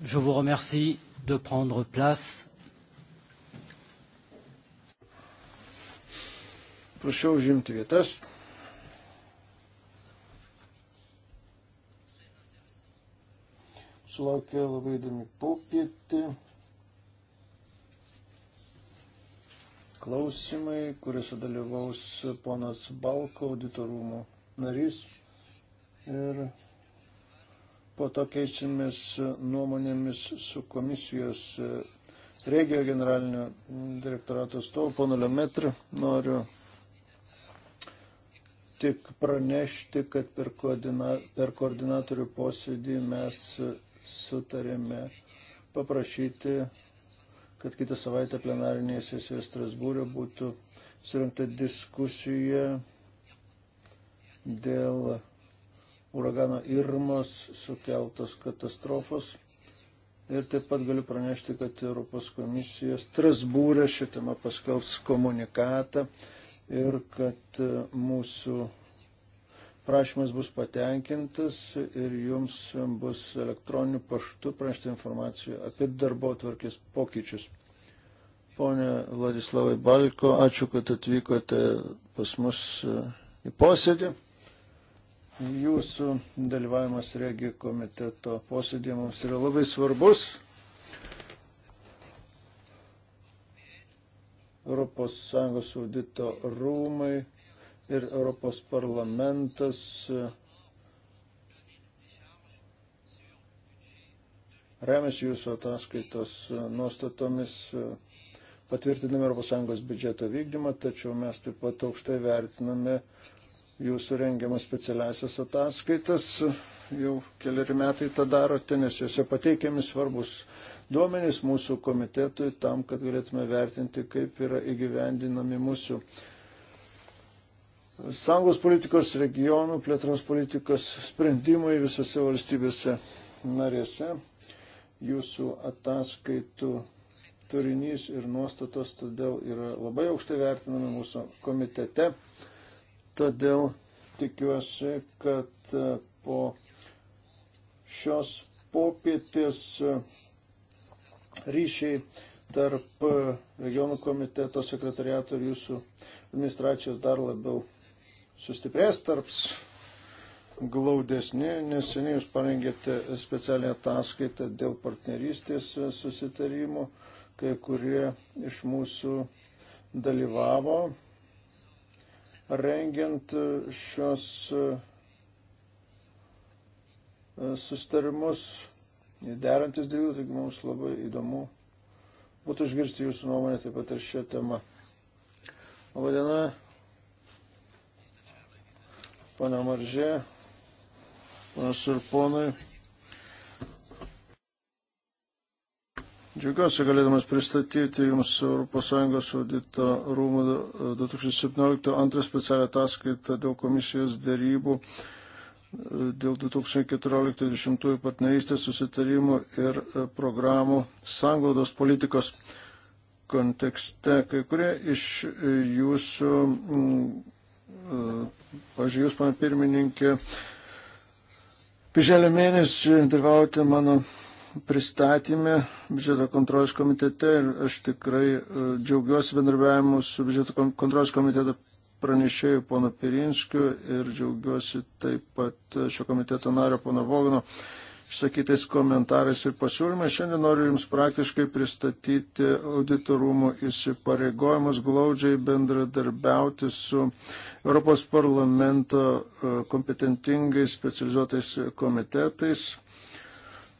Je vous remercie de prendre place. Prašau užimti vietas. Sulaukia labai įdomi popietė. Klausimai, kuriuose dalyvaus ponas Balko auditorumų narys ir po to keisimės nuomonėmis su komisijos e, regio generalinio direktorato stovu, pono Lemetri. Noriu tik pranešti, kad per, koordina, per koordinatorių posėdį mes sutarėme paprašyti, kad kitą savaitę plenarinėje sesijoje Strasbūrė būtų surinkta diskusija dėl uragano Irmos sukeltos katastrofos. Ir taip pat galiu pranešti, kad Europos komisija Strasbūrė šitama paskelbs komunikatą ir kad e, mūsų prašymas bus patenkintas ir jums bus elektroniniu paštu pranešta informacija apie darbo tvarkės pokyčius. Pone Vladislavai Balko, ačiū, kad atvykote pas mus e, į posėdį. Jūsų dalyvavimas regijų komiteto posėdė mums yra labai svarbus. ES audito rūmai ir Europos parlamentas remiasi jūsų ataskaitos nuostatomis patvirtinami ES biudžeto vykdymą, tačiau mes taip pat aukštai vertiname jūsų rengiamas specialiasias ataskaitas. Jau keliari metai tą darote, nes juose pateikiami svarbus duomenys mūsų komitetui tam, kad galėtume vertinti, kaip yra įgyvendinami mūsų sąjungos politikos, regionų plėtros politikos sprendimai visose valstybėse narėse. Jūsų ataskaitų turinys ir nuostatos todėl yra labai aukštai vertinami mūsų komitete. Todėl tikiuosi, kad e, po šios popietės e, ryšiai tarp e, regionų komiteto sekretariato ir jūsų administracijos dar labiau sustiprės tarps glaudesni. Neseniai jūs parengėte specialią ataskaitą dėl partnerystės susitarimų, kai kurie iš mūsų dalyvavo rengiant šios e, sustarimus, derantis dėl jų, taigi mums labai įdomu būtų išgirsti jūsų nuomonę taip pat ir šią temą. Labadiena, pana Maržė, panas ir ponai. Džiaugiuosi galėdamas pristatyti Jums ES audito rūmų 2017 antrą specialią ataskaitą dėl komisijos dėrybų dėl 2014-2020 partnerystės susitarimų ir e, programų sanglaudos politikos kontekste. Kai kurie iš e, Jūsų, e, pažiūrėjau, Jūs, man pirmininkė, Birželio mėnesį dalyvauti mano pristatymė biudžeto kontrolės komitete ir aš tikrai e, džiaugiuosi bendrabiavimu su biudžeto kontrolės komiteto pranešėjų pono Pirinskiu ir džiaugiuosi taip pat šio komiteto nario pono Vogno išsakytais komentarais ir pasiūlymais. Šiandien noriu Jums praktiškai pristatyti auditorumų įsipareigojimus glaudžiai bendradarbiauti su Europos parlamento e, kompetentingais specializuotais komitetais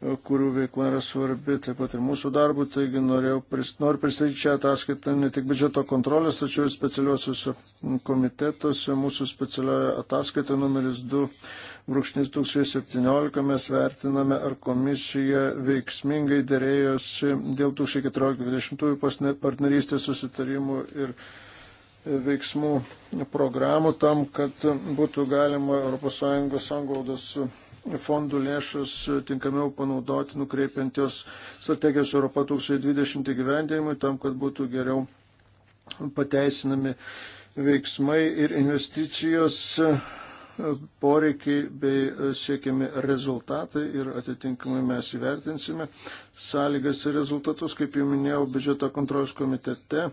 kurių veikla yra svarbi, taip pat ir mūsų darbų, taigi norėjau, noriu pristatyti čia ataskaitą ne tik biudžeto kontrolės, tačiau ir specialiuosiuose komitetuose. Mūsų specialioje ataskaita numeris 2, brūkšnis 2017 mes vertiname, ar komisija veiksmingai dėrėjosi dėl 2014-2020 partnerystės susitarimų ir veiksmų programų tam, kad būtų galima ES sanglaudos fondų lėšas tinkamiau panaudoti, nukreipiant jos strategijos Europa 2020 gyvendėjimui, tam, kad būtų geriau pateisinami veiksmai ir investicijos poreikiai bei siekiami rezultatai ir atitinkamai mes įvertinsime sąlygas ir rezultatus, kaip jau minėjau, biudžeto kontrolės komitete.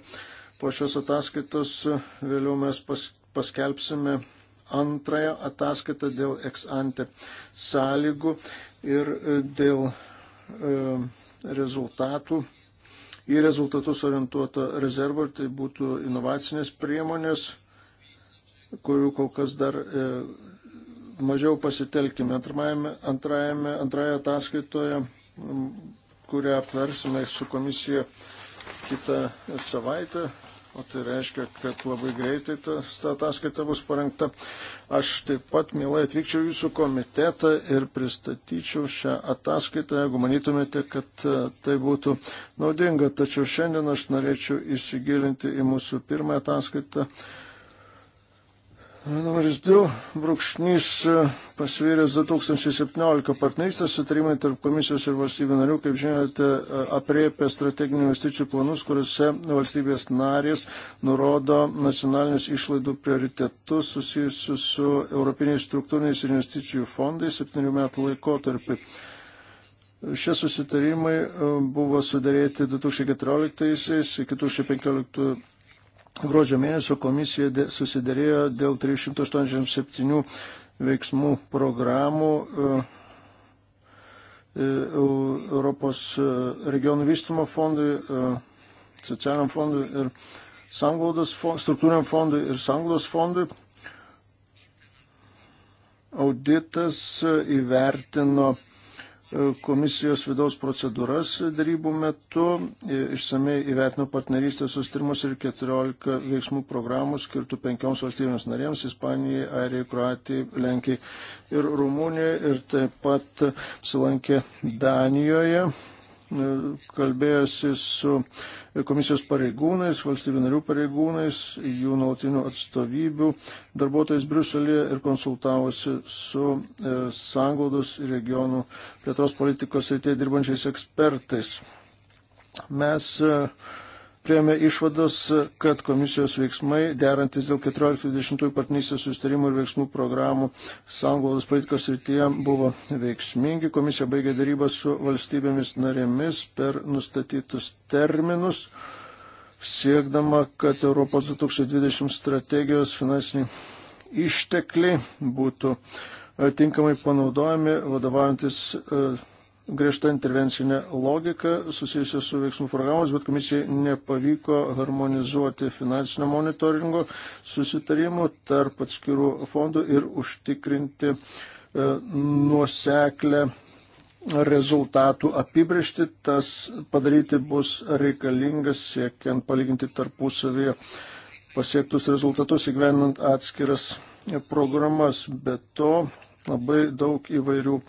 Po šios ataskaitos vėliau mes pas, paskelbsime antrąją ataskaitą dėl eksante sąlygų ir e, dėl e, rezultatų. Į rezultatus orientuota rezervo, tai būtų inovacinės priemonės, kurių kol kas dar e, mažiau pasitelkime. Antrajame, antrajame, antraje ataskaitoje, kurią aptarsime su komisija kitą savaitę, o tai reiškia, kad labai greitai ta, ta ataskaita bus parengta. Aš taip pat mielai atvykčiau jūsų komitetą ir pristatyčiau šią ataskaitą, jeigu manytumėte, kad e, tai būtų naudinga. Tačiau šiandien aš norėčiau įsigilinti į mūsų pirmąją ataskaitą Numeris 2, brūkšnys e, pasvyrės 2017 partnerystės sutarimai tarp komisijos ir valstybių narių, kaip žinote, e, apriepia strateginių investicijų planus, kuriuose valstybės narės nurodo nacionalinius išlaidų prioritetus susijusius su Europiniais struktūriniais investicijų fondais 7 metų laikotarpį. Šie susitarimai e, buvo sudarėti 2014-aisiais, 2015 Gruodžio mėnesio komisija susidarėjo dėl 387 veiksmų programų e, e, Europos e, regionų vystymo fondui, socialiniam fondui ir sanglaudos fondui, struktūriam fondui ir sanglaudos fondui. Auditas įvertino komisijos vidaus procedūras darybų metu, e, išsamei įvertino partnerystės sustarimus ir 14 veiksmų programų skirtų penkioms valstybėms narėms - Ispanijai, Airijai, Kroatijai, Lenkijai ir Rumunijai. Ir taip pat apsilankė Danijoje kalbėjosi su komisijos pareigūnais, valstybių narių pareigūnais, jų nuolatinių atstovybių, darbuotojais Briuselėje ir konsultavosi su e, sanglaudos ir regionų plėtros politikos srityje dirbančiais ekspertais. Mes uh, Priemė išvadas, kad komisijos veiksmai, derantis dėl 14-20 partnerystės sustarimų ir veiksmų programų sanglaudos politikos rytyje, buvo veiksmingi. Komisija baigė darybą su valstybėmis narėmis per nustatytus terminus siekdama, kad Europos 2020 strategijos finansiniai ištekliai būtų e, tinkamai panaudojami, vadovaujantis e, griežta intervencinė logika susijusi su veiksmų programos, bet komisijai nepavyko harmonizuoti finansinio monitoringo susitarimų tarp atskirų fondų ir užtikrinti e, nuoseklę rezultatų apibriešti, tas padaryti bus reikalingas siekiant palyginti tarpusavyje pasiektus rezultatus, įgyvenant atskiras programas. Be to labai daug įvairių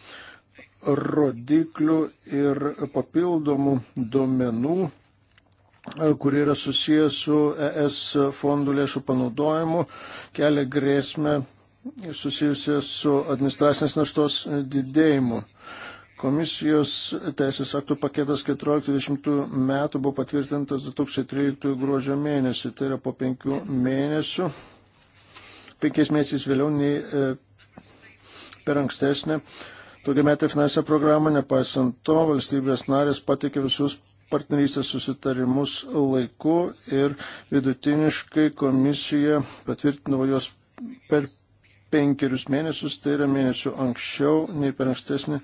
rodiklių ir papildomų duomenų, e, kurie yra susijęs su ES fondų lėšų panaudojimu, kelia grėsmę susijusią su administracinės naštos didėjimu. Komisijos teisės aktų paketas 14-20 metų buvo patvirtintas 2013 gruodžio mėnesį, tai yra po penkių mėnesių, penkiais mėnesiais vėliau nei e, per ankstesnę daugiametę finansinę programą, nepaisant to, valstybės narės patikė visus partnerystės susitarimus laiku ir vidutiniškai komisija patvirtino juos per penkerius mėnesius, tai yra mėnesių anksčiau nei per ankstesnį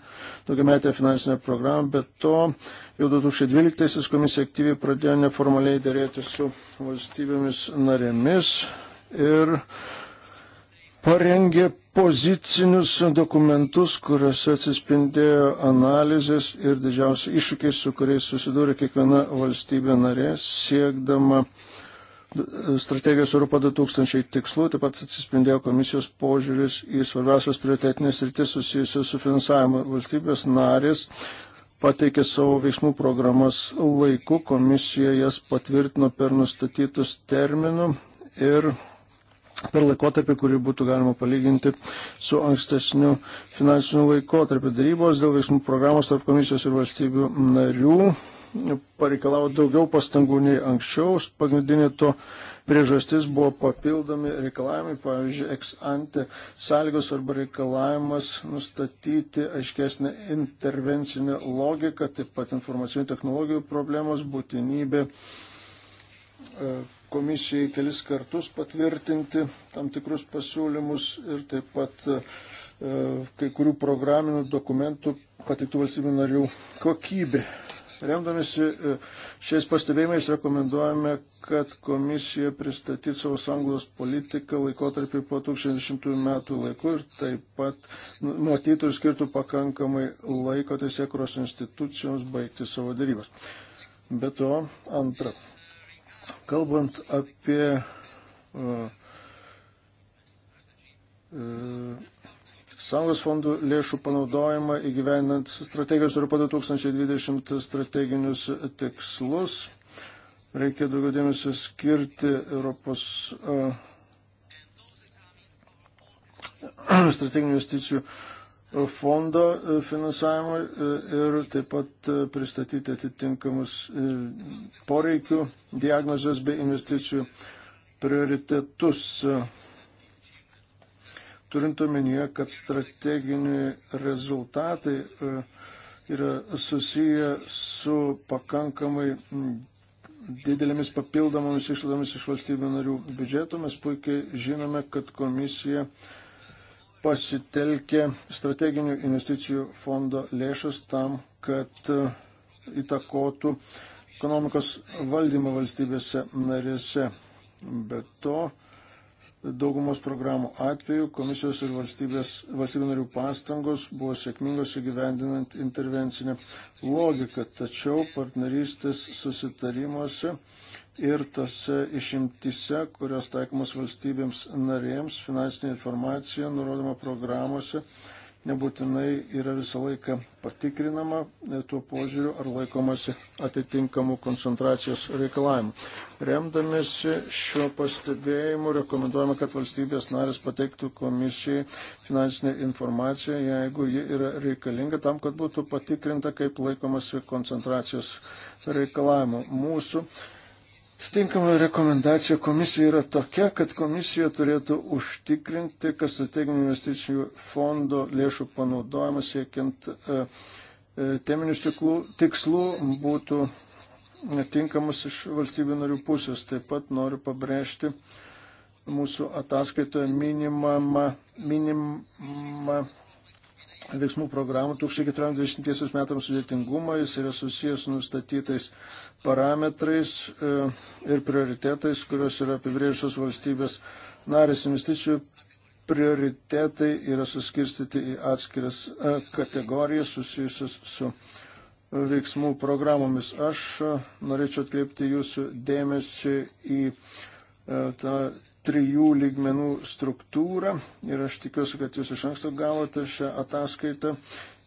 daugiametę finansinę programą, bet to jau 2012 komisija aktyviai pradėjo neformaliai dėrėti su valstybėmis narėmis ir parengė pozicinius dokumentus, kuriuose atsispindėjo analizės ir didžiausi iššūkiai, su kuriais susidūrė kiekviena valstybė narė, siekdama strategijos Europa 2000 tikslų, taip pat atsispindėjo komisijos požiūris į svarbiausias prioritetinės rytis susijusios su finansavimu. Valstybės narės pateikė savo veiksmų programas laiku, komisija jas patvirtino per nustatytus terminų ir per laikotarpį, kurį būtų galima palyginti su ankstesniu finansiniu laikotarpiu. Darybos dėl veiksmų programos tarp komisijos ir valstybių narių pareikalavo daugiau pastangų nei anksčiau. Pagrindinė to priežastis buvo papildomi reikalavimai, pavyzdžiui, ex ante sąlygos arba reikalavimas nustatyti aiškesnę intervencinę logiką, taip pat informacinių technologijų problemos, būtinybė. E, komisijai kelis kartus patvirtinti tam tikrus pasiūlymus ir taip pat e, kai kurių programinių dokumentų patiktų valstybių narių kokybė. Remdamėsi e, šiais pastebėjimais rekomenduojame, kad komisija pristatytų savo sąjungos politiką laikotarpį po 2010 metų laiku ir taip pat nu, matytų ir skirtų pakankamai laiko teisėkuros institucijoms baigti savo darybas. Be to, antra, Kalbant apie Sąjungos fondų lėšų panaudojimą įgyvenant strategijos Europa 2020 strateginius tikslus, reikia daugiau dėmesio skirti Europos strateginių investicijų fondo e, finansavimui e, ir taip pat e, pristatyti atitinkamus poreikių, diagnozes bei investicijų prioritetus. Turint omenyje, kad strateginiai rezultatai yra susiję su pakankamai didelėmis papildomomis išlaidomis iš valstybių narių biudžeto, mes puikiai žinome, kad komisija uh, pasitelkė strateginių investicijų fondo lėšas tam, kad e, įtakotų ekonomikos valdymą valstybėse narėse. Be to, daugumos programų atveju komisijos ir valstybių narių pastangos buvo sėkmingos įgyvendinant intervencinę logiką, tačiau partnerystės susitarimuose ir tose išimtise, kurios taikomos valstybėms narėms, finansinė informacija nurodoma programuose nebūtinai yra visą laiką patikrinama e, tuo požiūriu, ar laikomasi atitinkamų koncentracijos reikalavimų. Remdamėsi šiuo pastebėjimu, rekomenduojama, kad valstybės narės pateiktų komisijai finansinę informaciją, jeigu ji yra reikalinga tam, kad būtų patikrinta, kaip laikomasi koncentracijos reikalavimų. Mūsų Atitinkama rekomendacija komisija yra tokia, kad komisija turėtų užtikrinti, kad strateginių investicijų fondo lėšų panaudojimas siekiant e, e, teminius tiklų, tikslų būtų tinkamas iš valstybių narių pusės. Taip pat noriu pabrėžti mūsų ataskaitoje minimama, minimama veiksmų programų 2014-2020 metams sudėtingumą, jis yra susijęs nustatytais parametrais e, ir prioritetais, kurios yra apibrėžusios valstybės narės investicijų. Prioritetai yra suskirstyti į atskiras e, kategorijas susijusius su veiksmų programomis. Aš e, norėčiau atkreipti jūsų dėmesį į tą trijų lygmenų struktūrą ir aš tikiuosi, kad jūs iš anksto gavote šią ataskaitą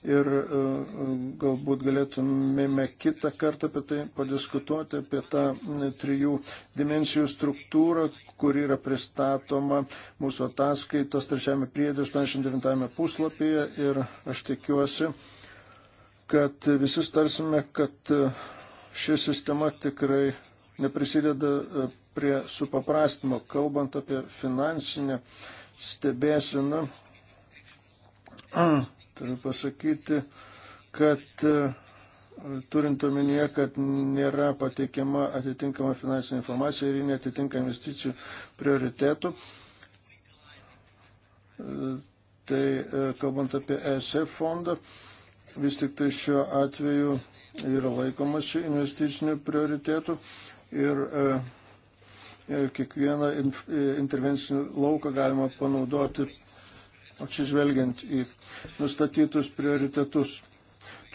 ir e, e, galbūt galėtumėme kitą kartą apie tai padiskutuoti, apie tą trijų dimensijų struktūrą, kuri yra pristatoma mūsų ataskaitos trečiame priedė 89 puslapyje ir aš tikiuosi, kad visi starsime, kad e, ši sistema tikrai neprisideda prie supaprastimo, kalbant apie finansinę stebėsiną, turiu pasakyti, kad e, turint omenyje, kad nėra pateikiama atitinkama finansinė informacija ir ji netitinka investicijų prioritetų. Tai e, kalbant apie ESF fondą, vis tik tai šiuo atveju yra laikomasi investicinių prioritėtų ir e, kiekvieną e, intervencinį lauką galima panaudoti atsižvelgiant į nustatytus prioritetus.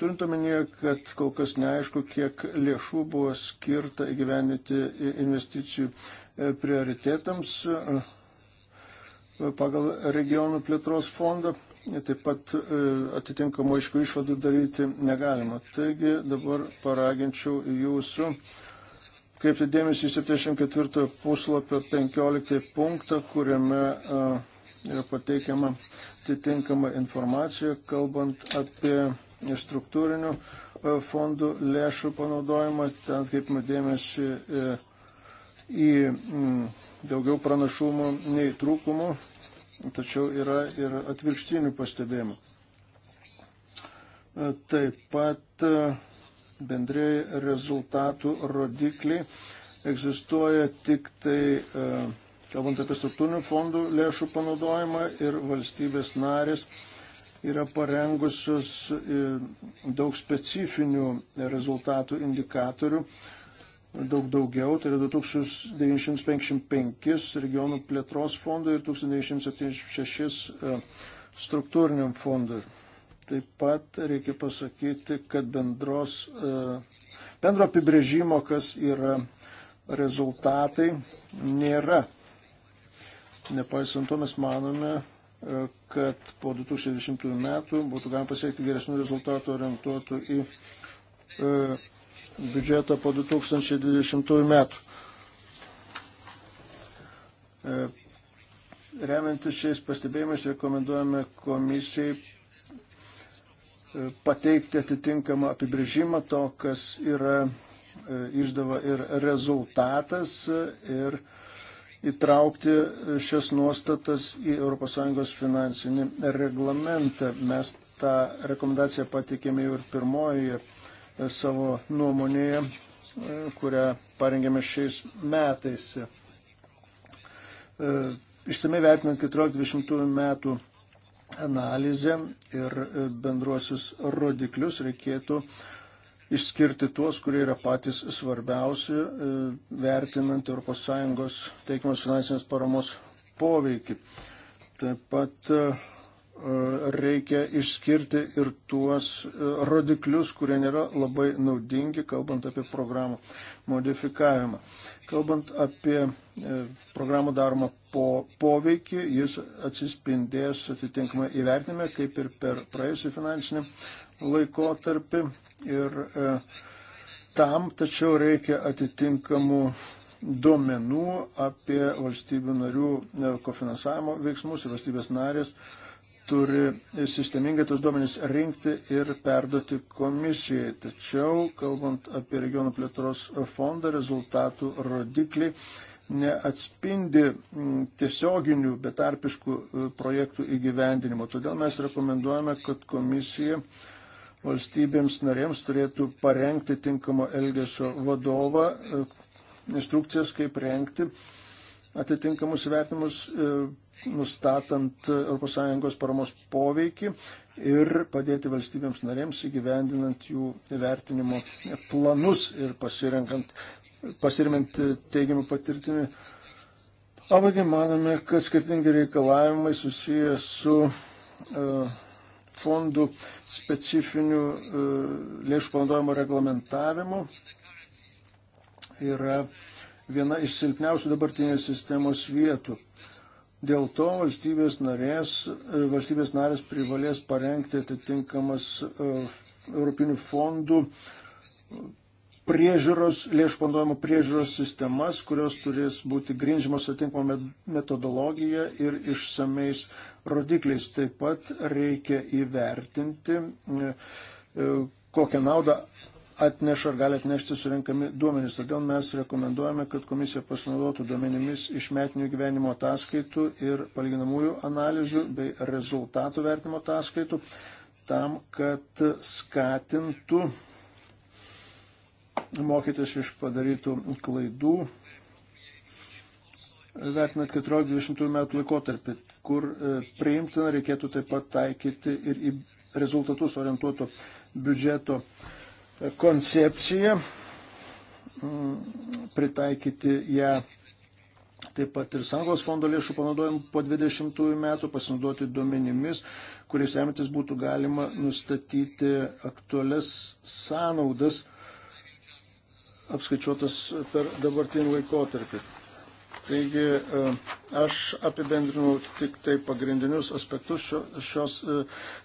Turint omenyje, kad kol kas neaišku, kiek lėšų buvo skirta įgyveninti investicijų e, prioritetams e, pagal regionų plėtros fondą, taip pat atitinkamų aišku išvadų daryti negalima. Taigi dabar paraginčiau jūsų kreipti dėmesį į 74 puslapio 15 punktą, kuriame yra pateikiama atitinkama informacija, kalbant apie struktūrinių fondų lėšų panaudojimą. Ten atkreipime dėmesį e, į daugiau pranašumų nei trūkumų, tačiau yra ir atvirkštinių pastebėjimų. Taip pat bendrėjai rezultatų rodikliai egzistuoja tik tai, e, kalbant apie struktūrinių fondų lėšų panaudojimą ir valstybės narės yra parengusios e, daug specifinių rezultatų indikatorių, daug daugiau, tai yra 2955 regionų plėtros fondui ir 1976 e, struktūriniam fondui. Taip pat reikia pasakyti, kad bendros, e, bendro apibrėžimo, kas yra rezultatai, nėra. Nepaisant to mes manome, e, kad po 2060 metų būtų galima pasiekti geresnių rezultatų orientuotų į e, biudžetą po 2020 metų. E, remiantis šiais pastebėjimais rekomenduojame komisijai E, pateikti atitinkamą apibrėžimą to, kas yra e, išdava ir rezultatas e, ir įtraukti šias nuostatas į ES finansinį reglamentą. Mes tą rekomendaciją pateikėme jau ir pirmojoje savo nuomonėje, kurią parengėme šiais metais. Išsamei vertinant 14-20 metų analizę ir e, bendruosius rodiklius reikėtų išskirti tuos, kurie yra patys svarbiausi, e, vertinant ES teikiamas finansinės paramos poveikį. Taip pat e, reikia išskirti ir tuos rodiklius, kurie nėra labai naudingi, kalbant apie programų modifikavimą. Kalbant apie e, programų daromą po, poveikį, jis atsispindės atitinkamai įvertinime, kaip ir per praėjusią finansinį laikotarpį. Ir e, tam tačiau reikia atitinkamų duomenų apie valstybių narių e, kofinansavimo veiksmus ir valstybės narės turi sistemingai tos duomenys rinkti ir perduoti komisijai. Tačiau, kalbant apie regionų plėtros fondą, rezultatų rodikliai neatspindi mm, tiesioginių betarpiškų e, projektų įgyvendinimo. Todėl mes rekomenduojame, kad komisija valstybėms narėms turėtų parengti tinkamo elgesio vadovą, e, instrukcijas, kaip rengti atitinkamus vertimus e, nustatant ES paramos poveikį ir padėti valstybėms narėms įgyvendinant jų vertinimo planus ir pasirenkant, pasirimint teigiamą patirtimį. Pabaigai manome, kad skirtingi reikalavimai susiję su uh, fondų specifinių uh, e, lėšų panaudojimo reglamentavimu yra viena iš silpniausių dabartinės sistemos vietų. Uh, Dėl to valstybės, narės, e, valstybės narės privalės parengti atitinkamas e, Europinių fondų priežiūros, lėšų panaudojimo priežiūros sistemas, kurios turės būti grindžiamos atitinkama metodologija ir išsameis rodikliais. Taip pat reikia įvertinti, e, kokią naudą atneša ar gali atnešti surinkami duomenys. Todėl mes rekomenduojame, kad komisija pasinaudotų duomenimis iš metinių gyvenimo ataskaitų ir palyginamųjų analizių bei rezultatų vertimo ataskaitų tam, kad skatintų mokytis iš padarytų klaidų, vertinant 14-20 metų laikotarpį, kur e, priimtina reikėtų taip pat taikyti ir į rezultatus orientuoto biudžeto uh, koncepciją, mm, pritaikyti ją taip pat ir Sanglos fondo lėšų panaudojimų po 20 metų, pasinaudoti duomenimis, kuriais remtis būtų galima nustatyti aktualias sąnaudas apskaičiuotas per dabartinį laikotarpį. Taigi e, aš apibendrinau tik tai pagrindinius aspektus šio, šios e,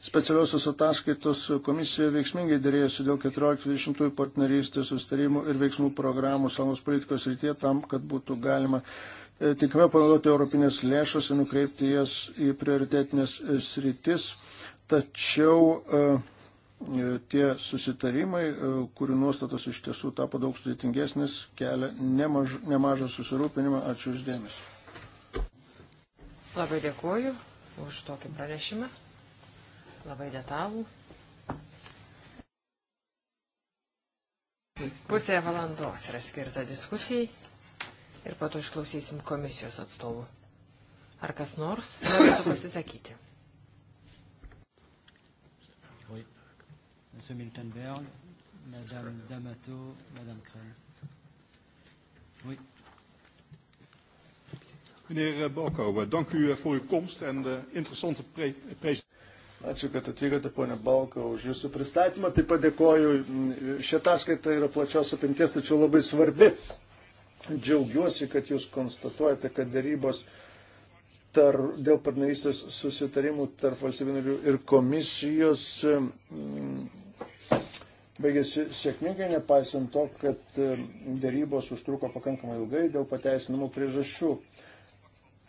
specialiosios ataskaitos komisija veiksmingai dėrėjosi dėl 14-20 partnerystės sustarimų ir veiksmų programų sąjungos politikos rytie tam, kad būtų galima e, tinkamiau panaudoti europinės lėšas ir nukreipti jas į prioritetinės sritis. Tačiau uh, E, tie susitarimai, e, kurių nuostatos iš tiesų tapo daug sudėtingesnis, kelia nemaž, nemažą susirūpinimą. Ačiū uždėmesi. Labai dėkuoju už tokį pranešimą. Labai detalų. Pusė valandos yra skirta diskusijai ir po to išklausysim komisijos atstovų. Ar kas nors norėtų pasisakyti? M. Miltenberg, Mme D'Amato, Mme Krell. Oui. Meneer eh, Balko, eh, dank u eh, voor uw komst en de interessante pre presentatie. Ačiū, kad atvykote, ponė Balko, už jūsų pristatymą. Taip pat dėkoju. Mm, Šią ataskaitą yra plačios apimties, tačiau labai svarbi. Džiaugiuosi, kad jūs konstatuojate, kad darybos tar, dėl partnerystės susitarimų tarp valstybinarių ir komisijos. Mm, baigėsi sėkmingai, nepaisant to, kad e, dėrybos užtruko pakankamai ilgai dėl pateisinamų priežasčių.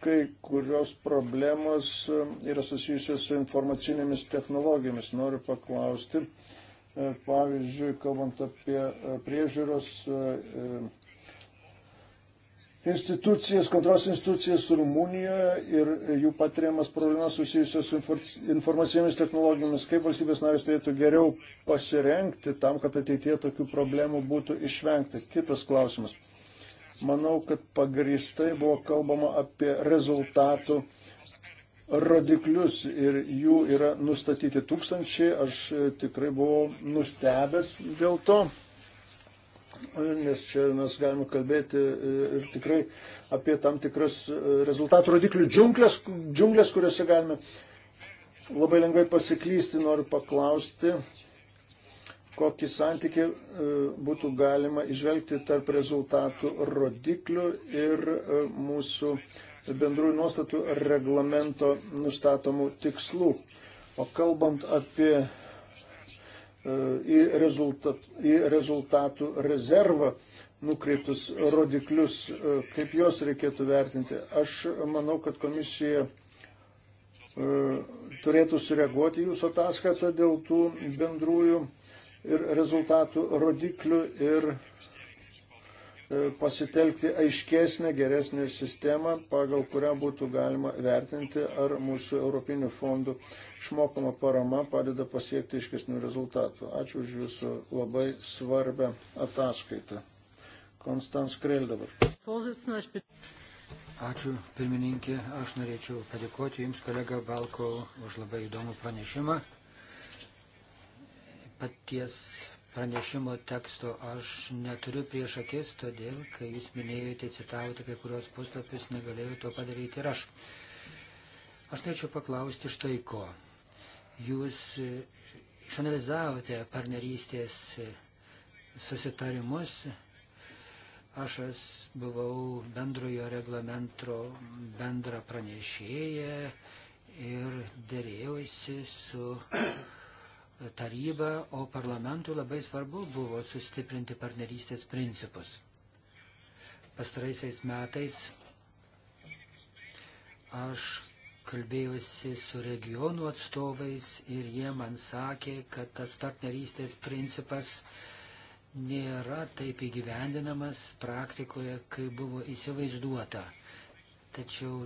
Kai kurios problemos e, yra susijusios su informacinėmis technologijomis. Noriu paklausti, e, pavyzdžiui, kalbant apie priežiūros institucijas, kontros institucijas Rumunijoje ir jų patiriamas problemas susijusios su informacinėmis technologijomis, kaip valstybės narės turėtų geriau pasirenkti tam, kad ateitie tokių problemų būtų išvengta. Kitas klausimas. Manau, kad pagristai buvo kalbama apie rezultatų rodiklius ir jų yra nustatyti tūkstančiai. Aš tikrai buvau nustebęs dėl to nes čia mes galime kalbėti e, ir tikrai apie tam tikras e, rezultatų rodiklių džiunglės, džiunglės kuriuose galime labai lengvai pasiklysti. Noriu paklausti, kokį santykį e, būtų galima išvelgti tarp rezultatų rodiklių ir mūsų bendrųjų nuostatų reglamento nustatomų tikslų. O kalbant apie į, e, rezultat, į e, rezultatų rezervą nukreiptus rodiklius, e, kaip juos reikėtų vertinti. Aš manau, kad komisija turėtų sureaguoti jūsų ataskaitą dėl tų bendrųjų ir rezultatų rodiklių ir E, pasitelkti aiškesnę, geresnę sistemą, pagal kurią būtų galima vertinti, ar mūsų Europinių fondų išmokama parama padeda pasiekti iškesnių rezultatų. Ačiū už Jūsų labai svarbę ataskaitą. Konstans Krell dabar. Ačiū, pirmininkė. Aš norėčiau padėkoti Jums, kolega Balko, už labai įdomų pranešimą. Paties pranešimo teksto aš neturiu prieš akis, todėl, kai jūs minėjote, citavote kai kurios puslapius, negalėjau to padaryti ir aš. Aš norėčiau paklausti štai ko. Jūs e, išanalizavote partnerystės e, susitarimus. Aš buvau bendrojo reglamento bendra pranešėja ir dėrėjausi su taryba, o parlamentui labai svarbu buvo sustiprinti partnerystės principus. Pastaraisiais metais aš kalbėjusi su regionų atstovais ir jie man sakė, kad tas partnerystės principas nėra taip įgyvendinamas praktikoje, kaip buvo įsivaizduota. Tačiau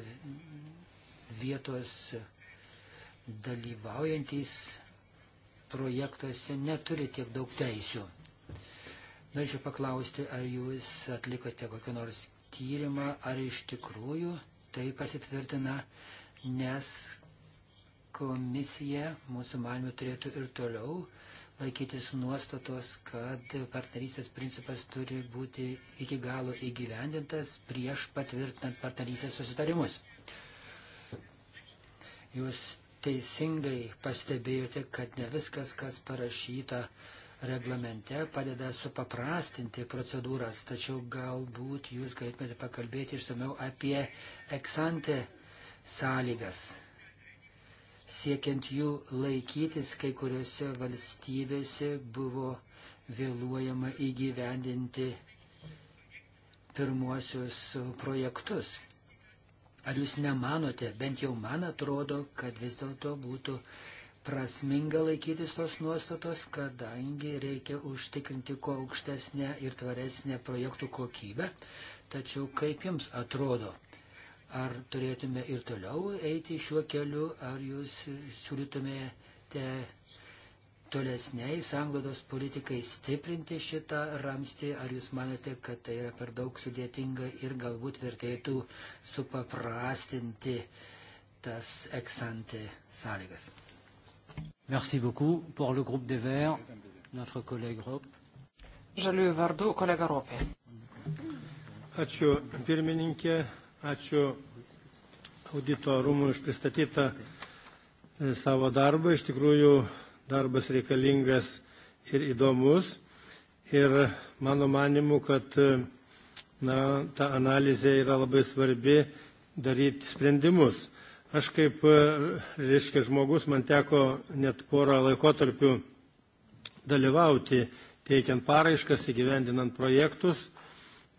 vietos dalyvaujantis projektuose neturi tiek daug teisių. Norėčiau paklausti, ar jūs atlikote kokią nors tyrimą, ar iš tikrųjų tai pasitvirtina, nes komisija mūsų manimų turėtų ir toliau laikytis nuostatos, kad partnerystės principas turi būti iki galo įgyvendintas prieš patvirtinant partnerystės susitarimus. Jūs teisingai pastebėjote, kad ne viskas, kas parašyta reglamente, padeda supaprastinti procedūras, tačiau galbūt jūs galėtumėte pakalbėti išsameu apie eksantę sąlygas. Siekiant jų laikytis, kai kuriuose valstybėse buvo vėluojama įgyvendinti pirmuosius projektus. Ar jūs nemanote, bent jau man atrodo, kad vis dėlto būtų prasminga laikytis tos nuostatos, kadangi reikia užtikrinti kuo aukštesnę ir tvaresnę projektų kokybę. Tačiau kaip jums atrodo, ar turėtume ir toliau eiti šiuo keliu, ar jūs siūlytumėte tolesniai sanglodos politikai stiprinti šitą ramstį, ar jūs manote, kad tai yra per daug sudėtinga ir galbūt vertėtų supaprastinti tas eksantį sąlygas? Merci beaucoup. Pour le groupe des Verts, notre collègue Rop. Žaliųjų vardu kolega Ropė. Ačiū pirmininkė, ačiū audito rūmų už pristatytą e, savo darbą. Iš tikrųjų, darbas reikalingas ir įdomus. Ir mano manimu, kad na, ta analizė yra labai svarbi daryti sprendimus. Aš kaip, reiškia, žmogus, man teko net porą laikotarpių dalyvauti, teikiant paraiškas, įgyvendinant projektus.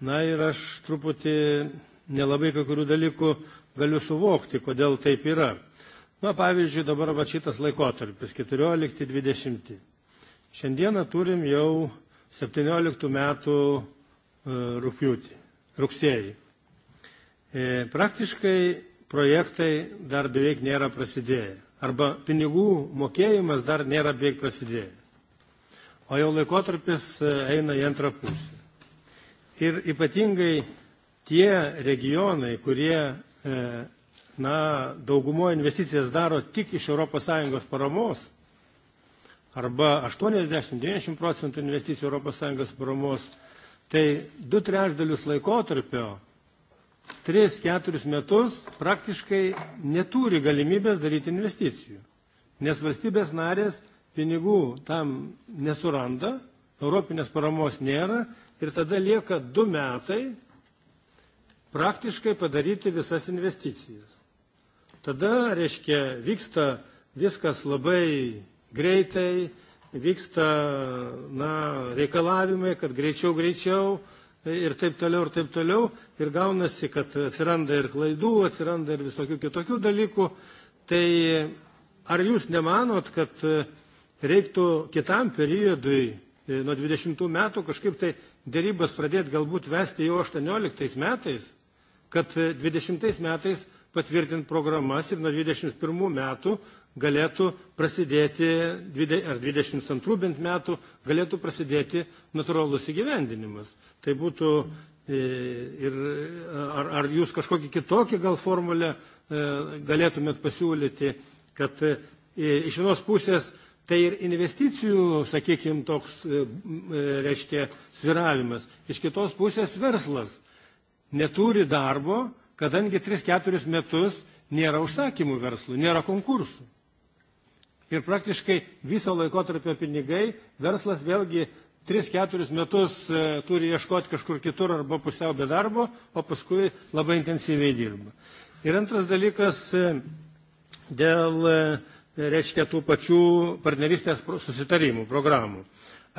Na ir aš truputį nelabai kai kurių dalykų galiu suvokti, kodėl taip yra. Na, pavyzdžiui, dabar va šitas laikotarpis 14-20. Šiandieną turim jau 17 metų e, rūpjūtį, rugsėjį. E, praktiškai projektai dar beveik nėra prasidėję. Arba pinigų mokėjimas dar nėra beveik prasidėjęs. O jau laikotarpis e, eina į antrą pusę. Ir ypatingai tie regionai, kurie na, daugumo investicijas daro tik iš ES paramos arba 80-90 procentų investicijų ES paramos, tai du trešdalius laikotarpio, 3-4 metus praktiškai neturi galimybės daryti investicijų, nes valstybės narės pinigų tam nesuranda, europinės paramos nėra ir tada lieka du metai praktiškai padaryti visas investicijas. Tada, reiškia, vyksta viskas labai greitai, vyksta na, reikalavimai, kad greičiau, greičiau ir taip toliau, ir taip toliau. Ir gaunasi, kad atsiranda ir klaidų, atsiranda ir visokių kitokių dalykų. Tai ar jūs nemanot, kad reiktų kitam periodui e, nuo 20 metų kažkaip tai dėrybas pradėti galbūt vesti jau 18 metais, kad 20 metais patvirtinti programas ir nuo 21 metų galėtų prasidėti, ar 22 bent metų, galėtų prasidėti natūralus įgyvendinimas. Tai būtų e, ir ar, ar jūs kažkokį kitokį gal formulę e, galėtumėt pasiūlyti, kad e, iš vienos pusės tai ir investicijų, sakykime, toks, reiškia, sviravimas. Iš kitos pusės verslas neturi darbo, kadangi 3-4 metus nėra užsakymų verslų, nėra konkursų. Ir praktiškai viso laikotarpio pinigai verslas vėlgi 3-4 metus e, turi ieškoti kažkur kitur arba pusiau be darbo, o paskui labai intensyviai dirba. Ir antras dalykas e, dėl, e, reiškia, tų pačių partneristės susitarimų, programų.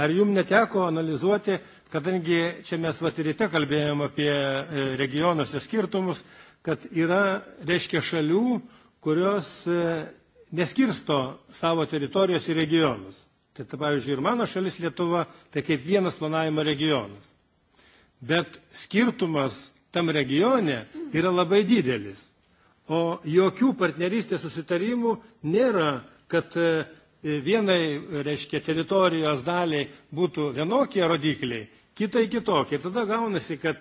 Ar jums neteko analizuoti, kadangi čia mes vat ryte kalbėjom apie e, regionuose skirtumus, kad yra, reiškia, šalių, kurios e, neskirsto savo teritorijos į regionus. Tai, tai pavyzdžiui, ir mano šalis Lietuva, tai kaip vienas planavimo regionas. Bet skirtumas tam regione yra labai didelis. O jokių partnerystės susitarimų nėra, kad e, vienai, reiškia, teritorijos daliai būtų vienokie rodikliai, kitą į kitokį. Ir tada gaunasi, kad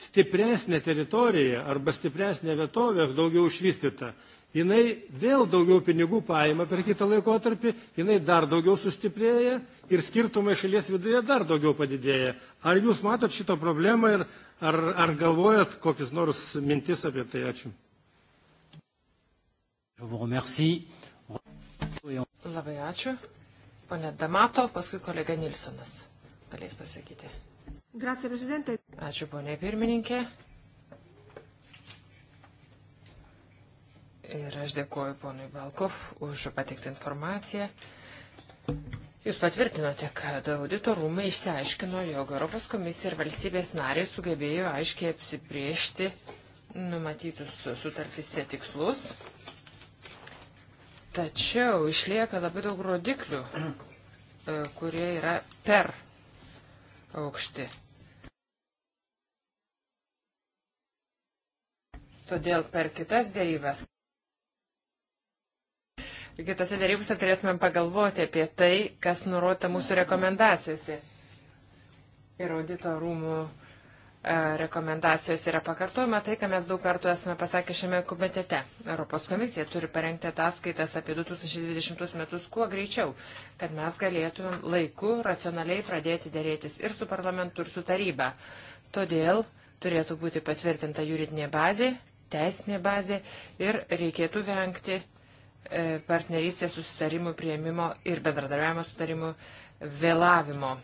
stipresnė teritorija arba stipresnė vietovė daugiau išvystyta. Jinai vėl daugiau pinigų paima per kitą laikotarpį, jinai dar daugiau sustiprėja ir skirtumai šalies viduje dar daugiau padidėja. Ar jūs matot šitą problemą ir ar, ar galvojat kokius nors mintis apie tai? Ačiū. Labai ačiū. Pane Damato, paskui kolega Nilsonas galės pasakyti. Grazie, prezidentė. Ačiū, ponė pirmininkė. Ir aš dėkuoju ponui Balkov už pateiktą informaciją. Jūs patvirtinote, kad audito rūmai išsiaiškino, jog Europos komisija ir valstybės nariai sugebėjo aiškiai apsipriešti numatytus sutartise tikslus. Tačiau išlieka labai daug rodiklių, kurie yra per aukšti. Todėl per kitas dėrybas. Kitose dėrybose turėtumėm pagalvoti apie tai, kas nurodyta mūsų rekomendacijose. Ir audito rūmų E, rekomendacijos yra pakartojama tai, ką mes daug kartų esame pasakę šiame komitete. Europos komisija turi parengti ataskaitas apie 2020 metus kuo greičiau, kad mes galėtumėm laiku racionaliai pradėti dėrėtis ir su parlamentu, ir su taryba. Todėl turėtų būti patvirtinta juridinė bazė, teisinė bazė ir reikėtų vengti e, partnerystės susitarimų prieimimo ir bendradarbiavimo susitarimų vėlavimo.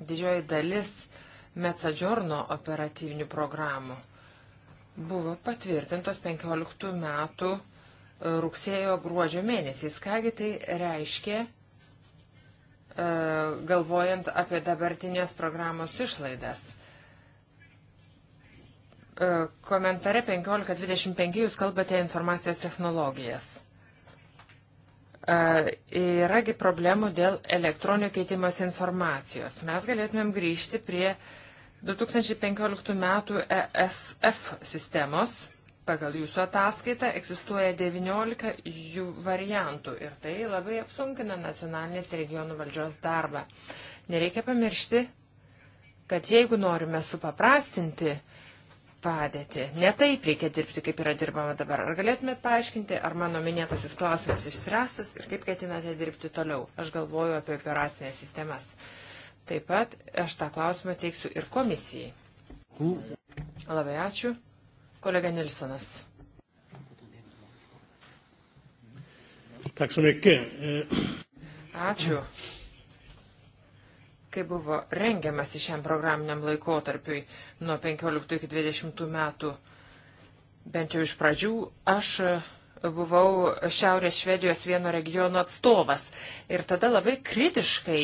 Didžioji dalis Metsadžorno operatyvinių programų buvo patvirtintos 15 metų e, rugsėjo gruodžio mėnesiais. Kągi tai reiškia, e, galvojant apie dabartinės programos išlaidas. E, komentare 15.25 jūs kalbate informacijos technologijas. Yragi problemų dėl elektroninio keitimos informacijos. Mes galėtumėm grįžti prie uh, 2015 metų ESF sistemos pagal jūsų ataskaitą egzistuoja 19 jų variantų ir tai labai apsunkina nacionalinės regionų valdžios darbą. Nereikia pamiršti, kad jeigu norime supaprastinti padėtį, ne taip reikia dirbti, kaip yra dirbama dabar. Ar galėtumėt paaiškinti, ar mano minėtasis klausimas išspręstas ir kaip ketinate dirbti toliau? Aš galvoju apie operacinės sistemas. Taip pat aš tą klausimą teiksiu ir komisijai. Labai ačiū. Kolega Nilsonas. Ačiū. Kai buvo rengiamasi šiam programiniam laikotarpiui nuo 15 iki 20 metų, bent jau iš pradžių, aš buvau Šiaurės Švedijos vieno regiono atstovas. Ir tada labai kritiškai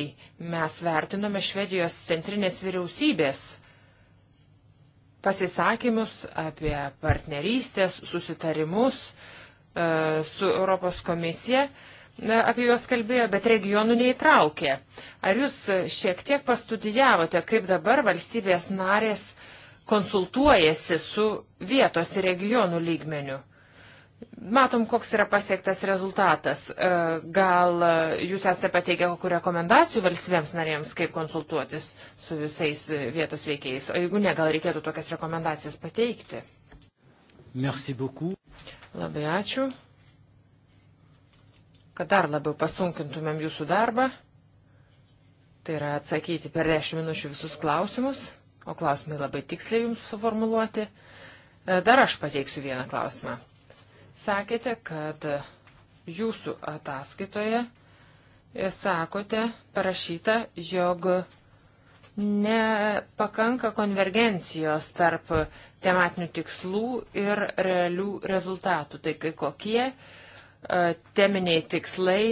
mes vertinome Švedijos centrinės vyriausybės pasisakymus apie partnerystės, susitarimus e, su Europos komisija. E, apie juos kalbėjo, bet regionų neįtraukė. Ar jūs šiek tiek pastudijavote, kaip dabar valstybės narės konsultuojasi su vietos ir regionų lygmeniu? Matom, koks yra pasiektas rezultatas. E, gal e, jūs esate pateikę kokių rekomendacijų valstybėms narėms, kaip konsultuotis su visais e, vietos veikėjais, o jeigu ne, gal reikėtų tokias rekomendacijas pateikti. Merci beaucoup. Labai ačiū. Kad dar labiau pasunkintumėm jūsų darbą, tai yra atsakyti per 10 minučių visus klausimus, o klausimai labai tiksliai jums suformuluoti. Dar aš pateiksiu vieną klausimą. Sakėte, kad jūsų ataskaitoje e, sakote parašyta, jog nepakanka konvergencijos tarp tematinių tikslų ir realių rezultatų. Tai kai kokie e, teminiai tikslai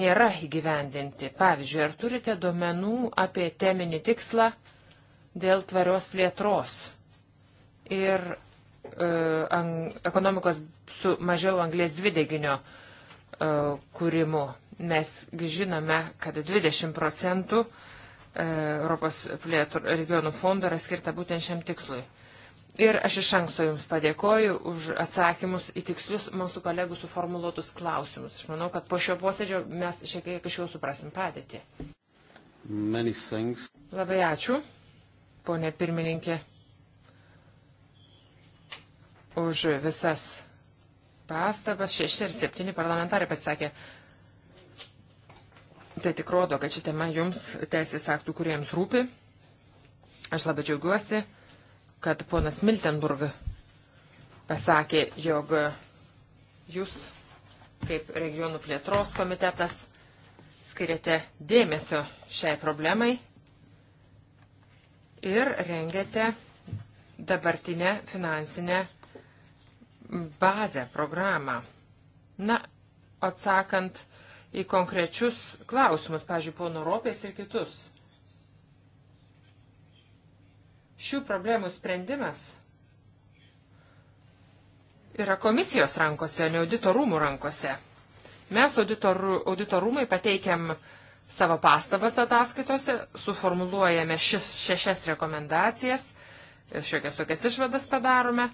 nėra įgyvendinti. Pavyzdžiui, ar turite duomenų apie teminį tikslą dėl tvarios plėtros ir e, an, ekonomikos su mažiau anglės dvideginio uh, kūrimu. Mesgi žinome, kad 20 procentų uh, Europos plėtr, regionų fondo yra skirta būtent šiam tikslui. Ir aš iš anksto Jums padėkoju už atsakymus į tikslius mūsų kolegų suformuluotus klausimus. Aš manau, kad po šio posėdžio mes šiek tiek iš jau suprasim padėtį. Labai ačiū, ponė pirmininkė, už visas pastabas, šeši ar septyni parlamentarai pasakė. Tai tik rodo, kad ši tema jums, teisės aktų, kuriems rūpi. Aš labai džiaugiuosi, kad ponas Miltenburg pasakė, jog jūs, kaip regionų plėtros komitetas, skiriate dėmesio šiai problemai ir rengiate dabartinę finansinę bazę, programą. Na, atsakant į konkrečius klausimus, pažiūrėjau, pono Ropės ir kitus. Šių problemų sprendimas yra komisijos rankose, ne auditorumų rankose. Mes auditorumai pateikiam savo pastabas ataskaitose, suformuluojame šis šešias rekomendacijas, šiokias tokias išvadas padarome,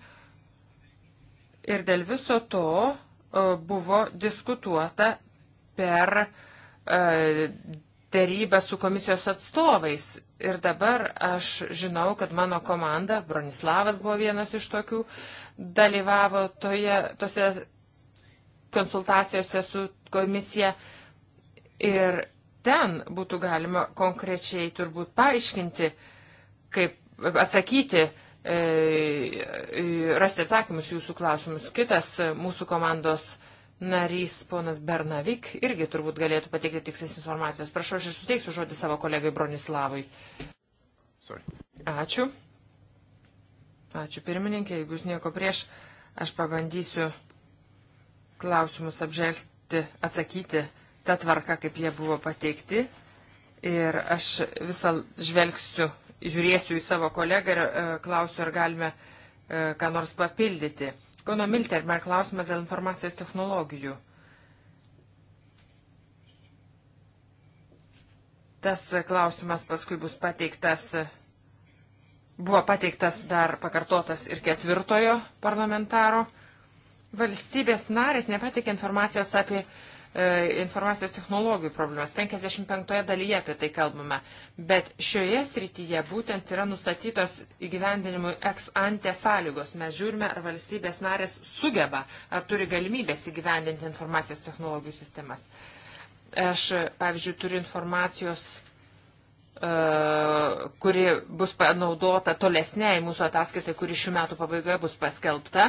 Ir dėl viso to e, buvo diskutuota per dėrybę e, su komisijos atstovais. Ir dabar aš žinau, kad mano komanda, Bronislavas buvo vienas iš tokių, dalyvavo toje, tose konsultacijose su komisija. Ir ten būtų galima konkrečiai turbūt paaiškinti, kaip atsakyti, uh, E, e, rasti atsakymus jūsų klausimus. Kitas e, mūsų komandos narys, ponas Bernavik, irgi turbūt galėtų pateikti tikslės informacijos. Prašau, aš ir suteiksiu žodį savo kolegai Bronislavui. Sorry. Ačiū. Ačiū pirmininkė, jeigu jūs nieko prieš, aš pabandysiu klausimus apžvelgti, atsakyti tą tvarką, kaip jie buvo pateikti. Ir aš visą žvelgsiu žiūrėsiu į savo kolegą ir e, klausiu, ar galime e, ką nors papildyti. Kono Milter, man klausimas dėl informacijos technologijų. Tas klausimas paskui bus pateiktas, buvo pateiktas dar pakartotas ir ketvirtojo parlamentaro. Valstybės narės nepateikė informacijos apie uh, E, informacijos technologijų problemas. 55 dalyje apie tai kalbame. Bet šioje srityje būtent yra nustatytos įgyvendinimui ex ante sąlygos. Mes žiūrime, ar valstybės narės sugeba, ar turi galimybės įgyvendinti informacijos technologijų sistemas. Aš, pavyzdžiui, turiu informacijos e, kuri bus panaudota tolesniai mūsų ataskaitai, kuri šių metų pabaigoje bus paskelbta.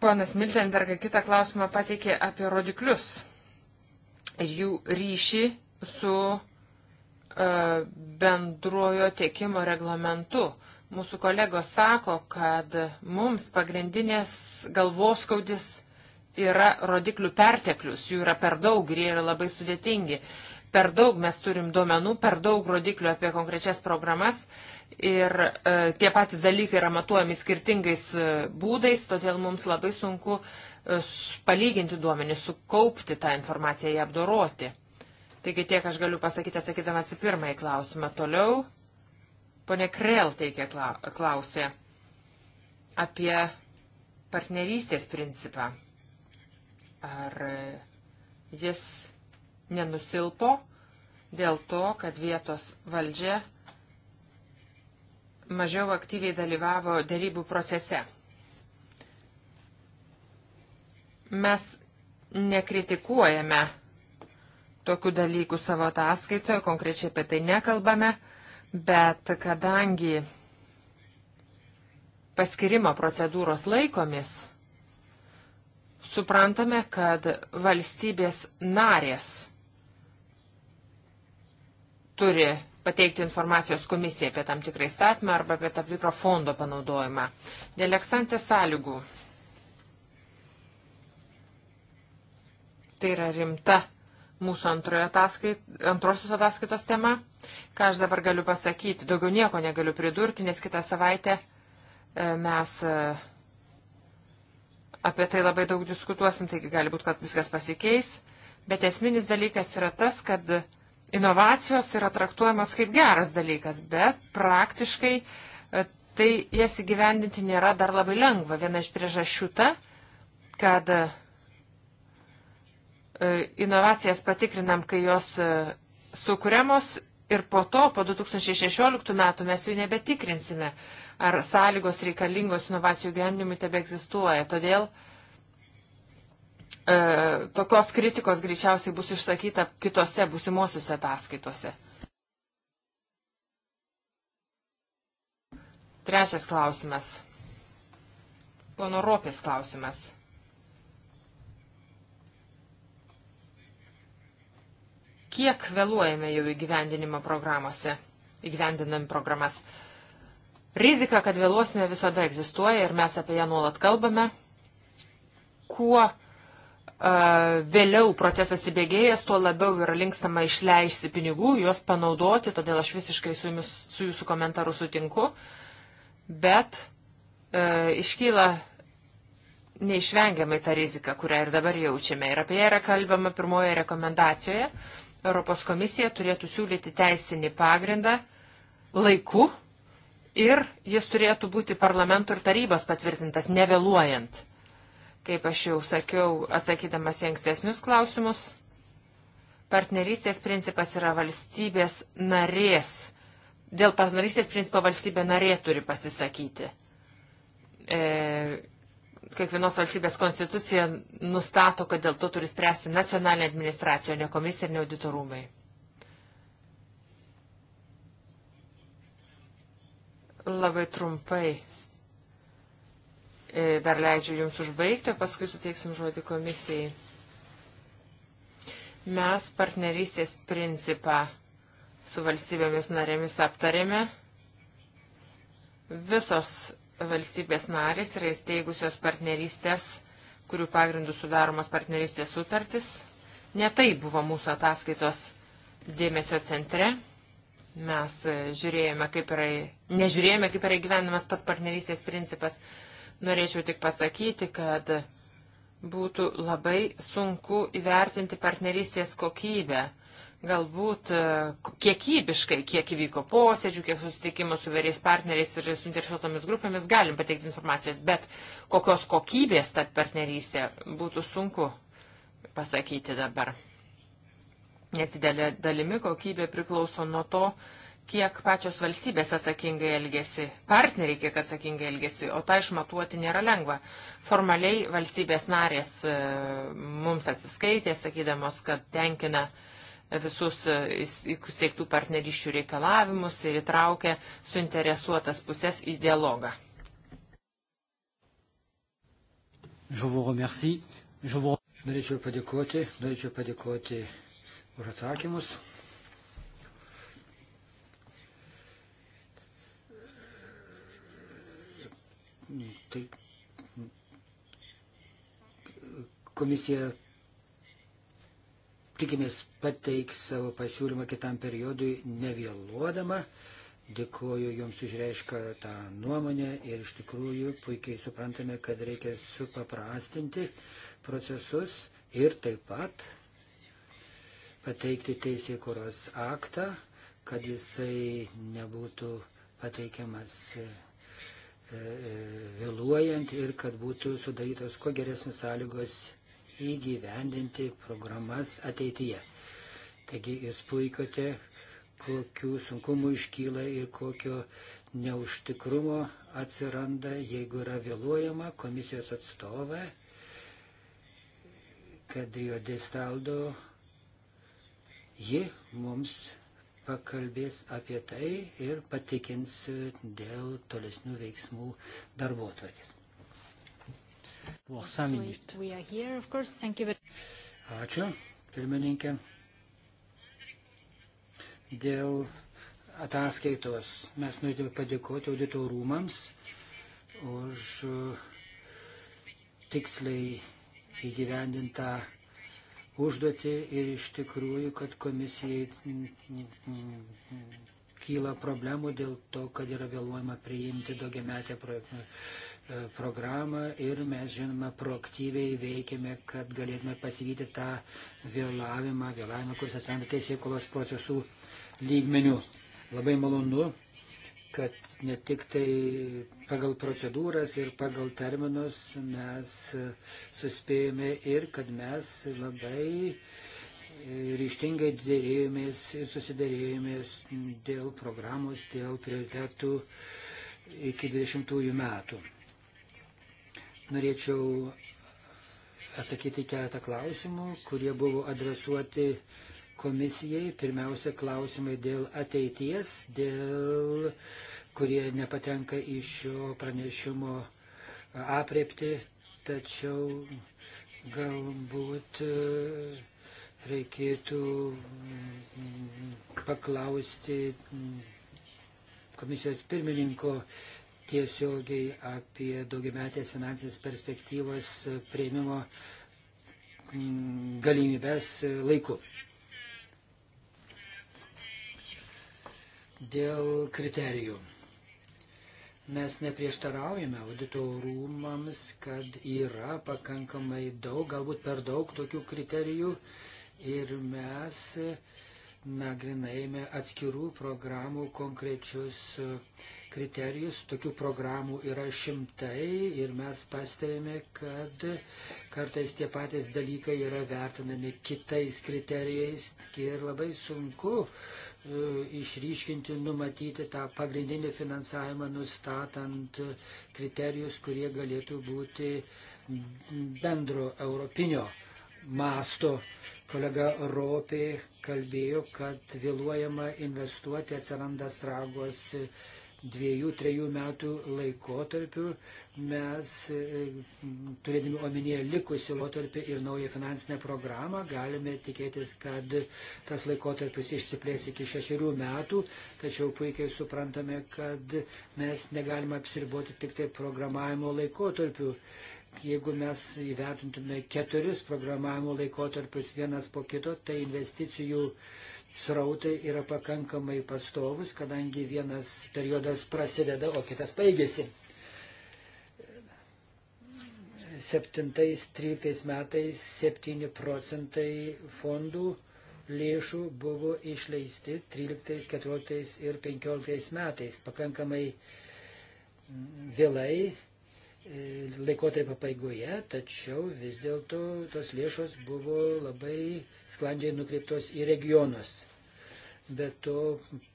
Ponas Miltenbergai kitą klausimą pateikė apie rodiklius ir jų ryšį su e, bendruojo tiekimo reglamentu. Mūsų kolegos sako, kad mums pagrindinės galvoskaudis yra rodiklių perteklius, jų yra per daug ir jie yra labai sudėtingi. Per daug mes turim duomenų, per daug rodiklių apie konkrečias programas ir e, tie patys dalykai yra matuojami skirtingais e, būdais, todėl mums labai sunku e, palyginti duomenį, sukaupti tą informaciją, ją apdoroti. Taigi tiek aš galiu pasakyti atsakydamas į pirmąjį klausimą. Toliau ponė Krell teikė klausė apie partnerystės principą. Ar e, jis nenusilpo dėl to, kad vietos valdžia mažiau aktyviai dalyvavo dėrybų procese. Mes nekritikuojame tokių dalykų savo ataskaitoje, konkrečiai apie tai nekalbame, bet kadangi paskirimo procedūros laikomis, suprantame, kad valstybės narės turi pateikti informacijos komisijai apie tam tikrą įstatymą arba apie tam tikro fondo panaudojimą. Dėl eksantės sąlygų. Tai yra rimta mūsų ataskait, antrosios ataskaitos tema. Ką aš dabar galiu pasakyti? Daugiau nieko negaliu pridurti, nes kitą savaitę e, mes e, apie tai labai daug diskutuosim, taigi gali būti, kad viskas pasikeis. Bet esminis dalykas yra tas, kad inovacijos yra traktuojamas kaip geras dalykas, bet praktiškai e, tai jas įgyvendinti nėra dar labai lengva. Viena iš priežasčių ta, kad e, e, inovacijas patikrinam, kai jos sukūriamos ir po to, po 2016 metų, mes jų nebetikrinsime, ar sąlygos reikalingos inovacijų gyvenimui tebe egzistuoja. Todėl uh, E, tokios kritikos greičiausiai bus išsakyta kitose būsimosiuose ataskaitose. Trečias klausimas. Pono Ropės klausimas. Kiek vėluojame jau įgyvendinimo programuose, įgyvendinam programas? Rizika, kad vėluosime, visada egzistuoja ir mes apie ją nuolat kalbame. Kuo uh, vėliau procesas įbėgėjęs, tuo labiau yra linkstama išleisti pinigų, juos panaudoti, todėl aš visiškai su, jumis, su jūsų komentaru sutinku, bet e, iškyla neišvengiamai ta rizika, kurią ir dabar jaučiame. Ir apie ją yra kalbama pirmoje rekomendacijoje. Europos komisija turėtų siūlyti teisinį pagrindą laiku ir jis turėtų būti parlamento ir tarybos patvirtintas, nevėluojant. Kaip aš jau sakiau, atsakydamas į ankstesnius klausimus, partnerystės principas yra valstybės narės. Dėl partnerystės principo valstybė narė turi pasisakyti. E, kiekvienos valstybės konstitucija nustato, kad dėl to turi spręsti nacionalinė administracija, o ne komisija ir ne auditorumai. Labai trumpai E, dar leidžiu Jums užbaigti, o paskui suteiksim žodį komisijai. Mes partnerystės principą su valstybėmis narėmis aptarėme. Visos valstybės narės yra įsteigusios partnerystės, kurių pagrindų sudaromos partnerystės sutartis. Netai buvo mūsų ataskaitos dėmesio centre. Mes žiūrėjome, kaip yra, nežiūrėjome, kaip yra įgyvenimas pats partnerystės principas, Norėčiau tik pasakyti, kad būtų labai sunku įvertinti partnerystės kokybę. Galbūt e, kiekybiškai, kiek įvyko posėdžių, kiek susitikimų su vėriais partneriais ir suinteresuotomis grupėmis galim pateikti informacijos, bet kokios kokybės ta partnerystė būtų sunku pasakyti dabar. Nes didelė dalimi kokybė priklauso nuo to, uh, kiek pačios valstybės atsakingai elgesi, partneriai kiek atsakingai elgesi, o tą išmatuoti nėra lengva. Formaliai valstybės narės e, mums atsiskaitė, sakydamos, kad tenkina visus e, siektų partneriščių reikalavimus ir įtraukia suinteresuotas pusės į dialogą. Norėčiau padėkoti, norėčiau padėkoti už atsakymus. tai komisija tikimės pateiks savo pasiūlymą kitam periodui nevėluodama. Dėkuoju Jums užreišką tą nuomonę ir iš tikrųjų puikiai suprantame, kad reikia supaprastinti procesus ir taip pat pateikti teisėkuros aktą, kad jisai nebūtų pateikiamas E, e, vėluojant ir kad būtų sudarytos kuo geresnės sąlygos įgyvendinti programas ateityje. Taigi jūs puikote, kokių sunkumų iškyla ir kokio neužtikrumo atsiranda, jeigu yra vėluojama komisijos atstovė, kad Rio de Staldo ji mums pakalbės apie tai ir patikins dėl tolesnių veiksmų darbo atvarkės. Ačiū, pirmininkė. Dėl ataskaitos mes norėtume padėkoti audito rūmams už tiksliai įgyvendintą užduotį ir iš tikrųjų, kad komisijai kyla problemų dėl to, kad yra vėluojama priimti daugiametę e, programą ir mes, žinoma, proaktyviai veikiame, kad galėtume pasivyti tą vėlavimą, vėlavimą, kuris atsiranda teisėkulos procesų lygmenių. Labai malonu kad ne tik tai pagal procedūras ir pagal terminus mes suspėjome ir kad mes labai ryštingai dėrėjomės ir susidėrėjomės dėl programos, dėl prioritetų iki 20 metų. Norėčiau atsakyti keletą klausimų, kurie buvo adresuoti uh, komisijai. Pirmiausia, klausimai dėl ateities, dėl, kurie nepatenka į šio pranešimo apriepti, tačiau galbūt e, reikėtų mm, paklausti mm, komisijos pirmininko tiesiogiai apie daugiametės finansinės perspektyvos prieimimo mm, galimybės laiku. Dėl kriterijų. Mes neprieštaraujame auditorumams, kad yra pakankamai daug, galbūt per daug tokių kriterijų ir mes nagrinėjame atskirų programų konkrečius kriterijus. Tokių programų yra šimtai ir mes pastebime, kad kartais tie patys dalykai yra vertinami kitais kriterijais ir labai sunku E, išryškinti, numatyti tą pagrindinį finansavimą, nustatant kriterijus, kurie galėtų būti bendro europinio masto. Kolega Ropė kalbėjo, kad vėluojama investuoti, atsiranda stragos dviejų, trejų metų laikotarpiu mes, e, turėdami omenyje likusi laikotarpį ir naują finansinę programą, galime tikėtis, kad tas laikotarpis išsiplės iki šešerių metų, tačiau puikiai suprantame, kad mes negalime apsiriboti tik tai programavimo laikotarpiu jeigu mes įvertintume keturis programavimo laikotarpius vienas po kito, tai investicijų srautai yra pakankamai pastovus, kadangi vienas periodas prasideda, o kitas baigėsi. 7-13 metais 7 procentai fondų lėšų buvo išleisti 13, 14 ir 15 metais. Pakankamai vėlai laikotarpio paigoje, tačiau vis dėlto tos lėšos buvo labai sklandžiai nukreiptos į regionus. Be to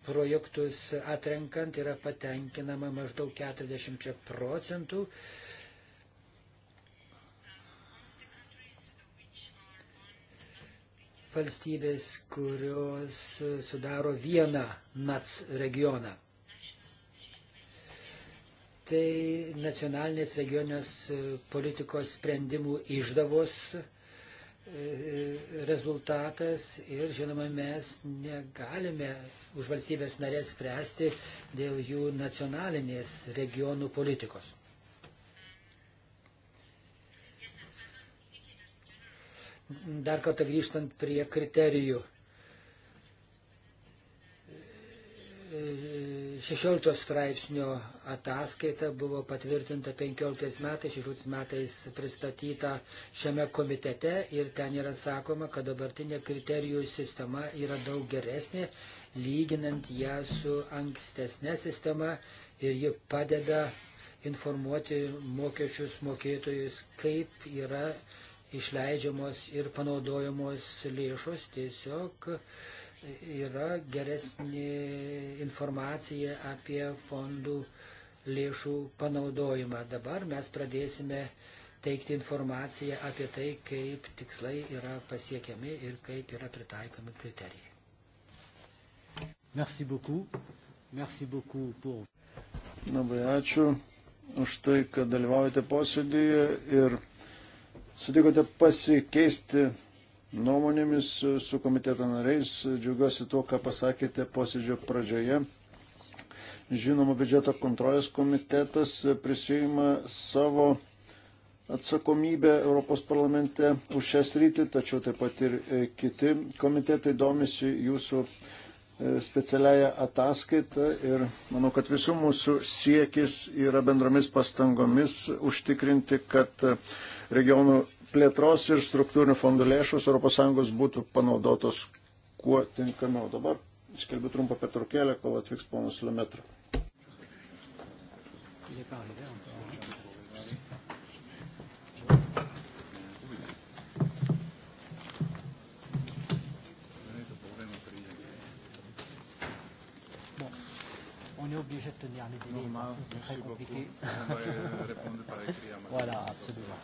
projektus atrenkant yra patenkinama maždaug 40 procentų. Valstybės, kurios sudaro vieną NATS regioną tai nacionalinės regionės e, politikos sprendimų išdavos e, e, rezultatas ir žinoma mes negalime už valstybės narės spręsti dėl jų nacionalinės regionų politikos. Dar kartą grįžtant prie kriterijų 16 straipsnio ataskaita buvo patvirtinta 15 metais, 16 metais pristatyta šiame komitete ir ten yra sakoma, kad dabartinė kriterijų sistema yra daug geresnė, lyginant ją su ankstesnė sistema ir ji padeda informuoti mokesčius mokėtojus, kaip yra išleidžiamos ir panaudojamos lėšos tiesiog yra geresnė informacija apie fondų lėšų panaudojimą. Dabar mes pradėsime teikti informaciją apie tai, kaip tikslai yra pasiekiami ir kaip yra pritaikomi kriterijai. Merci beaucoup. Merci beaucoup pour... Labai ačiū už tai, kad dalyvaujate posėdėje ir sutikote pasikeisti nuomonėmis su komiteto nariais. Džiaugiuosi tuo, ką pasakėte posėdžio pradžioje. Žinoma, biudžeto kontrolės komitetas prisijima savo atsakomybę Europos parlamente už šią sritį, tačiau taip pat ir e, kiti komitetai domisi jūsų e, specialiają ataskaitą ir manau, kad visų mūsų siekis yra bendromis pastangomis užtikrinti, kad e, regionų plėtros ir struktūrinių fondų lėšus ES būtų panaudotos kuo tinkamiau. Dabar skelbiu trumpą petrukėlę, kol atvyks ponas Lemetra. on est obligé de tenir les délais. Normal, merci beaucoup. On va répondre par écrit à ma Voilà, absolument.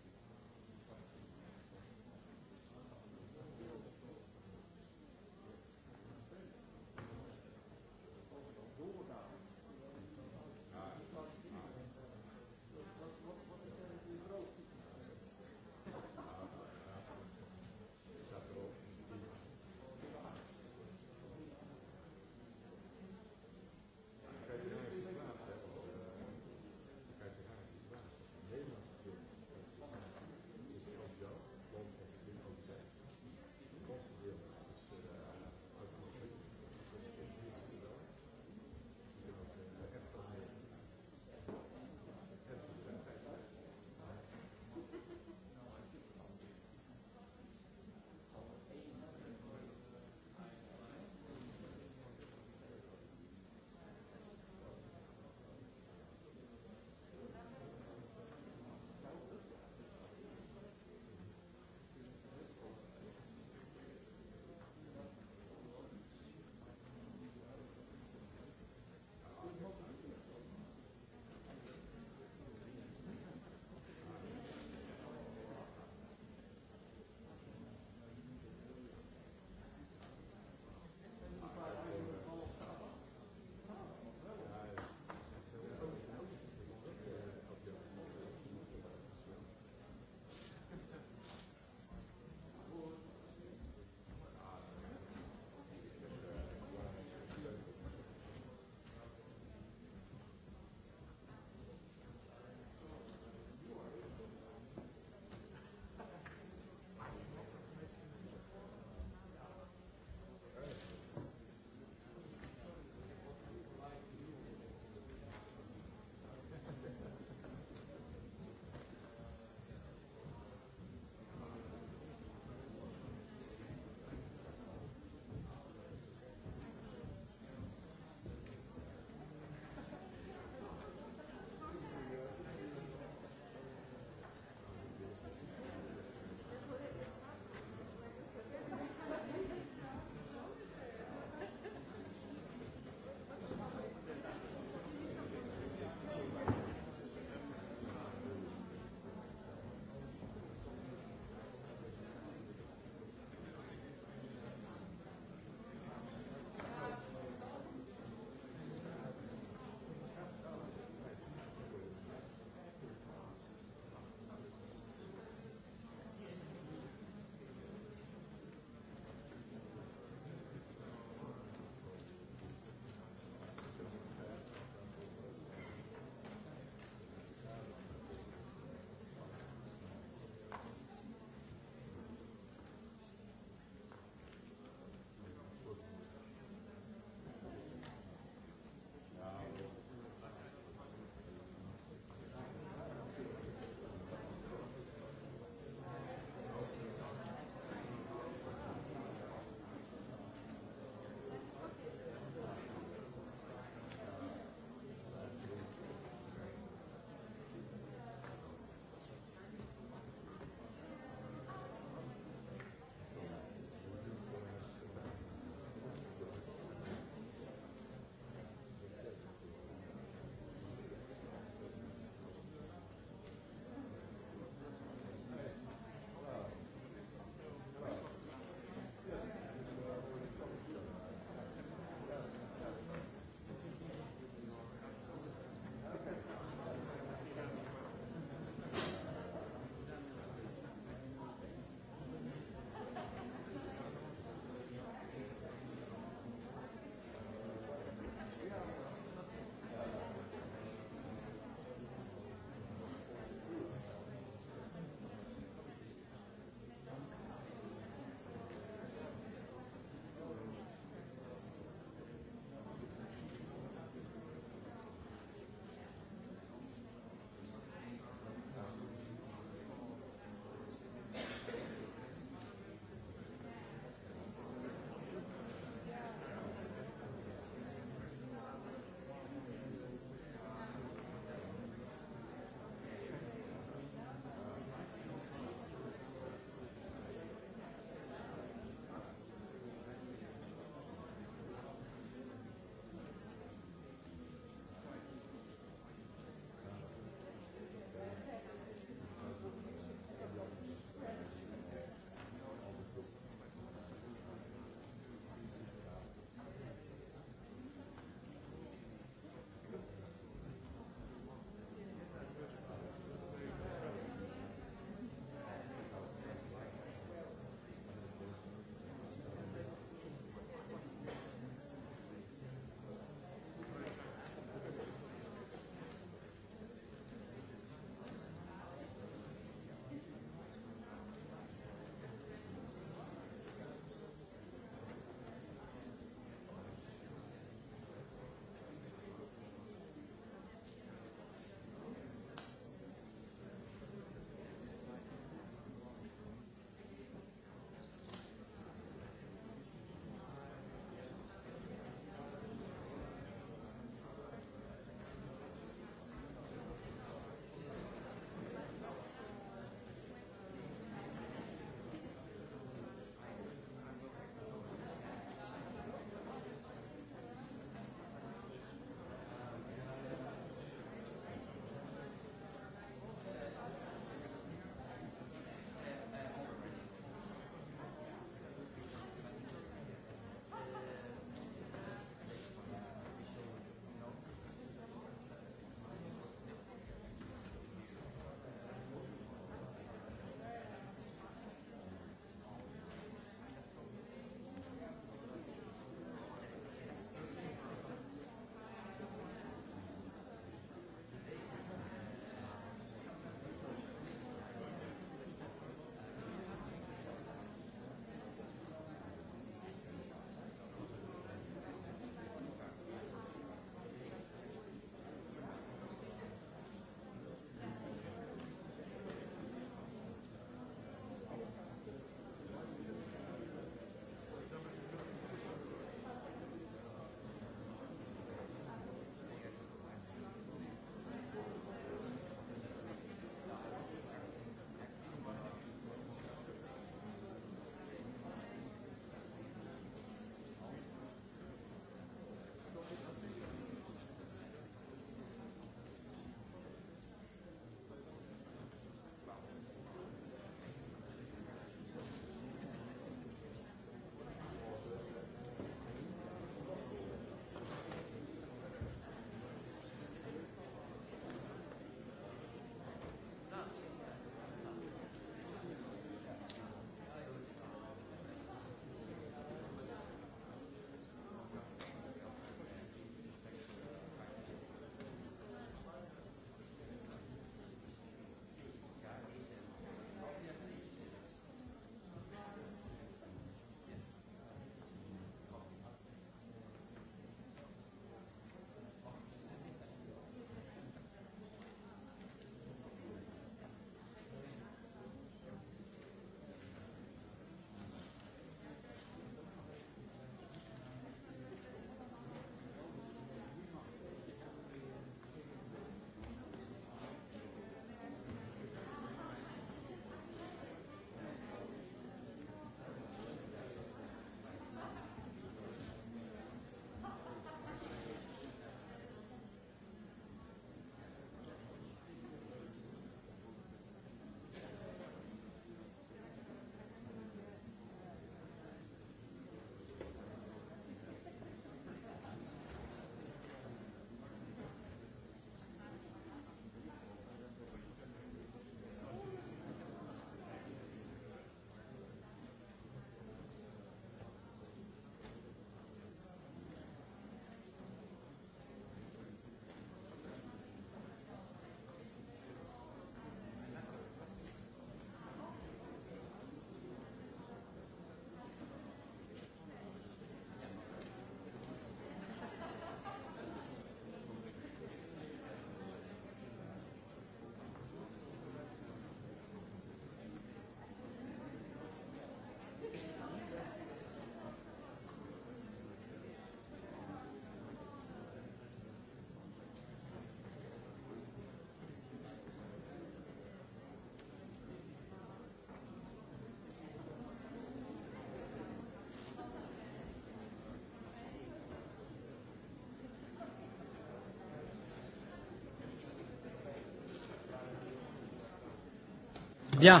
Bien.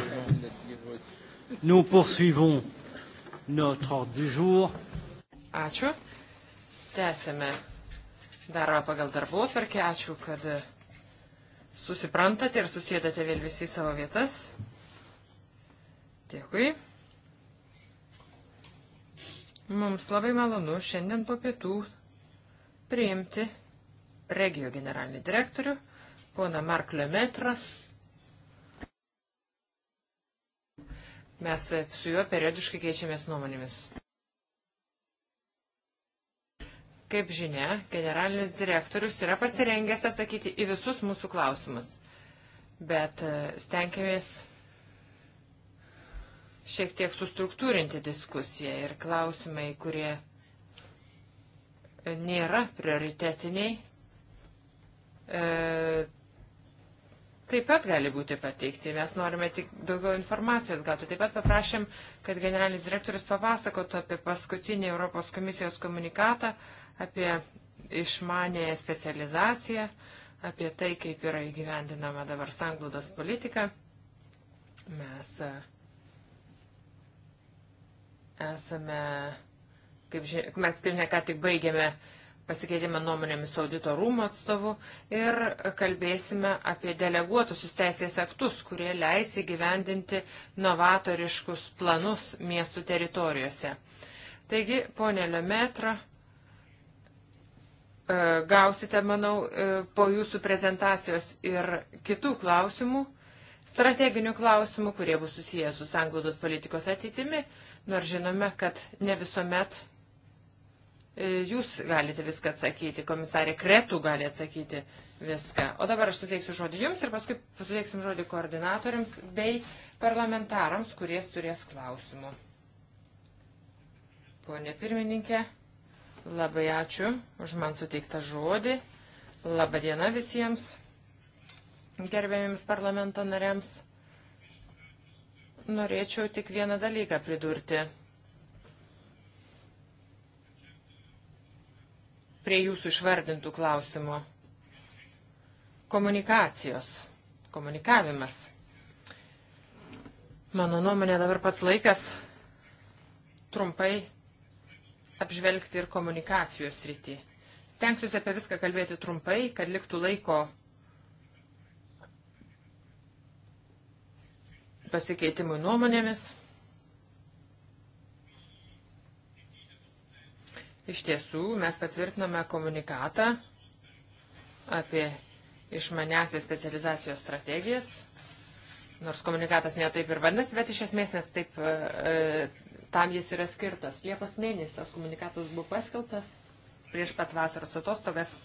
Nous poursuivons notre ordre du jour. Ačiū. Tęsėme darbą pagal darbo atvarkę. Ačiū, kad susiprantate ir susėdate vėl visi į savo vietas. Dėkui. Mums labai malonu šiandien po pietų priimti regio generalinį direktorių, poną Mark Lemetrą Mes su juo periodiškai keičiamės nuomonėmis. Kaip žinia, generalinis direktorius yra pasirengęs atsakyti į visus mūsų klausimus. Bet e, stengiamės šiek tiek sustruktūrinti diskusiją ir klausimai, kurie nėra prioritetiniai, e, taip pat gali būti pateikti. Mes norime tik daugiau informacijos gauti. Taip pat paprašėm, kad generalinis direktorius papasakotų apie paskutinį Europos komisijos komunikatą, apie išmanėją specializaciją, apie tai, kaip yra įgyvendinama dabar sanglaudos politika. Mes e, esame, kaip žinia, mes kaip ne ką tik baigėme pasikeitėme nuomonėmis su audito rūmų atstovu ir kalbėsime apie deleguotusius teisės aktus, kurie leis įgyvendinti novatoriškus planus miestų teritorijose. Taigi, ponė Lemetra, e, gausite, manau, e, po jūsų prezentacijos ir kitų klausimų, strateginių klausimų, kurie bus susijęs su sanglaudos politikos ateitimi, nors žinome, kad ne visuomet E, jūs galite viską atsakyti, komisarė Kretų gali atsakyti viską. O dabar aš suteiksiu žodį jums ir paskui suteiksim žodį koordinatoriams bei parlamentarams, kurie turės klausimų. Pone pirmininkė, labai ačiū už man suteiktą žodį. Labadiena visiems gerbėmiems parlamento nariams. Norėčiau tik vieną dalyką pridurti. prie jūsų išvardintų klausimų. Komunikacijos, komunikavimas. Mano nuomonė dabar pats laikas trumpai apžvelgti ir komunikacijos rytį. Stengsiuosi apie viską kalbėti trumpai, kad liktų laiko pasikeitimui nuomonėmis. Iš tiesų, mes patvirtinome komunikatą apie išmanesią specializacijos strategijas, nors komunikatas netaip ir vadinasi, bet iš esmės mes taip, e, e, tam jis yra skirtas. Liepos mėnesį tas komunikatas buvo paskeltas prieš pat vasaros atostogas.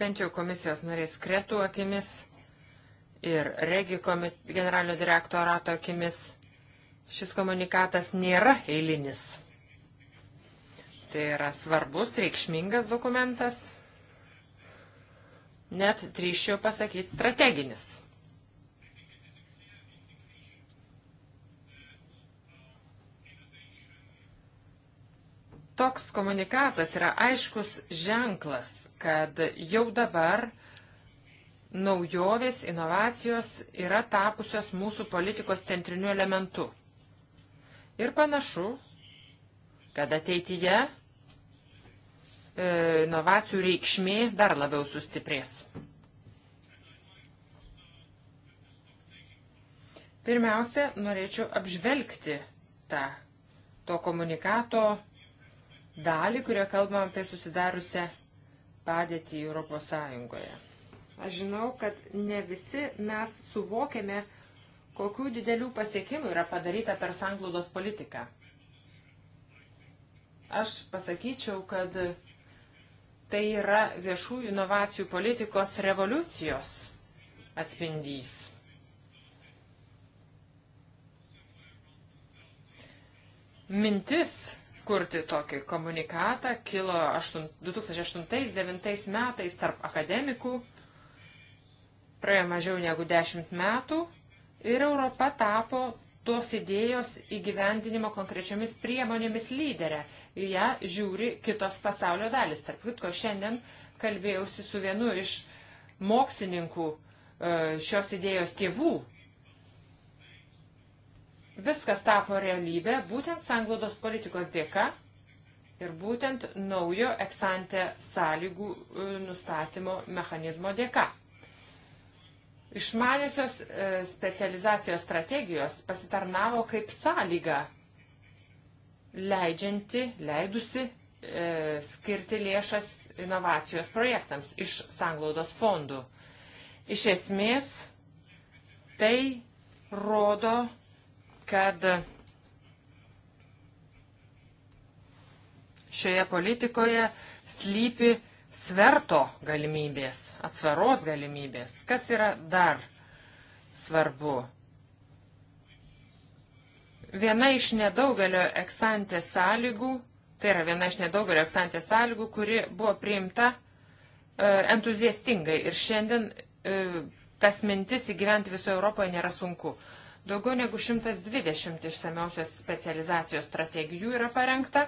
Bent jau komisijos norės kretų akimis ir regi generalinio direktorato akimis šis komunikatas nėra eilinis. Tai yra svarbus, reikšmingas dokumentas, net drįšiu pasakyti strateginis. Toks komunikatas yra aiškus ženklas, kad jau dabar uh, naujovės, inovacijos yra tapusios mūsų politikos centriniu elementu. Ir panašu, kad ateityje e, inovacijų reikšmė dar labiau sustiprės. Pirmiausia, norėčiau apžvelgti tą to komunikato dalį, kurioje kalbam apie susidariusią padėtį Europos Sąjungoje. Aš žinau, kad ne visi mes suvokėme, kokių didelių pasiekimų yra padaryta per sanglaudos politiką. Aš pasakyčiau, kad tai yra viešų inovacijų politikos revoliucijos atspindys. Mintis kurti tokį komunikatą kilo 2008-2009 metais tarp akademikų Praėjo mažiau negu dešimt metų ir Europa tapo tos idėjos įgyvendinimo konkrečiamis priemonėmis lyderę. Į ją žiūri kitos pasaulio dalis. Tarp kitko, šiandien kalbėjausi su vienu iš mokslininkų e, šios idėjos tėvų. Viskas tapo realybė būtent sanglaudos politikos dėka ir būtent naujo eksante sąlygų e, nustatymo mechanizmo dėka. Išmaniusios e, specializacijos strategijos pasitarnavo kaip sąlyga leidžianti, leidusi e, skirti lėšas inovacijos projektams iš sanglaudos fondų. Iš esmės, tai rodo, kad šioje politikoje slypi sverto galimybės, atsvaros galimybės. Kas yra dar svarbu? Viena iš nedaugelio eksantės sąlygų, tai yra viena iš nedaugelio eksantės sąlygų, kuri buvo priimta e, entuziastingai ir šiandien e, tas mintis įgyventi visoje Europoje nėra sunku. Daugiau negu 120 išsamiausios specializacijos strategijų yra parengta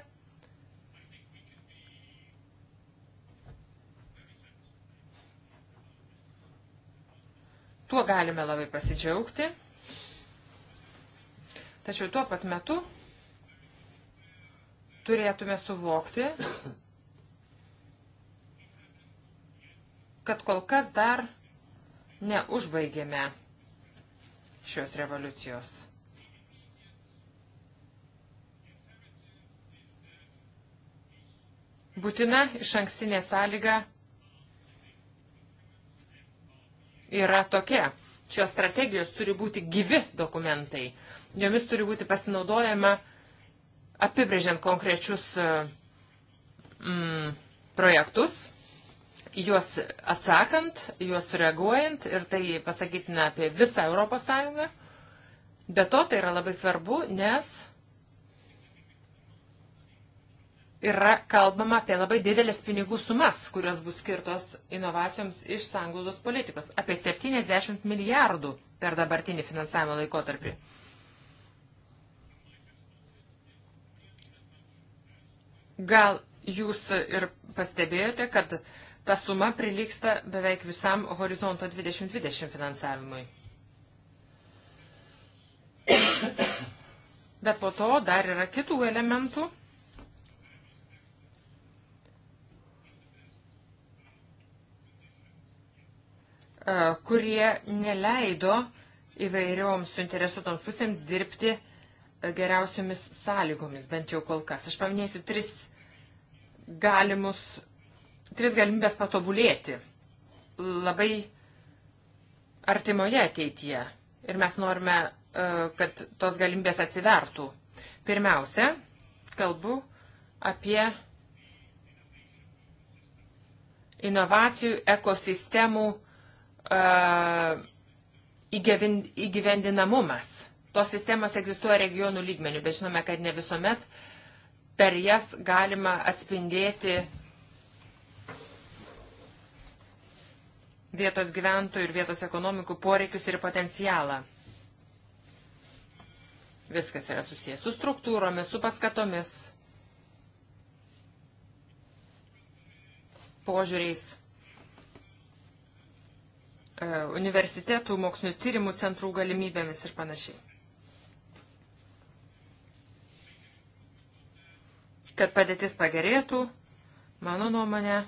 Tuo galime labai pasidžiaugti. Tačiau tuo pat metu turėtume suvokti, kad kol kas dar neužbaigėme šios revoliucijos. Būtina iš ankstinė sąlyga yra tokia. Šios strategijos turi būti gyvi dokumentai. Jomis turi būti pasinaudojama apibrėžiant konkrečius e, mm, projektus, juos atsakant, juos reaguojant ir tai pasakytina apie visą ES. Be to tai yra labai svarbu, nes yra kalbama apie labai didelės pinigų sumas, kurios bus skirtos inovacijoms iš sanglaudos politikos. Apie 70 milijardų per dabartinį finansavimo laikotarpį. Gal jūs ir pastebėjote, kad ta suma priliksta beveik visam horizonto 2020 finansavimui. Bet po to dar yra kitų elementų E, kurie neleido įvairioms suinteresuotoms pusėms dirbti e, geriausiomis sąlygomis, bent jau kol kas. Aš paminėsiu tris galimus, tris galimybės patobulėti labai artimoje ateityje. Ir mes norime, e, kad tos galimybės atsivertų. Pirmiausia, kalbu apie inovacijų ekosistemų uh, įgyvendinamumas. Tos sistemos egzistuoja regionų lygmenių, bet žinome, kad ne visuomet per jas galima atspindėti vietos gyventojų ir vietos ekonomikų poreikius ir potencialą. Viskas yra susijęs su struktūromis, su paskatomis, požiūriais. E, universitetų, mokslinio tyrimų centrų galimybėmis ir panašiai. Kad padėtis pagerėtų, mano nuomonė,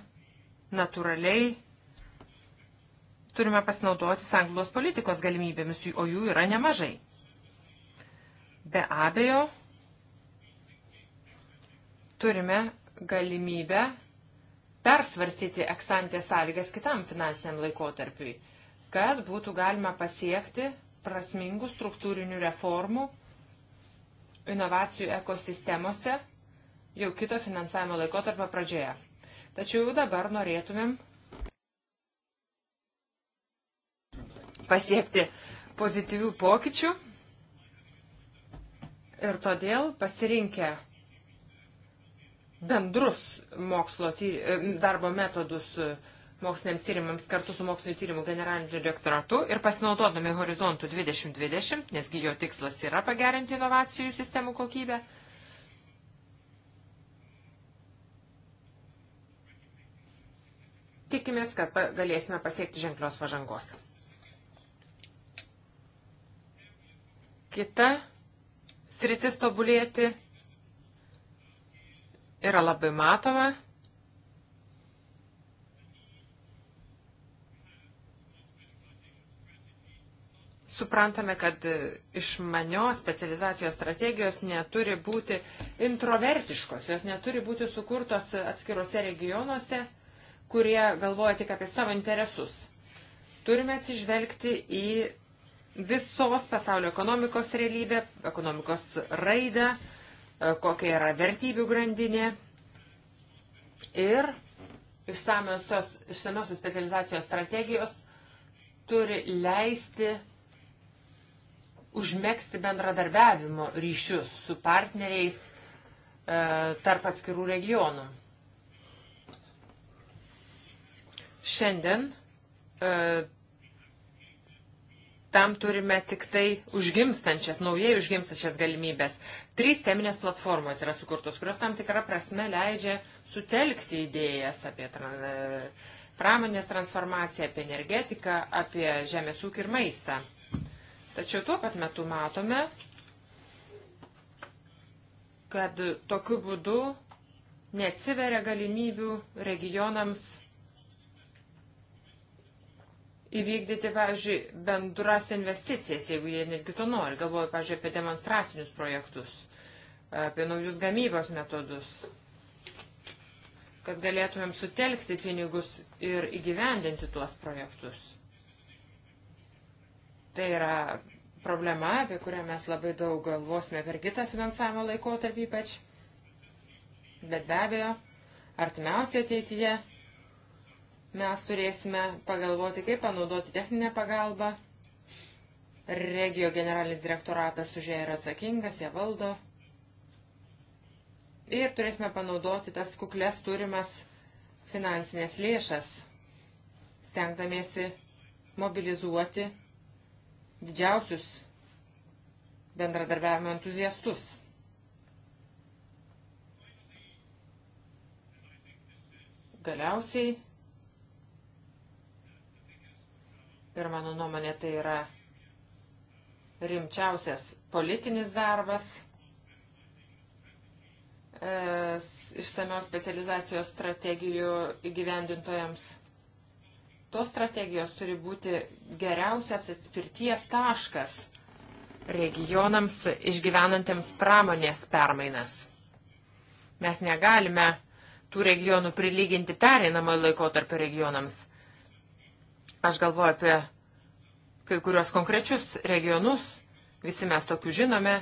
natūraliai turime pasinaudoti sanglos politikos galimybėmis, o jų yra nemažai. Be abejo, turime galimybę persvarsyti eksantės sąlygas kitam finansiniam laikotarpiui kad būtų galima pasiekti prasmingų struktūrinių reformų inovacijų ekosistemose jau kito finansavimo laikotarpio pradžioje. Tačiau jau dabar norėtumėm pasiekti pozityvių pokyčių ir todėl pasirinkę bendrus mokslo e, darbo metodus moksliniams tyrimams kartu su mokslinio tyrimų generaliniu direktoratu ir pasinaudodami horizontų 2020, nesgi jo tikslas yra pagerinti inovacijų sistemų kokybę. Tikimės, kad galėsime pasiekti ženklios pažangos. Kita sritis tobulėti yra labai matoma Suprantame, kad išmanios specializacijos strategijos neturi būti introvertiškos, jos neturi būti sukurtos atskiruose regionuose, kurie galvoja tik apie savo interesus. Turime atsižvelgti į visos pasaulio ekonomikos realybę, ekonomikos raidą, kokia yra vertybių grandinė ir išsamiosios specializacijos strategijos turi leisti užmėgsti bendradarbiavimo ryšius su partneriais e, tarp atskirų regionų. Šiandien e, tam turime tik tai užgimstančias, naujai užgimstančias galimybės. Trys teminės platformos yra sukurtos, kurios tam tikrą prasme leidžia sutelkti idėjas apie pramonės transformaciją, apie energetiką, apie žemės ūkį ir maistą. Tačiau tuo pat metu matome, kad tokiu būdu neatsiveria galimybių regionams įvykdyti, pavyzdžiui, bendras investicijas, jeigu jie netgi to nori. Galvoju, pavyzdžiui, apie demonstracinius projektus, apie naujus gamybos metodus, kad galėtumėm sutelkti pinigus ir įgyvendinti tuos projektus. Tai yra problema, apie kurią mes labai daug galvosime per kitą finansavimo laikotarpį ypač. Bet be abejo, artimiausioje ateityje mes turėsime pagalvoti, kaip panaudoti techninę pagalbą. Regio generalinis direktoratas už ją yra atsakingas, ją valdo. Ir turėsime panaudoti tas kuklės turimas finansinės lėšas, stengdamiesi mobilizuoti didžiausius bendradarbiavimo entuziastus. Galiausiai, ir mano nuomonė tai yra rimčiausias politinis darbas, e, išsamios specializacijos strategijų įgyvendintojams – Tos strategijos turi būti geriausias atspirties taškas regionams išgyvenantiems pramonės permainas. Mes negalime tų regionų prilyginti pereinamojo laikotarpio regionams. Aš galvoju apie kai kurios konkrečius regionus, visi mes tokių žinome,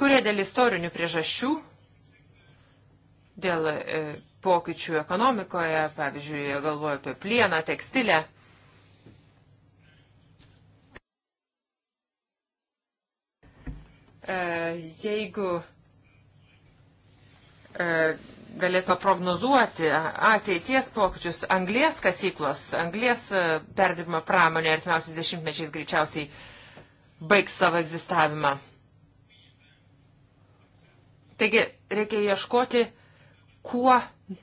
kurie dėl istorinių priežasčių, dėl e, pokyčių ekonomikoje, pavyzdžiui, galvoju apie plieną, tekstilę. E, jeigu e, galėtume prognozuoti ateities pokyčius, anglės kasyklos, anglės e, perdirbimo pramonė artimiausiais dešimtmečiais greičiausiai baigs savo egzistavimą. Taigi reikia ieškoti, kuo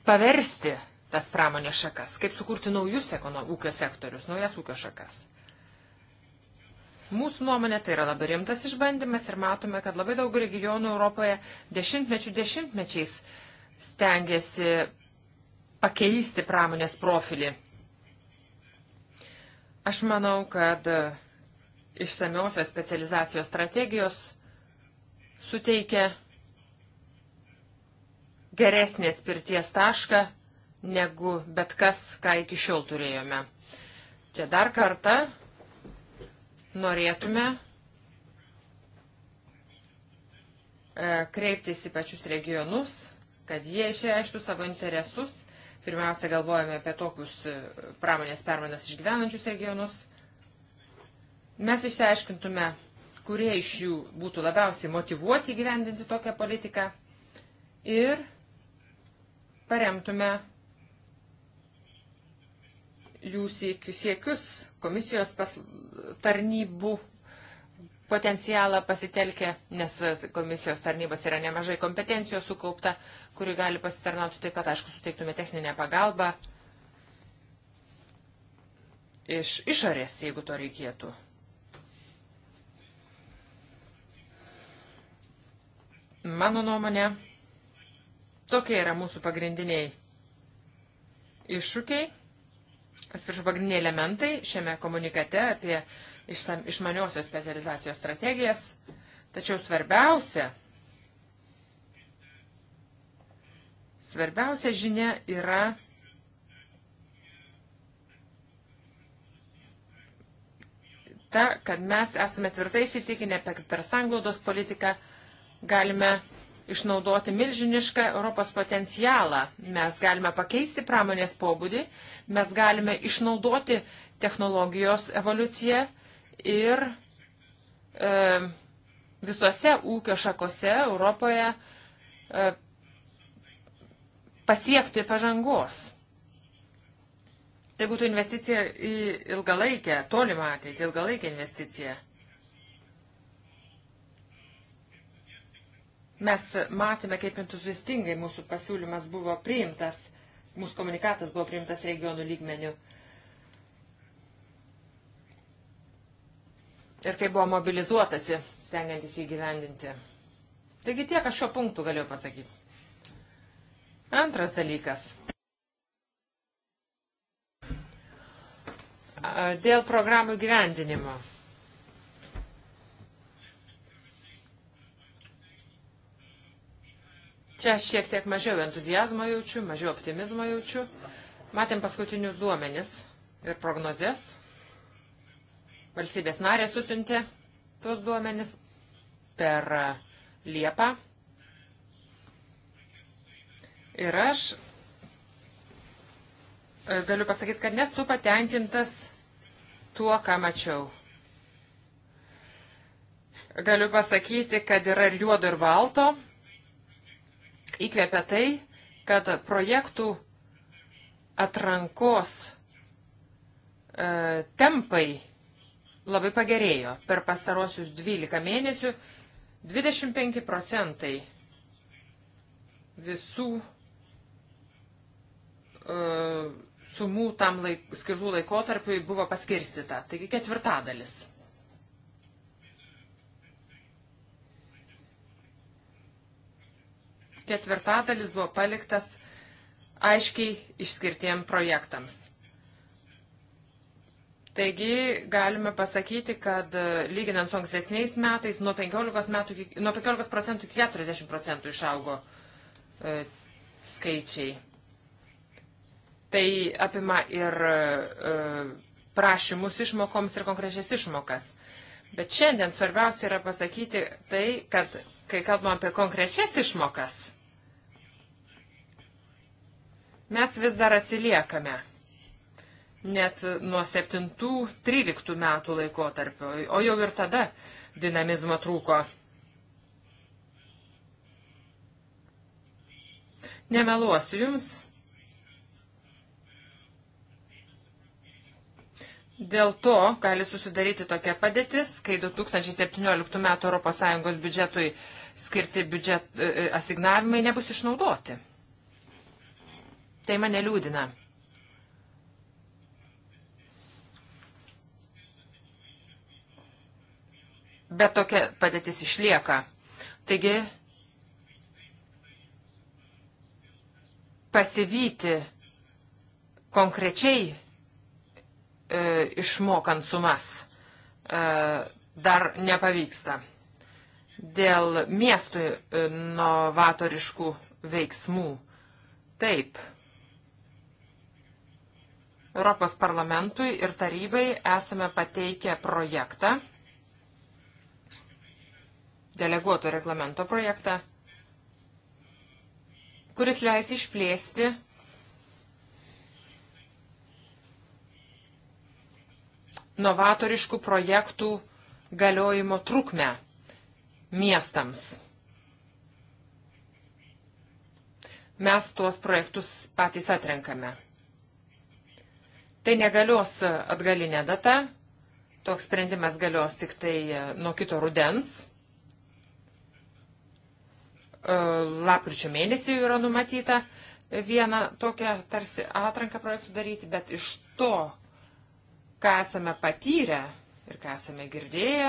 paversti tas pramonės šakas, kaip sukurti naujus ekono, ūkio sektorius, naujas ūkio šakas. Mūsų nuomonė tai yra labai rimtas išbandymas ir matome, kad labai daug regionų Europoje dešimtmečių dešimtmečiais stengiasi pakeisti pramonės profilį. Aš manau, kad išsamiausios specializacijos strategijos suteikia geresnės pirties tašką negu bet kas, ką iki šiol turėjome. Čia dar kartą norėtume e, kreiptis į pačius regionus, kad jie išreištų savo interesus. Pirmiausia, galvojame apie tokius e, pramonės permanas išgyvenančius regionus. Mes išsiaiškintume, kurie iš jų būtų labiausiai motivuoti gyvendinti tokią politiką ir paremtume jų siekius, komisijos pas, tarnybų potencialą pasitelkę, nes komisijos tarnybos yra nemažai kompetencijos sukaupta, kuri gali pasitarnauti taip pat, aišku, suteiktume techninę pagalbą iš išorės, jeigu to reikėtų. Mano nuomonė, Tokie yra mūsų pagrindiniai iššūkiai, atsiprašau, pagrindiniai elementai šiame komunikate apie išmaniosios specializacijos strategijas. Tačiau svarbiausia, svarbiausia žinia yra ta, kad mes esame tvirtai įsitikinę, kad per sanglaudos politiką galime išnaudoti milžinišką Europos potencialą. Mes galime pakeisti pramonės pobūdį, mes galime išnaudoti technologijos evoliuciją ir e, visose ūkio šakose Europoje e, pasiekti pažangos. Tai būtų investicija į ilgalaikę, tolimą ateitį, ilgalaikę investiciją. Mes matėme, kaip entuziastingai mūsų pasiūlymas buvo priimtas, mūsų komunikatas buvo priimtas regionų lygmenių. Ir kaip buvo mobilizuotasi, stengiantis įgyvendinti. Taigi tiek aš šio punktų galiu pasakyti. Antras dalykas. Dėl programų gyvendinimo. Čia šiek tiek mažiau entuzijazmo jaučiu, mažiau optimizmo jaučiu. Matėm paskutinius duomenis ir prognozes. Valstybės narė susintė tuos duomenis per Liepą. Ir aš e, galiu pasakyti, kad nesu patenkintas tuo, ką mačiau galiu pasakyti, kad yra ir juodo ir balto, įkvėpia tai, kad projektų atrankos e, tempai labai pagerėjo. Per pastarosius 12 mėnesių 25 procentai visų e, sumų tam laik, skirtų laikotarpiui buvo paskirstyta. Taigi ketvirtadalis. ketvirtadalis buvo paliktas aiškiai išskirtiem projektams. Taigi galime pasakyti, kad e, lyginant su ankstesniais metais nuo 15, metų, nuo 15 procentų iki 40 procentų išaugo e, skaičiai. Tai apima ir e, e, prašymus išmokoms ir konkrečias išmokas. Bet šiandien svarbiausia yra pasakyti tai, kad kai kalbam apie konkrečias išmokas, Mes vis dar atsiliekame net nuo 7-13 metų laikotarpio, o jau ir tada dinamizmo trūko. Nemeluosiu jums. Dėl to gali susidaryti tokia padėtis, kai 2017 m. ES biudžetui skirti biudžet, e, asignavimai nebus išnaudoti. Tai mane liūdina. Bet tokia padėtis išlieka. Taigi, pasivyti konkrečiai e, išmokant sumas e, dar nepavyksta. Dėl miestų e, novatoriškų veiksmų. Taip. Europos parlamentui ir tarybai esame pateikę projektą, deleguoto reglamento projektą, kuris leis išplėsti novatoriškų projektų galiojimo trukmę miestams. Mes tuos projektus patys atrenkame. Tai negalios e, atgalinė data, toks sprendimas galios tik tai e, nuo kito rudens. E, lapkričio mėnesį yra numatyta vieną tokią tarsi atranką projektų daryti, bet iš to, ką esame patyrę ir ką esame girdėję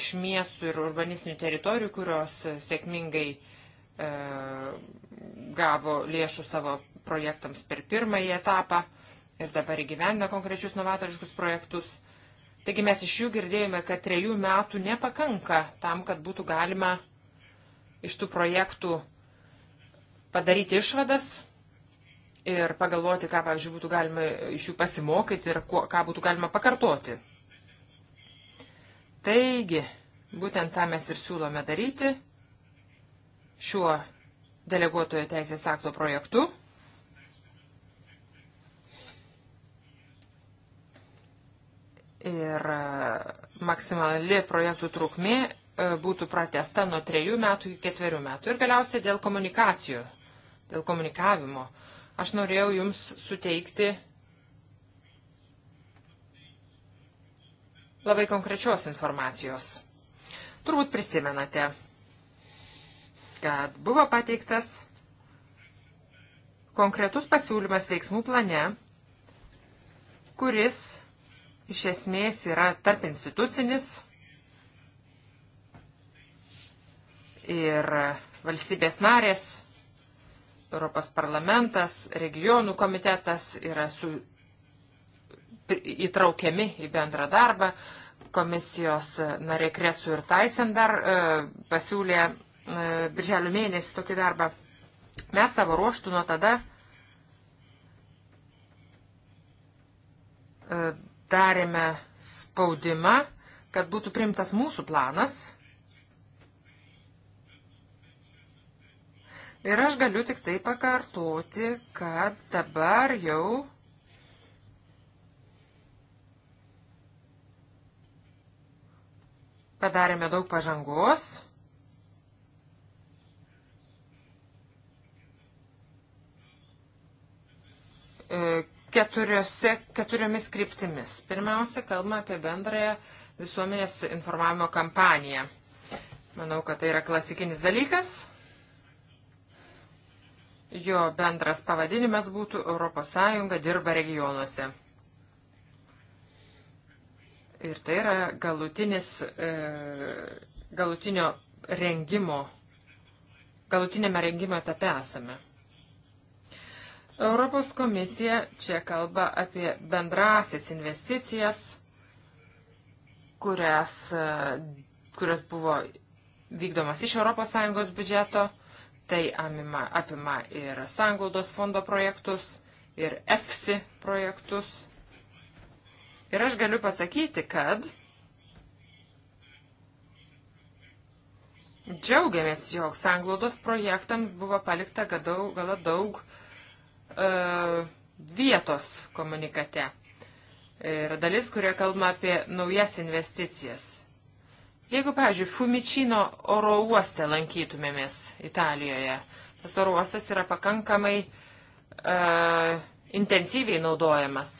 iš miestų ir urbanistinių teritorijų, kurios sėkmingai e, gavo lėšų savo projektams per pirmąjį etapą, e, ir dabar įgyvendina konkrečius novatoriškus projektus. Taigi mes iš jų girdėjome, kad trejų metų nepakanka tam, kad būtų galima iš tų projektų padaryti išvadas ir pagalvoti, ką, pavyzdžiui, būtų galima iš jų pasimokyti ir kuo, ką būtų galima pakartoti. Taigi, būtent tą mes ir siūlome daryti šiuo deleguotojo teisės akto projektu. Ir e, maksimali projektų trukmė e, būtų pratesta nuo trejų metų iki ketverių metų. Ir galiausiai dėl komunikacijų, dėl komunikavimo. Aš norėjau Jums suteikti labai konkrečios informacijos. Turbūt prisimenate, kad buvo pateiktas konkretus pasiūlymas veiksmų plane, kuris iš esmės yra tarp institucinis ir valstybės narės, Europos parlamentas, regionų komitetas yra su, įtraukiami į bendrą darbą. Komisijos narė Kresu ir Taisen dar e, pasiūlė e, birželio mėnesį tokį darbą. Mes savo ruoštų nuo tada e, darėme spaudimą, kad būtų primtas mūsų planas. Ir aš galiu tik tai pakartoti, kad dabar jau padarėme daug pažangos. E, keturiose, keturiomis kryptimis. Pirmiausia, kalbame apie bendrąją visuomenės informavimo kampaniją. Manau, kad tai yra klasikinis dalykas. Jo bendras pavadinimas būtų ES dirba regionuose. Ir tai yra galutinis, e, galutinio rengimo, galutinėme rengimo etape esame. Europos komisija čia kalba apie bendrasis investicijas, kurias, e, kurios buvo vykdomas iš ES biudžeto, tai amima, apima ir sanglaudos fondo projektus, ir EFSI projektus. Ir aš galiu pasakyti, kad džiaugiamės, jog sanglaudos projektams buvo palikta gala daug, gala daug E, vietos komunikate. Yra dalis, kurioje kalbama apie naujas investicijas. Jeigu, pavyzdžiui, Fumicino oro uoste lankytumėmės Italijoje, tas oro uostas yra pakankamai uh, intensyviai naudojamas,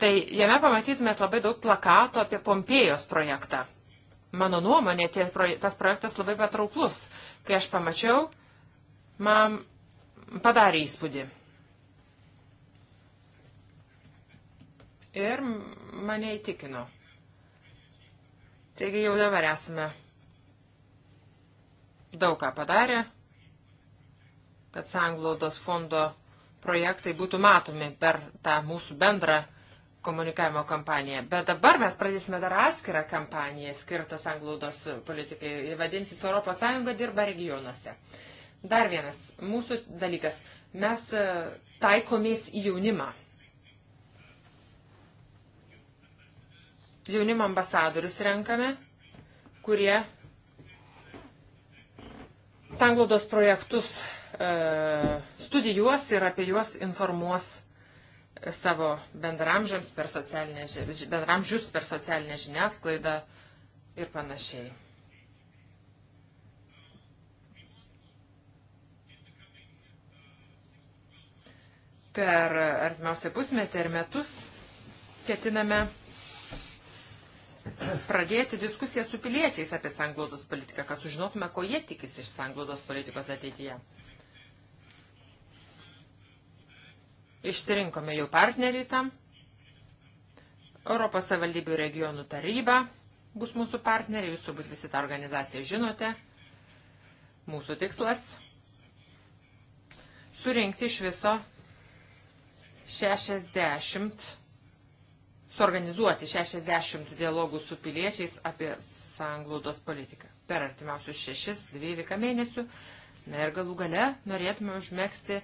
tai jame pamatytumėt labai daug plakato apie Pompėjos projektą. Mano nuomonė, tie, tas projektas labai patrauklus. Kai aš pamačiau, man padarė įspūdį. Ir mane įtikino. Taigi jau dabar esame daug ką padarę, kad sanglaudos fondo projektai būtų matomi per tą mūsų bendrą komunikavimo kampaniją. Bet dabar mes pradėsime dar atskirą kampaniją skirtą sanglaudos politikai. Vadinsis Europos Sąjunga dirba regionuose. Dar vienas mūsų dalykas. Mes e, taikomės į jaunimą. Jaunimo ambasadorius renkame, kurie sanglaudos projektus e, studijuos ir apie juos informuos e, savo bendramžiams per socialinę, bendramžius per socialinę žiniasklaidą ir panašiai. Per artimiausią pusmetį ar metus ketiname pradėti diskusiją su piliečiais apie sanglaudos politiką, kad sužinotume, ko jie tikisi iš sanglaudos politikos ateityje. Išsirinkome jau partnerį tam. Europos savaldybių regionų taryba bus mūsų partneriai, jūs turbūt visi tą organizaciją žinote. Mūsų tikslas - surinkti iš viso 60, suorganizuoti 60 dialogų su piliečiais apie sanglaudos politiką per artimiausius 6-12 mėnesių. Na ir galų gale norėtume užmėgsti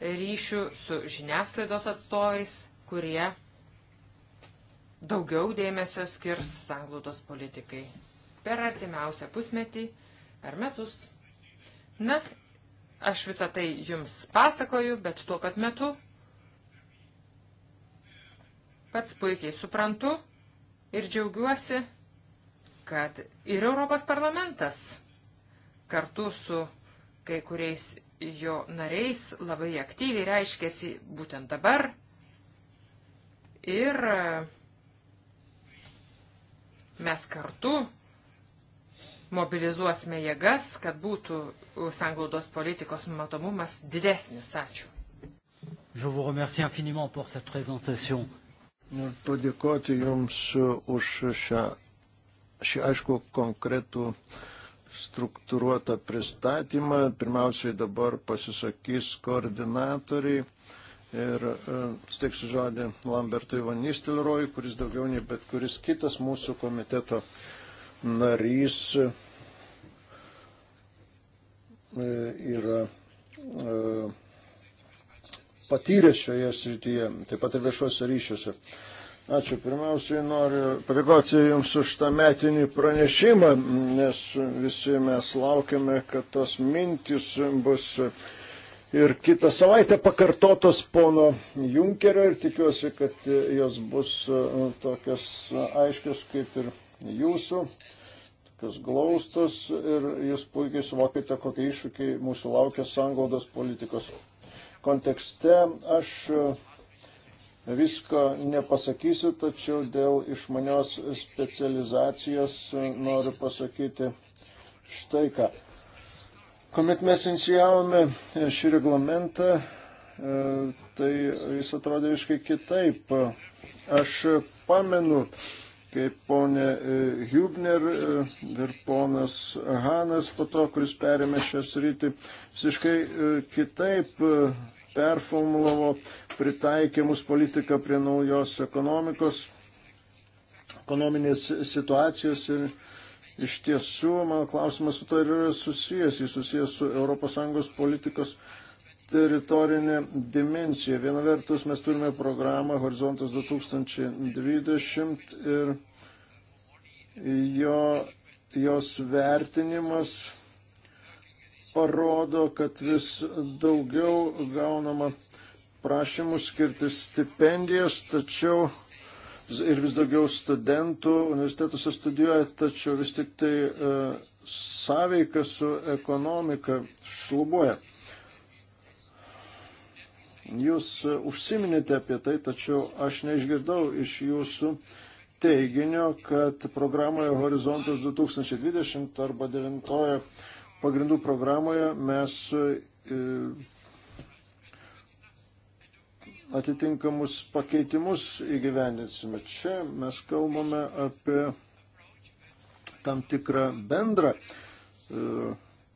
ryšių su žiniasklaidos atstovais, kurie daugiau dėmesio skirs sanglaudos politikai per artimiausią pusmetį ar metus. Na, aš visą tai jums pasakoju, bet tuo pat metu pats puikiai suprantu ir džiaugiuosi, kad ir Europos parlamentas kartu su kai kuriais jo nariais labai aktyviai reiškėsi būtent dabar. Ir e, mes kartu mobilizuosime jėgas, kad būtų sanglaudos politikos matomumas didesnis. Ačiū. Je vous remercie infiniment pour cette présentation Noriu padėkoti Jums už šią, šį aišku konkretų struktūruotą pristatymą. Pirmiausiai dabar pasisakys koordinatoriai ir e, steiksiu žodį Lambertui Van Nistelroj, kuris daugiau nei bet kuris kitas mūsų komiteto narys e, yra. Uh, patyrę šioje srityje, taip pat ir viešuose ryšiuose. Ačiū. Pirmiausiai noriu padėkoti Jums už tą metinį pranešimą, nes visi mes laukiame, kad tos mintis bus ir kitą savaitę pakartotos pono Junkerio ir tikiuosi, kad jos bus tokios aiškios kaip ir Jūsų tokios glaustos ir jūs puikiai suvokite, kokie iššūkiai mūsų laukia sanglaudos politikos kontekste. Aš e, visko nepasakysiu, tačiau dėl išmanios specializacijos noriu pasakyti štai ką. Komet mes inicijavome e, šį reglamentą, e, tai jis atrodė iškai kitaip. Aš pamenu, aiškiai ponė e, Hubner e, ir ponas Hanas po to, kuris perėmė šią sritį, visiškai e, kitaip performulavo, pritaikė mūsų politiką prie naujos ekonomikos, ekonominės situacijos ir iš tiesų mano klausimas su to ir yra susijęs, jis susijęs su ES politikos teritorinė dimensija. Viena vertus mes turime programą Horizontas 2020 ir jo, jos vertinimas parodo, kad vis daugiau gaunama prašymų skirti stipendijas, tačiau ir vis daugiau studentų universitetuose studijuoja, tačiau vis tik tai e, sąveika su ekonomika šlubuoja. Jūs e, užsiminėte apie tai, tačiau aš neišgirdau iš jūsų e, teiginio, kad programoje Horizontas 2020 arba 9 pagrindų programoje mes e, atitinkamus pakeitimus įgyvendinsime. Čia mes kalbame apie tam tikrą bendrą e,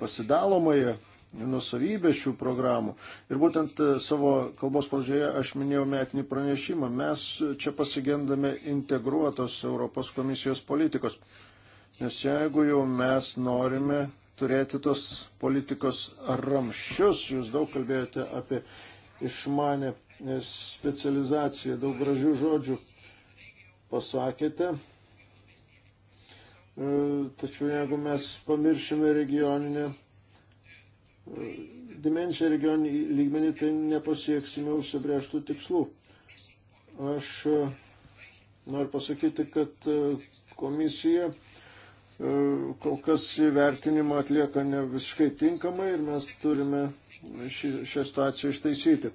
pasidalomąją nusavybė šių programų. Ir būtent e, savo kalbos pradžioje aš minėjau metinį pranešimą. Mes čia pasigendame integruotos Europos komisijos politikos. Nes jeigu jau mes norime turėti tos politikos ramščius, jūs daug kalbėjote apie išmanę e, specializaciją, daug gražių žodžių pasakėte. E, tačiau jeigu mes pamiršime regioninę dimensiją regioninį lygmenį, tai nepasieksime užsibrieštų tikslų. Aš e, noriu pasakyti, kad e, komisija e, kol kas įvertinimą atlieka ne visiškai tinkamai ir mes turime šį, šią situaciją ištaisyti.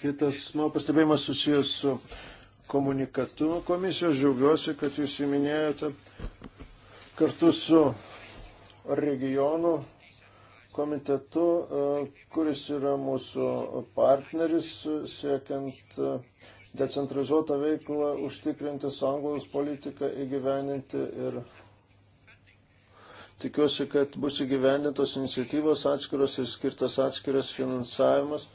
Kitas mano pastebėjimas susijęs su komunikatu komisijos. Žiaugiuosi, kad jūs įminėjote kartu su regionų komitetu, e, kuris yra mūsų partneris, siekiant e, decentralizuotą veiklą, užtikrinti sąnglaus politiką, įgyveninti ir tikiuosi, kad bus įgyvendintos iniciatyvos atskiros ir skirtas atskiras finansavimas,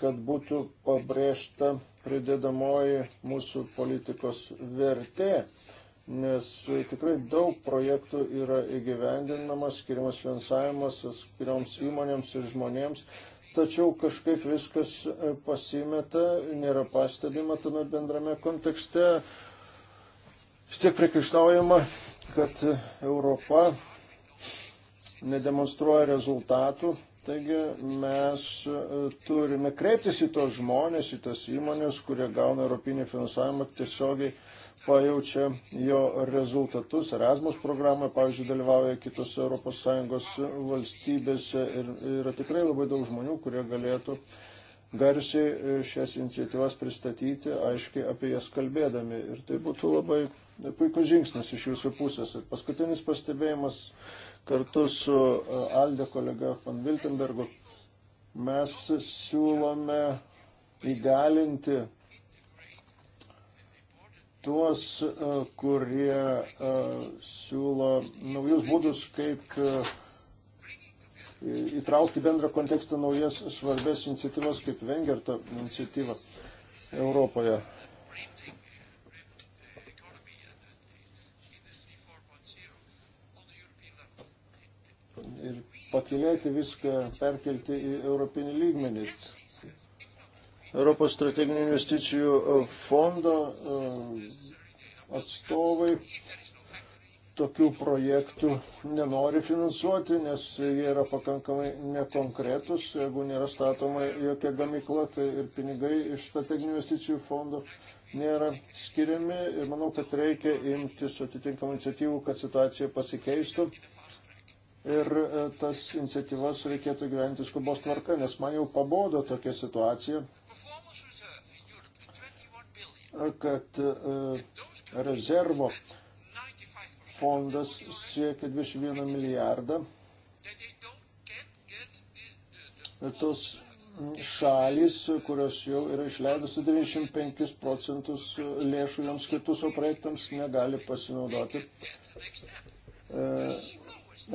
kad būtų pabrėžta pridedamoji mūsų politikos vertė nes e, tikrai daug projektų yra įgyvendinamas, skiriamas finansavimas skirioms įmonėms ir žmonėms, tačiau kažkaip viskas e, pasimeta, nėra pastebima tame bendrame kontekste. Vis tiek priekaištaujama, kad e, Europa nedemonstruoja rezultatų. Taigi mes turime kreiptis į tos žmonės, į tas įmonės, kurie gauna europinį finansavimą tiesiogiai pajaučia jo rezultatus. Erasmus programoje, pavyzdžiui, dalyvauja kitose ES valstybėse ir yra tikrai labai daug žmonių, kurie galėtų garsiai e, šias iniciatyvas pristatyti, aiškiai apie jas kalbėdami. Ir tai būtų labai puikus žingsnis iš jūsų pusės. Ir paskutinis pastebėjimas kartu su e, Alde kolega van Wiltenbergu. Mes siūlome įgalinti tuos, e, kurie e, siūlo naujus būdus, kaip e, įtraukti bendrą kontekstą naujas svarbės iniciatyvas, kaip Vengerto iniciatyva Europoje. Ir pakilėti viską, perkelti į europinį lygmenį. Europos strateginių investicijų e, fondo e, atstovai tokių projektų nenori finansuoti, nes jie yra pakankamai nekonkretus. Jeigu nėra statoma jokia gamykla, tai ir pinigai iš strateginių investicijų fondo nėra skiriami. Ir manau, kad reikia imtis atitinkamų iniciatyvų, kad situacija pasikeistų. Ir e, tas iniciatyvas reikėtų gyventi skubos tvarka, nes man jau pabodo tokia situacija kad e, rezervo fondas siekia 21 milijardą. Tos šalis, kurios jau yra išleidusi 95 procentus lėšų joms kitus, o projektams negali pasinaudoti e,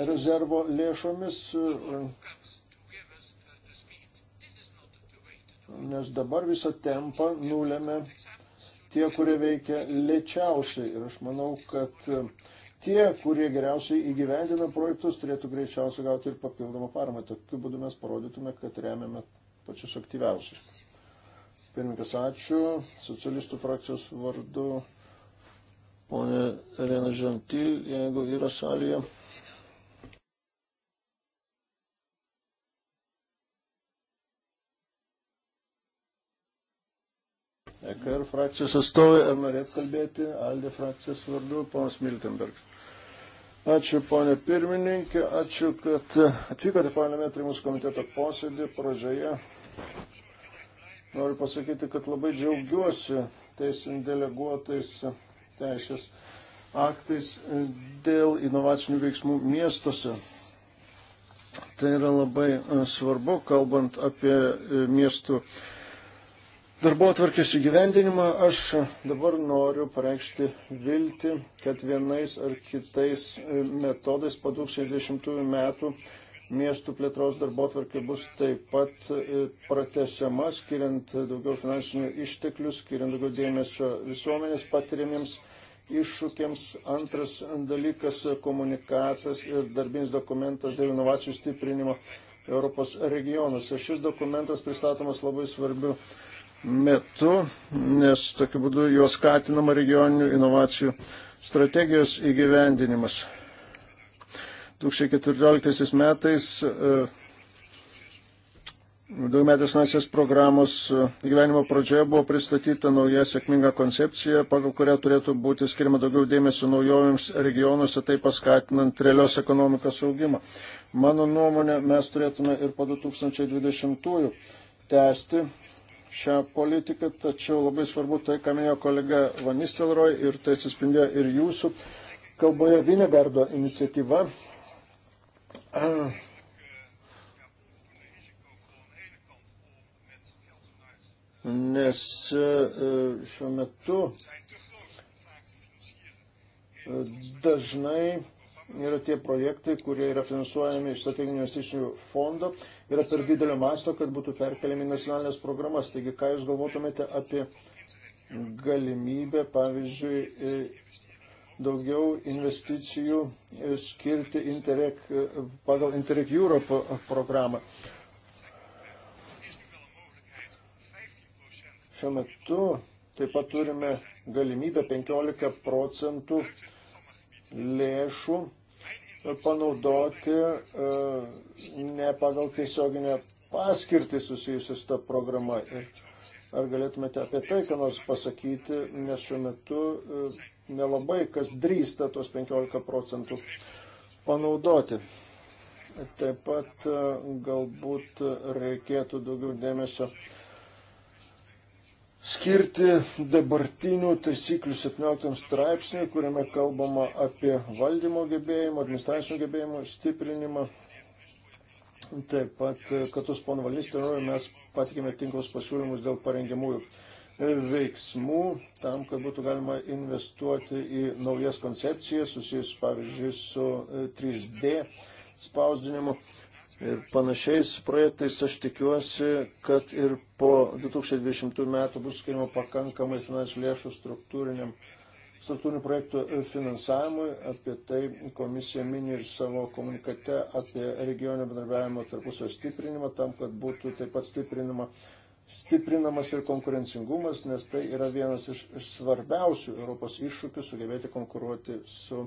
rezervo lėšomis, e, nes dabar visą tempą nulėmė tie, kurie veikia lėčiausiai. Ir aš manau, kad e, tie, kurie geriausiai įgyvendina projektus, turėtų greičiausiai gauti ir papildomą paramą. Tokiu būdu mes parodytume, kad remiame pačius aktyviausius. Pirmininkas, ačiū. Socialistų frakcijos vardu. Pone Elena Žantil, jeigu yra salėje. EKR frakcijos atstovai, ar norėt kalbėti Aldė frakcijos vardu, ponas Miltenberg. Ačiū, ponė pirmininkė, ačiū, kad atvykote parlamentai mūsų komiteto posėdį pradžioje. Noriu pasakyti, kad labai džiaugiuosi tais deleguotais teisės aktais dėl inovacinių veiksmų miestuose. Tai yra labai e, svarbu, kalbant apie e, miestų darbo atvarkės įgyvendinimą, aš dabar noriu pareikšti viltį, kad vienais ar kitais e, metodais po 2020 metų miestų plėtros darbo atvarkė bus taip pat e, pratesiama, skiriant daugiau finansinių išteklių, skiriant daugiau dėmesio visuomenės patiriamiems iššūkiams. Antras dalykas - komunikatas ir darbinis dokumentas dėl inovacijų stiprinimo Europos regionuose. Šis dokumentas pristatomas labai svarbiu metu, nes tokiu būdu juos skatinama regioninių inovacijų strategijos įgyvendinimas. 2014 metais e, Daugmetės nacijos programos e, gyvenimo pradžioje buvo pristatyta nauja sėkminga koncepcija, pagal kurią turėtų būti skirima daugiau dėmesio naujovėms regionuose, tai paskatinant realios ekonomikos augimą. Mano nuomonė, mes turėtume ir po 2020-ųjų tęsti šią politiką, tačiau labai svarbu tai, ką minėjo kolega Vanistelroj ir tai atsispindėjo ir jūsų kalboje Vinegardo iniciatyva. Nes e, šiuo metu e, dažnai yra tie projektai, kurie yra finansuojami iš strateginių investicijų fondo, yra per didelio masto, kad būtų perkeliami nacionalinės programas. Taigi, ką Jūs galvotumėte apie galimybę, pavyzdžiui, e, daugiau investicijų e, skirti Interreg, e, pagal Interreg Europe programą. Šiuo metu taip pat turime galimybę 15 procentų lėšų panaudoti e, ne pagal tiesioginę paskirtį susijusius tą programą. Ar galėtumėte apie tai, ką nors pasakyti, nes šiuo metu e, nelabai kas drįsta tuos 15 procentų panaudoti. Taip pat e, galbūt reikėtų daugiau dėmesio skirti dabartinių taisyklių 17 straipsniui, kuriame kalbama apie valdymo gebėjimą, administracinio gebėjimų stiprinimą. Taip pat, kad už ponvalys terorą mes patikėme tinklus pasiūlymus dėl parengiamųjų veiksmų, tam, kad būtų galima investuoti į naujas koncepcijas, susijusius pavyzdžiui su 3D e, spausdinimu ir panašiais projektais aš tikiuosi, kad ir po 2020 metų bus skirima pakankamai finansinių lėšų struktūriniam struktūrinių projektų finansavimui. Apie tai komisija mini ir savo komunikate apie regioninio bendarbiavimo tarpusio stiprinimą, tam, kad būtų taip pat stiprinima, stiprinamas ir konkurencingumas, nes tai yra vienas iš, iš svarbiausių Europos iššūkių sugebėti konkuruoti su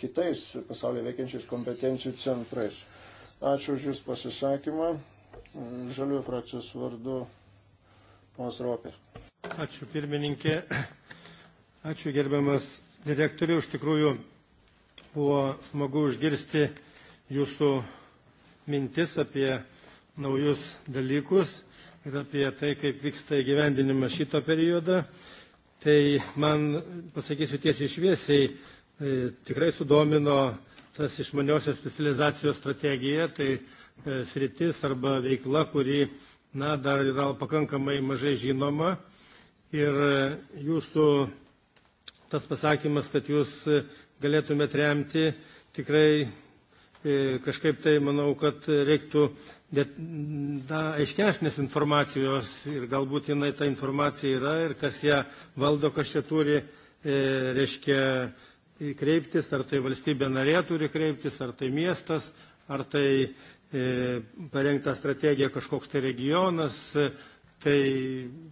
kitais pasaulyje veikiančiais kompetencijų centrais. Ačiū už Jūs pasisakymą. Žaliųjų frakcijos vardu ponas Ropė. Ačiū pirmininkė. Ačiū gerbiamas direktoriu. Iš tikrųjų buvo smagu išgirsti Jūsų mintis apie naujus dalykus ir apie tai, kaip vyksta įgyvendinimas šito periodo. Tai man, pasakysiu tiesiai šviesiai, e, tikrai sudomino tas išmaniosios specializacijos strategija, tai e, sritis arba veikla, kuri na, dar yra pakankamai mažai žinoma. Ir e, jūsų tas pasakymas, kad jūs e, galėtumėt remti, tikrai kažkaip tai manau, kad reiktų da, aiškesnės informacijos ir galbūt jinai ta informacija yra ir kas ją valdo, kas čia turi, e, reiškia, kreiptis, ar tai valstybė narė turi kreiptis, ar tai miestas, ar tai e, parengta strategija kažkoks tai regionas, e, tai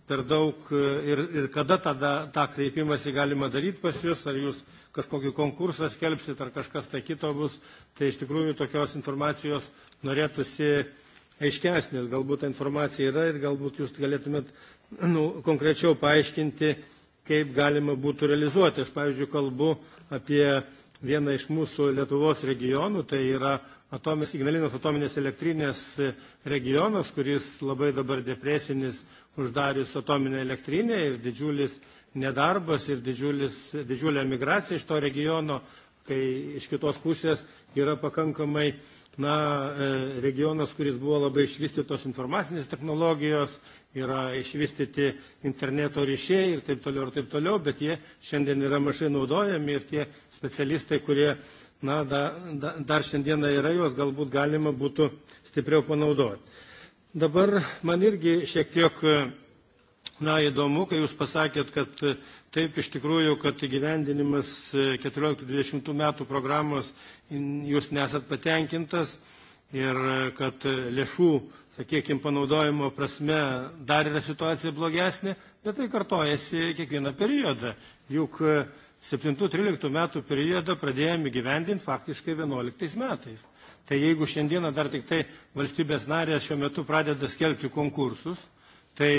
per daug e, ir, ir kada tada tą kreipimąsi galima daryti pas jūs, ar jūs kažkokį konkursą skelbsit, ar kažkas tai kito bus, tai iš tikrųjų tokios informacijos norėtųsi aiškesnės, galbūt ta informacija yra ir galbūt jūs galėtumėt nu, konkrečiau paaiškinti, kaip galima būtų realizuoti. Aš, pavyzdžiui, kalbu apie vieną iš mūsų Lietuvos regionų, tai yra atomis, Ignalinos atominės elektrinės regionas, kuris labai dabar depresinis uždarius atominę elektrinę ir didžiulis nedarbas ir didžiulis, didžiulė migracija iš to regiono, kai iš kitos pusės yra pakankamai na, e, regionas, kuris buvo labai išvystytos informacinės technologijos, yra išvystyti interneto ryšiai ir taip toliau ir taip toliau, bet jie šiandien yra mažai naudojami ir tie specialistai, kurie na, da, da, dar šiandieną yra, juos galbūt galima būtų stipriau panaudoti. Dabar man irgi šiek tiek Na, įdomu, kai jūs pasakėt, kad e, taip iš tikrųjų, kad įgyvendinimas 14-20 e, metų programos jūs nesat patenkintas ir e, kad lėšų, sakykime, panaudojimo prasme dar yra situacija blogesnė, bet tai kartojasi kiekvieną periodą. Juk 7-13 metų periodą pradėjome gyvendinti faktiškai 11 metais. Tai jeigu šiandieną dar tik tai valstybės narės šiuo metu pradeda skelbti konkursus, tai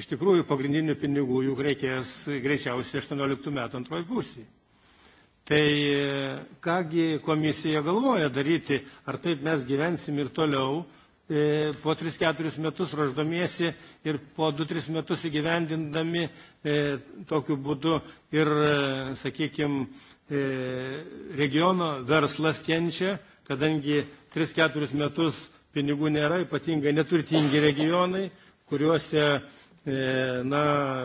Iš tikrųjų, pagrindinių pinigų juk reikės greičiausiai 18 metų antroji pusė. Tai e, kągi komisija galvoja daryti, ar taip mes gyvensim ir toliau e, po 3-4 metus ruoždamiesi ir po 2-3 metus įgyvendindami e, tokiu būdu ir, sakykime, regiono verslas kenčia, kadangi 3-4 metus pinigų nėra, ypatingai neturtingi regionai, kuriuose E, na,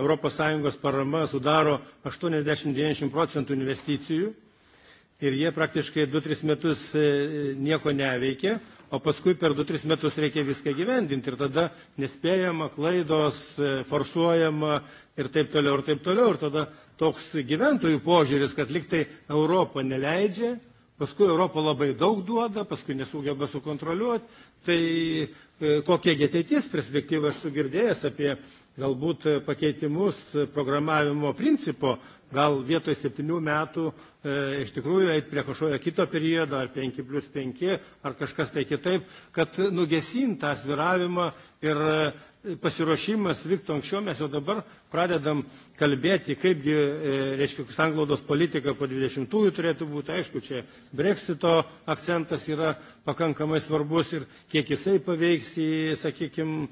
ES parama sudaro 80-90 procentų investicijų ir jie praktiškai 2-3 metus e, nieko neveikia, o paskui per 2-3 metus reikia viską gyvendinti ir tada nespėjama, klaidos, e, forsuojama ir taip toliau ir taip toliau. Ir tada toks gyventojų požiūris, kad liktai Europa neleidžia, paskui Europa labai daug duoda, paskui nesugeba sukontroliuoti. Tai kokiegi ateities perspektyva, aš sugirdėjęs apie galbūt e, pakeitimus e, programavimo principo gal vietoj septynių metų e, iš tikrųjų eiti prie kažkokio kito periodo, ar 5 plus 5, ar kažkas tai kitaip, kad nugesint tą sviravimą ir e, pasiruošimas vyktų anksčiau, mes jau dabar pradedam kalbėti, kaipgi, e, reiškia, sanglaudos politika po 20-ųjų turėtų būti. Aišku, čia breksito akcentas yra pakankamai svarbus ir kiek jisai paveiks į, sakykime,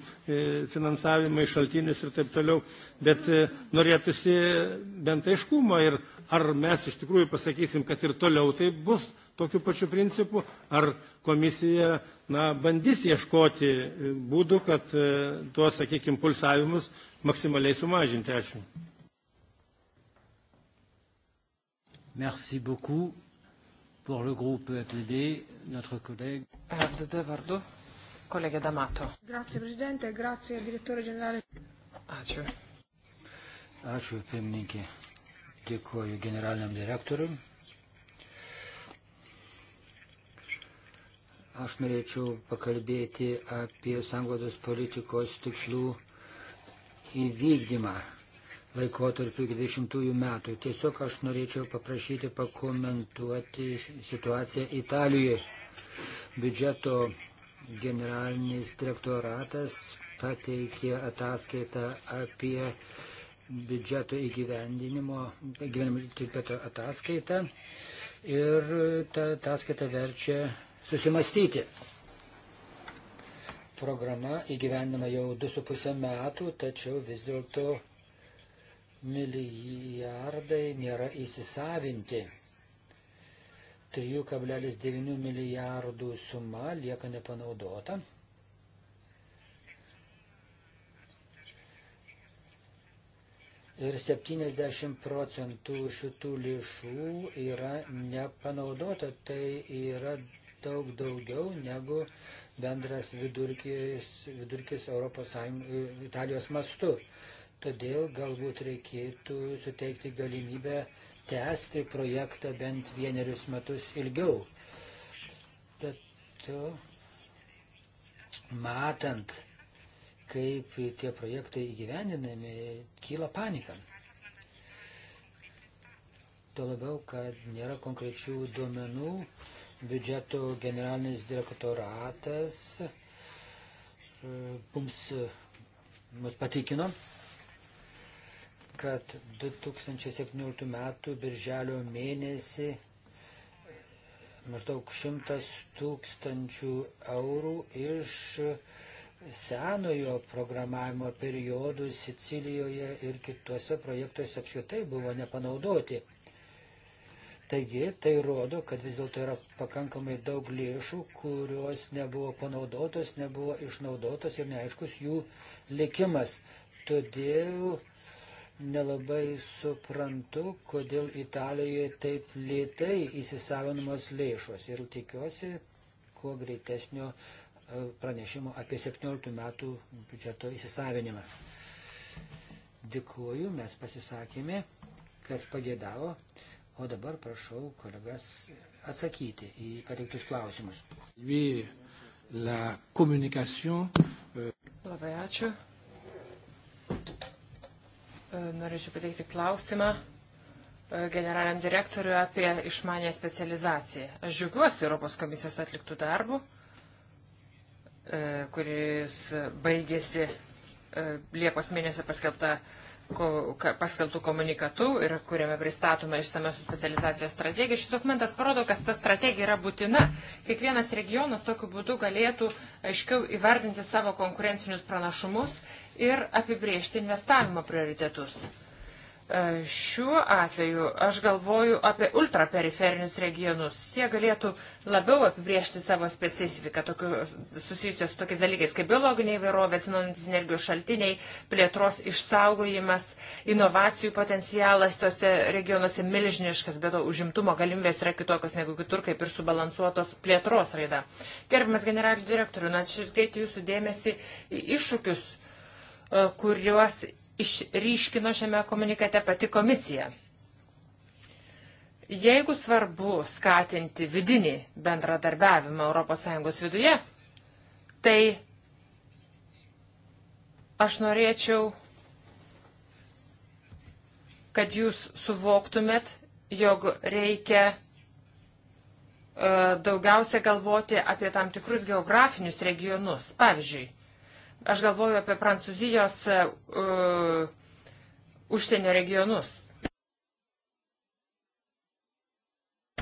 finansavimą, į šaltinius ir taip toliau. Bet e, norėtųsi bent aišku, savarankiškumo ir ar mes iš tikrųjų pasakysim, kad ir toliau tai bus tokiu pačiu principu, ar komisija na, bandys ieškoti būdų, kad e, tuos, sakykime, pulsavimus maksimaliai sumažinti. Ačiū. Merci beaucoup. Pour le groupe FDD, notre collègue. FDD vardu, kolegė Damato. Grazie, prezidente, grazie, direttore generale. Ačiū. Ačiū, pirmininkė. Dėkuoju generaliniam direktoriui. Aš norėčiau pakalbėti apie sanglados politikos tikslų įvykdymą laikotarpiu 20 metų. Tiesiog aš norėčiau paprašyti pakomentuoti situaciją Italijoje. Biudžeto generalinis direktoratas pateikė ataskaitą apie biudžeto įgyvendinimo, įgyvendinimo ataskaitą ir ta ataskaita verčia susimastyti. Programa įgyvendama jau 2,5 metų, tačiau vis dėlto milijardai nėra įsisavinti. 3,9 milijardų suma lieka nepanaudota. ir 70 procentų šitų lėšų yra nepanaudota. Tai yra daug daugiau negu bendras vidurkis, vidurkis Europos Sąjungos, Italijos mastu. Todėl galbūt reikėtų suteikti galimybę tęsti projektą bent vienerius metus ilgiau. Bet uh, matant kaip tie projektai įgyvendinami, kyla panika. Tuo labiau, kad nėra konkrečių duomenų, biudžeto generalinis direktoratas e, mums, mums patikino, kad 2017 m. birželio mėnesį maždaug 100 tūkstančių eurų iš senojo programavimo periodų Sicilijoje ir kituose projektuose apskritai buvo nepanaudoti. Taigi tai rodo, kad vis dėlto yra pakankamai daug lėšų, kurios nebuvo panaudotos, nebuvo išnaudotos ir neaiškus jų likimas. Todėl nelabai suprantu, kodėl Italijoje taip lėtai įsisavinamos lėšos ir tikiuosi kuo greitesnio pranešimo apie 17 metų biudžeto įsisavinimą. Dėkuoju, mes pasisakėme, kas pagėdavo, o dabar prašau kolegas atsakyti į pateiktus klausimus. Euh, Labai ačiū. E, norėčiau pateikti klausimą e, generaliniam direktoriui apie išmanę specializaciją. Aš džiugiuosi Europos komisijos atliktų darbų E, kuris baigėsi e, Liepos mėnesio paskelbta paskeltų komunikatu ir kuriame pristatoma išsame su specializacijos strategija. Šis dokumentas parodo, kad ta strategija yra būtina. Kiekvienas regionas tokiu būdu galėtų aiškiau įvardinti savo konkurencinius pranašumus ir apibriežti investavimo prioritetus. E, šiuo atveju aš galvoju apie ultraperiferinius regionus. Jie galėtų labiau apibriežti savo specifiką, tokiu, susijusios su tokiais dalykais kaip biologiniai vairovė, atsinaujantis energijos šaltiniai, plėtros išsaugojimas, inovacijų potencialas tose regionuose milžiniškas, bet to užimtumo galimybės yra kitokios negu kitur, kaip ir subalansuotos plėtros raida. Gerbimas generalinių direktorių, na, aš atkreipiu jūsų dėmesį į iššūkius, e, kuriuos išryškino šiame komunikate pati komisija. Jeigu svarbu skatinti vidinį bendradarbiavimą ES viduje, tai aš norėčiau, kad jūs suvoktumėt, jog reikia e, daugiausia galvoti apie tam tikrus geografinius regionus. Pavyzdžiui, Aš galvoju apie Prancūzijos uh, užsienio regionus.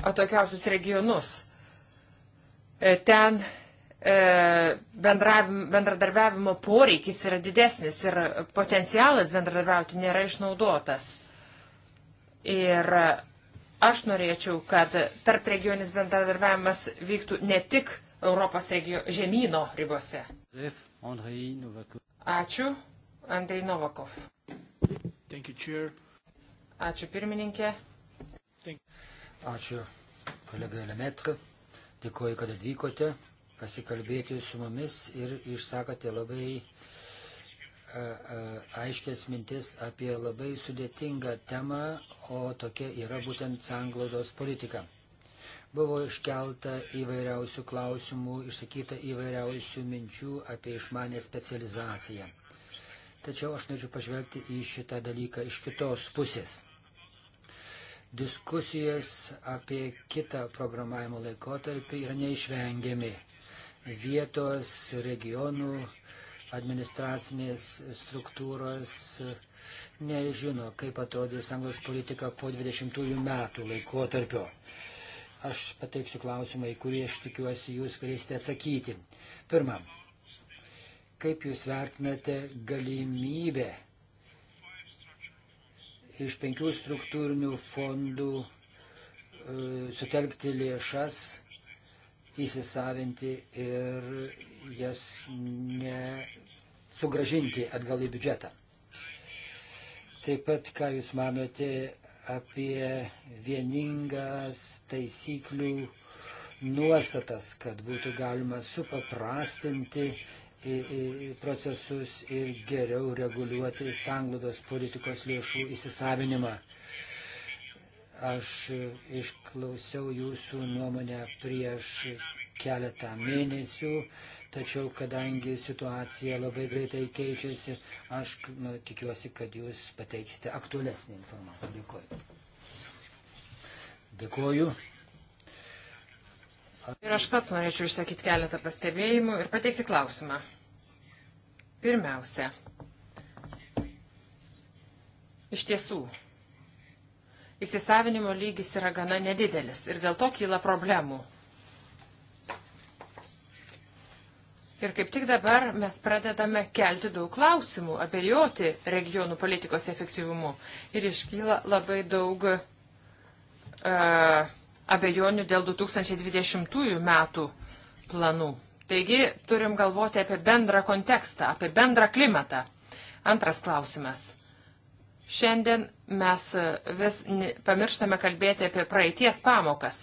Atokiausius regionus. E, ten e, bendradarbiavimo poreikis yra didesnis ir potencialas bendradarbiauti nėra išnaudotas. Ir aš norėčiau, kad tarp regionis bendradarbiavimas vyktų ne tik Europos regio, žemyno ribose. Taip. Andrei Novakov. Ačiū, Andrei Novakov. Thank you, chair. Ačiū pirmininkė. Thank Ačiū kolega Lemetra. Dėkuoju, kad atvykote pasikalbėti su mumis ir išsakote labai e, e, aiškės mintis apie labai sudėtingą temą, o tokia yra būtent sanglaudos politika. Buvo iškelta įvairiausių klausimų, išsakyta įvairiausių minčių apie išmanę specializaciją. Tačiau aš norėčiau pažvelgti į šitą dalyką iš kitos pusės. Diskusijas apie kitą programavimo laikotarpį yra neišvengiami. Vietos, regionų, administracinės struktūros nežino, kaip atrodys anglos politika po 20 metų laikotarpio aš pateiksiu klausimą, į kurį aš tikiuosi jūs galėsite atsakyti. Pirma, kaip jūs vertinate galimybę iš penkių struktūrinių fondų e, sutelkti lėšas, įsisavinti ir jas ne sugražinti atgal į biudžetą. Taip pat, ką Jūs manote apie vieningas taisyklių nuostatas, kad būtų galima supaprastinti procesus ir geriau reguliuoti sanglodos politikos lėšų įsisavinimą. Aš išklausiau jūsų nuomonę prieš keletą mėnesių Tačiau, kadangi situacija labai greitai keičiasi, aš nu, tikiuosi, kad jūs pateiksite aktualesnį informaciją. Dėkuoju. Dėkuoju. Ir aš pats norėčiau išsakyti keletą pastebėjimų ir pateikti klausimą. Pirmiausia, iš tiesų, įsisavinimo lygis yra gana nedidelis ir dėl to kyla problemų Ir kaip tik dabar mes pradedame kelti daug klausimų, abejoti regionų politikos efektyvumu. Ir iškyla labai daug uh, abejonių dėl 2020 metų planų. Taigi turim galvoti apie bendrą kontekstą, apie bendrą klimatą. Antras klausimas. Šiandien mes vis pamirštame kalbėti apie praeities pamokas.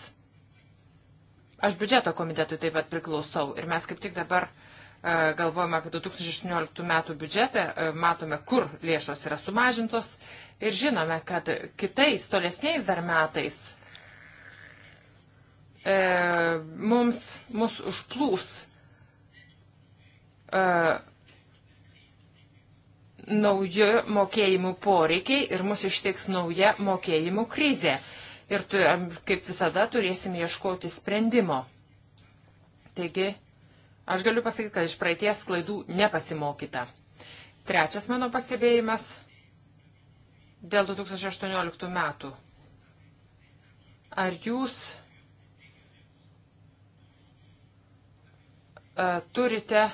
Aš biudžeto komitetui taip pat priklausau ir mes kaip tik dabar uh, E, galvojame apie 2018 metų biudžetą, e, matome, kur lėšos yra sumažintos ir žinome, kad kitais tolesniais dar metais e, mums mus užplūs e, nauji mokėjimų poreikiai ir mus ištiks nauja mokėjimų krizė. Ir tu, kaip visada turėsim ieškoti sprendimo. Taigi, Aš galiu pasakyti, kad iš praeities klaidų nepasimokyta. Trečias mano pastebėjimas dėl 2018 metų. Ar jūs uh, turite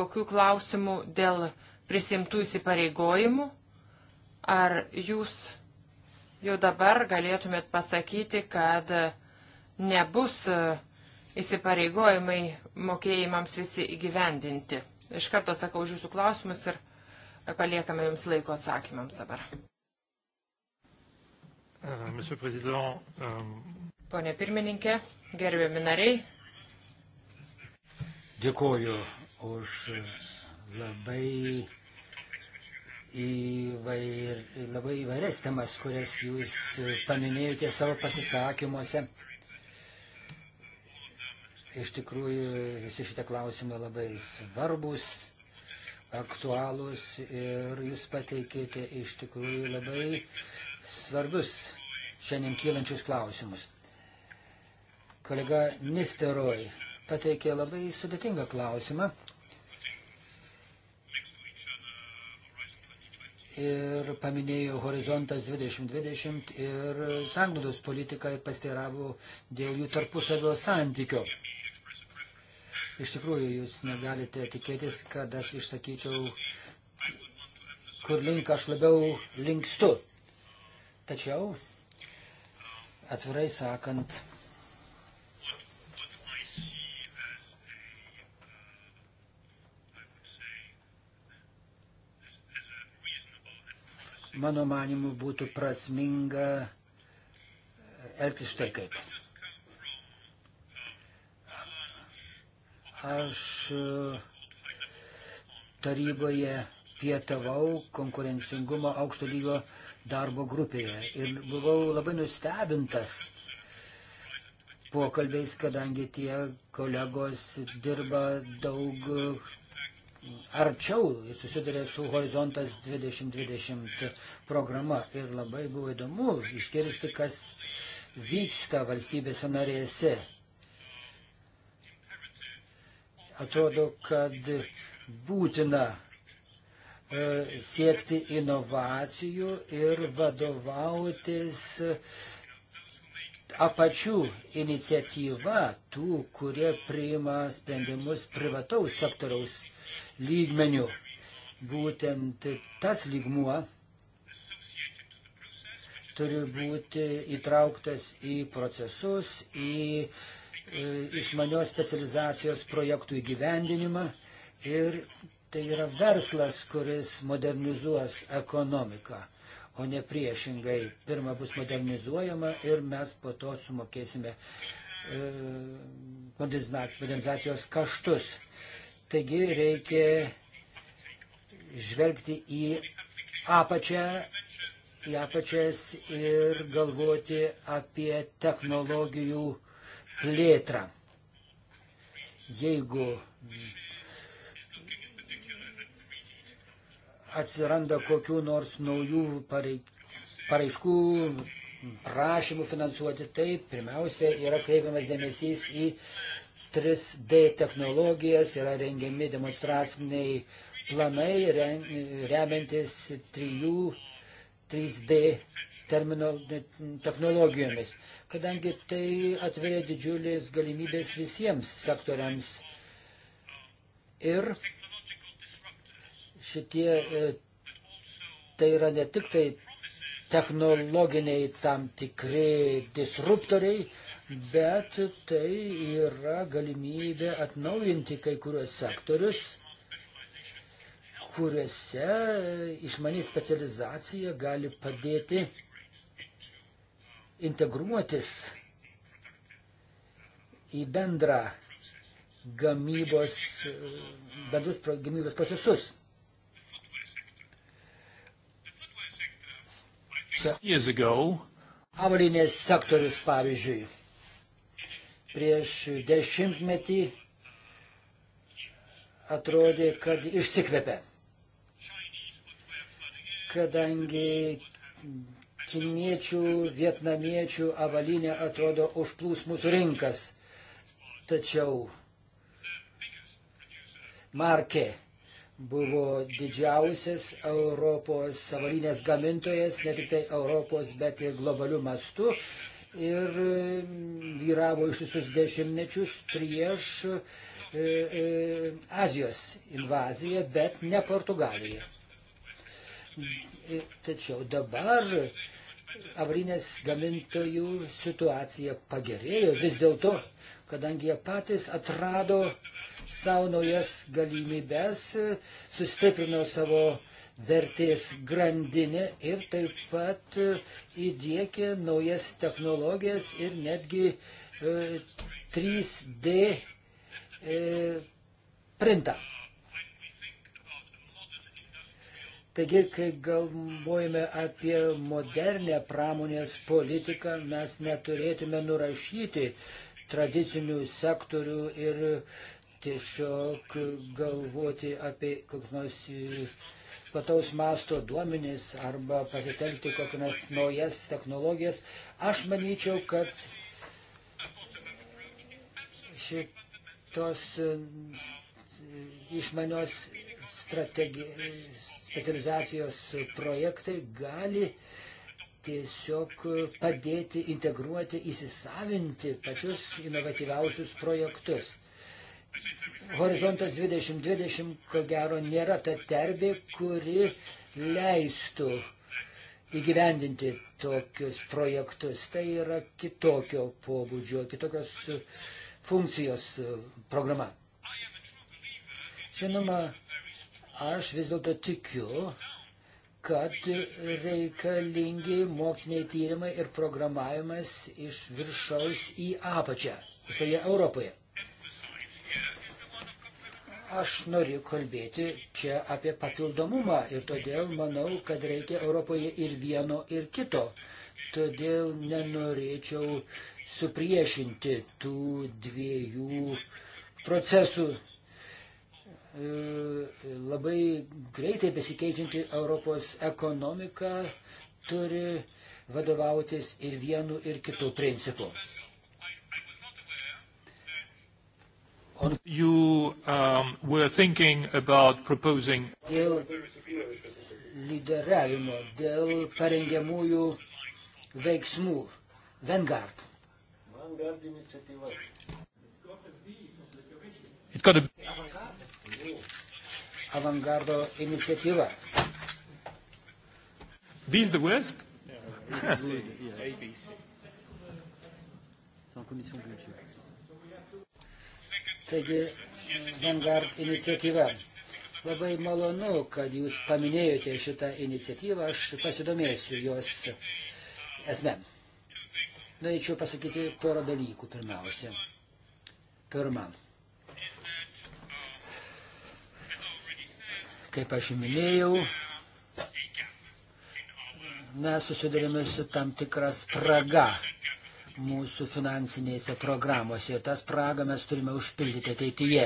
kokių klausimų dėl prisimtų įsipareigojimų? Ar jūs jau dabar galėtumėt pasakyti, kad e, nebus uh, įsipareigojimai mokėjimams visi įgyvendinti. Iš karto sakau už jūsų klausimus ir paliekame jums laiko atsakymams dabar. Euh, euh, Pone pirmininkė, gerbiami nariai. Dėkuoju už labai, įvair, labai įvairias temas, kurias jūs paminėjote savo pasisakymuose. Iš tikrųjų, visi šitie klausimai labai svarbus, aktualūs ir jūs pateikėte iš tikrųjų labai svarbius šiandien kylančius klausimus. Kolega Nisteroj pateikė labai sudėtingą klausimą. ir paminėjo Horizontas 2020 ir sanglaudos politiką ir pasteiravo dėl jų tarpusavio santykio. Iš tikrųjų, jūs negalite tikėtis, kad aš išsakyčiau, kur link aš labiau linkstu. Tačiau, atvirai sakant, mano manimu, būtų prasminga elgtis štai kaip. Aš e, taryboje pietavau konkurencingumo aukšto lygio darbo grupėje ir buvau labai nustebintas pokalbiais, kadangi tie kolegos dirba daug arčiau ir susiduria su Horizontas 2020 programa. Ir labai buvo įdomu išgirsti, kas vyksta valstybėse narėse. Atrodo, kad būtina e, siekti inovacijų ir vadovautis apačių iniciatyva tų, kurie priima sprendimus privataus sektoriaus lygmenių. Būtent tas lygmuo turi būti įtrauktas į procesus, į uh, E, išmanios specializacijos projektų įgyvendinimą ir tai yra verslas, kuris modernizuos ekonomiką, o ne priešingai. Pirma bus modernizuojama ir mes po to sumokėsime e, modernizacijos kaštus. Taigi reikia žvelgti į apačią, į apačias ir galvoti apie technologijų plėtrą. Jeigu atsiranda kokių nors naujų paraiškų, prašymų finansuoti, tai pirmiausia yra kreipiamas dėmesys į 3D technologijas, yra rengiami demonstraciniai planai remiantis 3D termino technologijomis, kadangi tai atveria didžiulės galimybės visiems sektoriams. Ir šitie, e, tai yra ne tik tai technologiniai tam tikri disruptoriai, bet tai yra galimybė atnaujinti kai kuriuos sektorius kuriuose išmani specializacija gali padėti integruotis į bendrą gamybos, bendrus gamybos procesus. Avalynės sektorius, pavyzdžiui, prieš dešimtmetį atrodė, kad išsikvepia, kadangi kiniečių, vietnamiečių avalinė atrodo užplūs mūsų rinkas. Tačiau markė buvo didžiausias Europos avalinės gamintojas, ne tik tai Europos, bet ir globalių mastų. Ir mm, vyravo ištisus dešimtmečius prieš e, e, Azijos invaziją, bet ne Portugaliją. E, tačiau dabar avarinės gamintojų situacija pagerėjo vis dėlto, kadangi jie patys atrado savo naujas galimybės, sustiprino savo vertės grandinę ir taip pat įdėkė naujas technologijas ir netgi e, 3D e, printą. Taigi, kai galvojame apie modernę pramonės politiką, mes neturėtume nurašyti tradicinių sektorių ir tiesiog galvoti apie kokius nors plataus masto duomenis arba pasitelkti kokias naujas technologijas. Aš manyčiau, kad šitos išmanios strategijos specializacijos projektai gali tiesiog padėti integruoti, įsisavinti pačius inovatyviausius projektus. Horizontas 2020, ko gero, nėra ta terbė, kuri leistų įgyvendinti tokius projektus. Tai yra kitokio pobūdžio, kitokios funkcijos programa. Žinoma, Aš vis dėlto tikiu, kad reikalingi moksliniai tyrimai ir programavimas iš viršaus į apačią visoje Europoje. Aš noriu kalbėti čia apie papildomumą ir todėl manau, kad reikia Europoje ir vieno, ir kito. Todėl nenorėčiau supriešinti tų dviejų procesų E, labai greitai besikeičianti Europos ekonomika turi vadovautis ir vienu, ir kitu principu. On... You um, were thinking about proposing... Dėl lyderavimo, dėl parengiamųjų veiksmų. Vanguard. Vanguard iniciatyva. It's got to be avangardo iniciatyva. B is the worst? Taigi, Vanguard iniciatyva. Labai malonu, kad jūs paminėjote šitą iniciatyvą, aš pasidomėsiu jos esmę. Norėčiau pasakyti porą dalykų pirmiausia. Pirmam. Kaip aš minėjau, mes susidurėme su tam tikra spraga mūsų finansinėse programuose ir tą spragą mes turime užpildyti ateityje.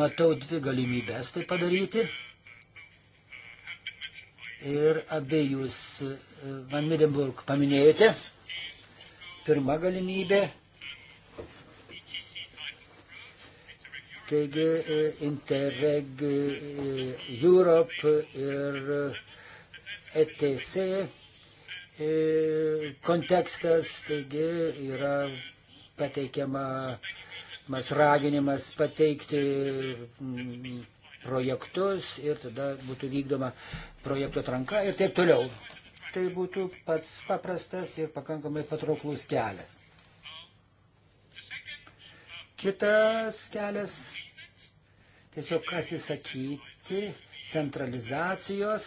Matau dvi galimybės tai padaryti ir abie jūs e, Van Midenburg paminėjote. Pirma galimybė Taigi e, Interreg e, Europe ir ETC e kontekstas, taigi yra pateikiama mas raginimas pateikti projektus ir tada būtų vykdoma projektų atranka ir taip toliau. Tai būtų pats paprastas ir pakankamai patrauklus kelias. Kitas kelias - tiesiog atsisakyti centralizacijos,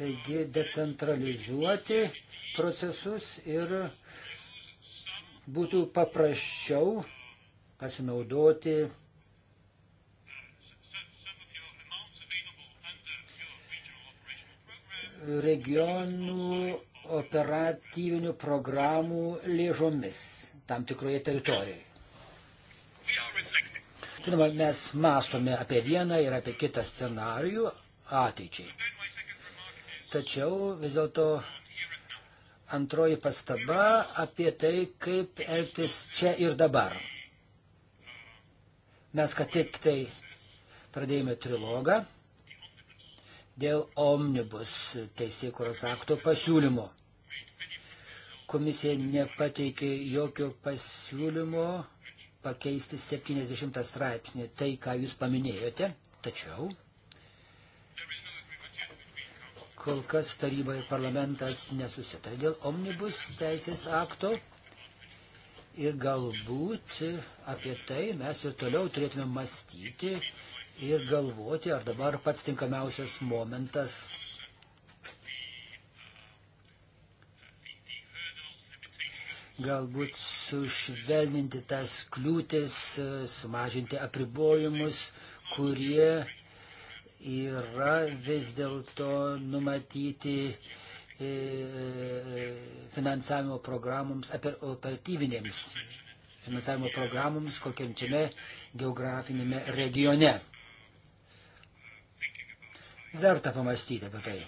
taigi decentralizuoti procesus ir būtų paprasčiau pasinaudoti regionų operatyvinių programų lėžomis tam tikroje teritorijoje. Žinoma, mes mąstome apie vieną ir apie kitą scenarijų ateičiai. Tačiau vis dėlto antroji pastaba apie tai, kaip elgtis čia ir dabar. Mes ką tik tai pradėjome trilogą dėl omnibus teisėkuros akto pasiūlymo. Komisija nepateikė jokio pasiūlymo pakeisti 70 straipsnį, tai ką jūs paminėjote, tačiau kol kas taryba ir parlamentas nesusitarė dėl omnibus teisės akto ir galbūt apie tai mes ir toliau turėtume mąstyti ir galvoti, ar dabar pats tinkamiausias momentas galbūt sušvelninti tas kliūtis, sumažinti apribojimus, kurie yra vis dėlto numatyti e, e, finansavimo programoms, operatyvinėms finansavimo programoms kokiančiame geografinėme regione. Verta pamastyti apie tai.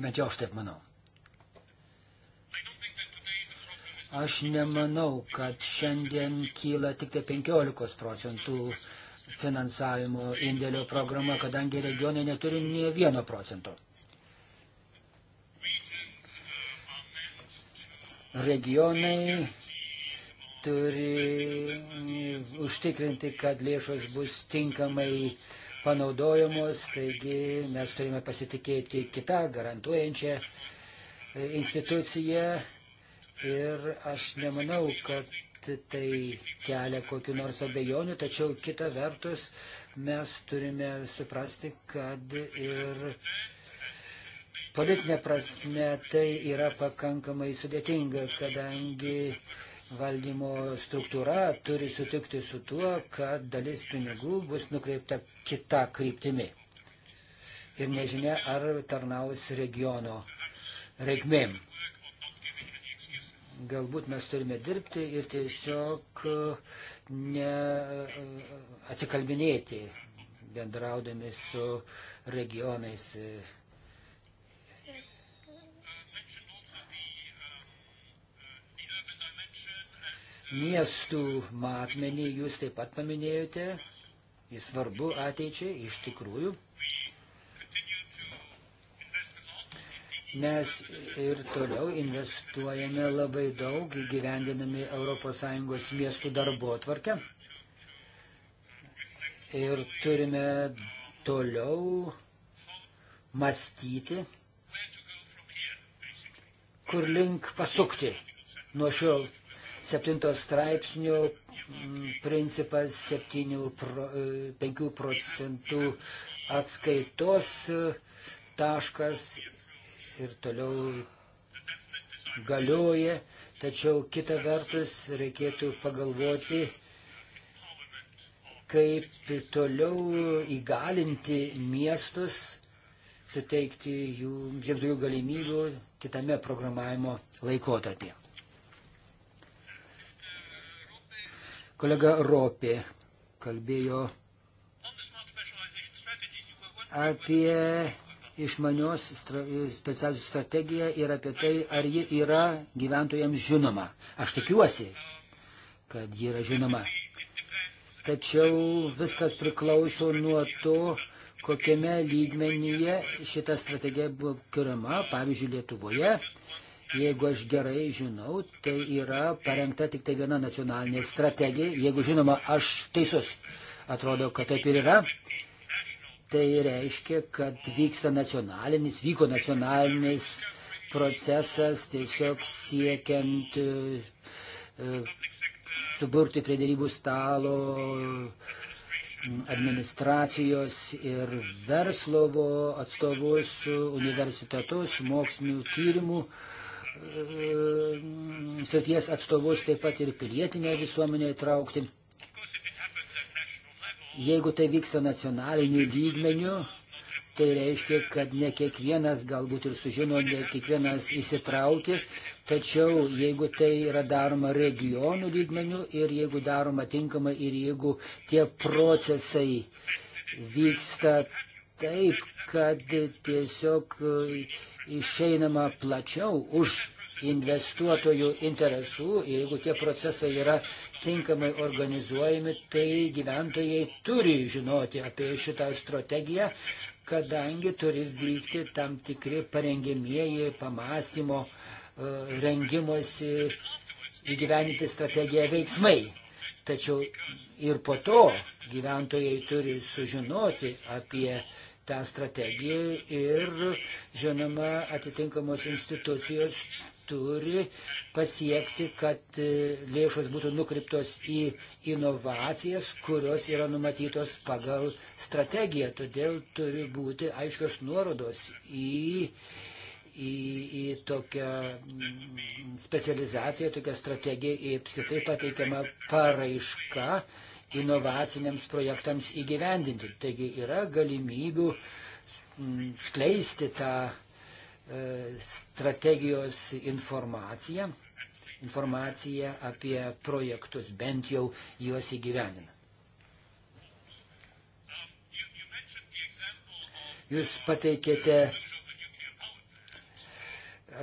Bent jau aš taip manau. Aš nemanau, kad šiandien kyla tik tai 15 procentų finansavimo indėlio programa, kadangi regionai neturi nie vieno procento. Regionai turi užtikrinti, kad lėšos bus tinkamai panaudojamos, taigi mes turime pasitikėti kitą garantuojančią instituciją ir aš nemanau, kad tai kelia kokiu nors abejonių, tačiau kita vertus mes turime suprasti, kad ir politinė prasme tai yra pakankamai sudėtinga, kadangi valdymo struktūra turi sutikti su tuo, kad dalis pinigų bus nukreipta kita kryptimi. Ir nežinia, ar tarnaus regiono reikmėm galbūt mes turime dirbti ir tiesiog e, ne e, atsikalbinėti bendraudami su regionais. Miestų matmenį jūs taip pat paminėjote, jis svarbu ateičiai iš tikrųjų. Mes ir toliau investuojame labai daug įgyvendinami ES miestų darbo tvarkę. Ir turime toliau mąstyti, kur link pasukti nuo šiol. Septinto straipsnio mm, principas 7, 5 e, procentų atskaitos e, taškas ir toliau galioja, tačiau kita vertus reikėtų pagalvoti, kaip toliau įgalinti miestus, suteikti jų, jiems daugiau galimybių kitame programavimo laikotarpyje. Kolega Ropė kalbėjo apie išmanios stra specialios strategija ir apie tai, ar ji yra gyventojams žinoma. Aš tikiuosi, kad ji yra žinoma. Tačiau viskas priklauso nuo to, kokiame lygmenyje šita strategija buvo kuriama, pavyzdžiui, Lietuvoje. Jeigu aš gerai žinau, tai yra parengta tik tai viena nacionalinė strategija. Jeigu žinoma, aš teisus. Atrodo, kad taip ir yra. Tai reiškia, kad vyksta nacionalinis, vyko nacionalinis procesas tiesiog siekiant e, e, suburti prie dėrybų stalo administracijos ir verslovo atstovus, universitetus, mokslinių tyrimų e, srities atstovus, taip pat ir pilietinę visuomenę įtraukti. Jeigu tai vyksta nacionaliniu lygmeniu, tai reiškia, kad ne kiekvienas galbūt ir sužino, ne kiekvienas įsitraukia, tačiau jeigu tai yra daroma regionų lygmenių ir jeigu daroma tinkamai ir jeigu tie procesai vyksta taip, kad tiesiog e, išeinama plačiau už investuotojų interesų, jeigu tie procesai yra tinkamai organizuojami, tai gyventojai turi žinoti apie šitą strategiją, kadangi turi vykti tam tikri parengimieji pamastymo, e, rengimosi įgyveninti strategiją veiksmai. Tačiau ir po to gyventojai turi sužinoti apie tą strategiją ir, žinoma, atitinkamos institucijos turi pasiekti, kad e, lėšos būtų nukreiptos į inovacijas, kurios yra numatytos pagal strategiją. Todėl turi būti aiškios nuorodos į, į, į tokią mm, specializaciją, tokią strategiją, į apskritai pateikiamą paraišką inovaciniams projektams įgyvendinti. Taigi yra galimybių mm, skleisti tą E, strategijos informaciją, informaciją apie projektus, bent jau juos įgyvenina. Jūs pateikėte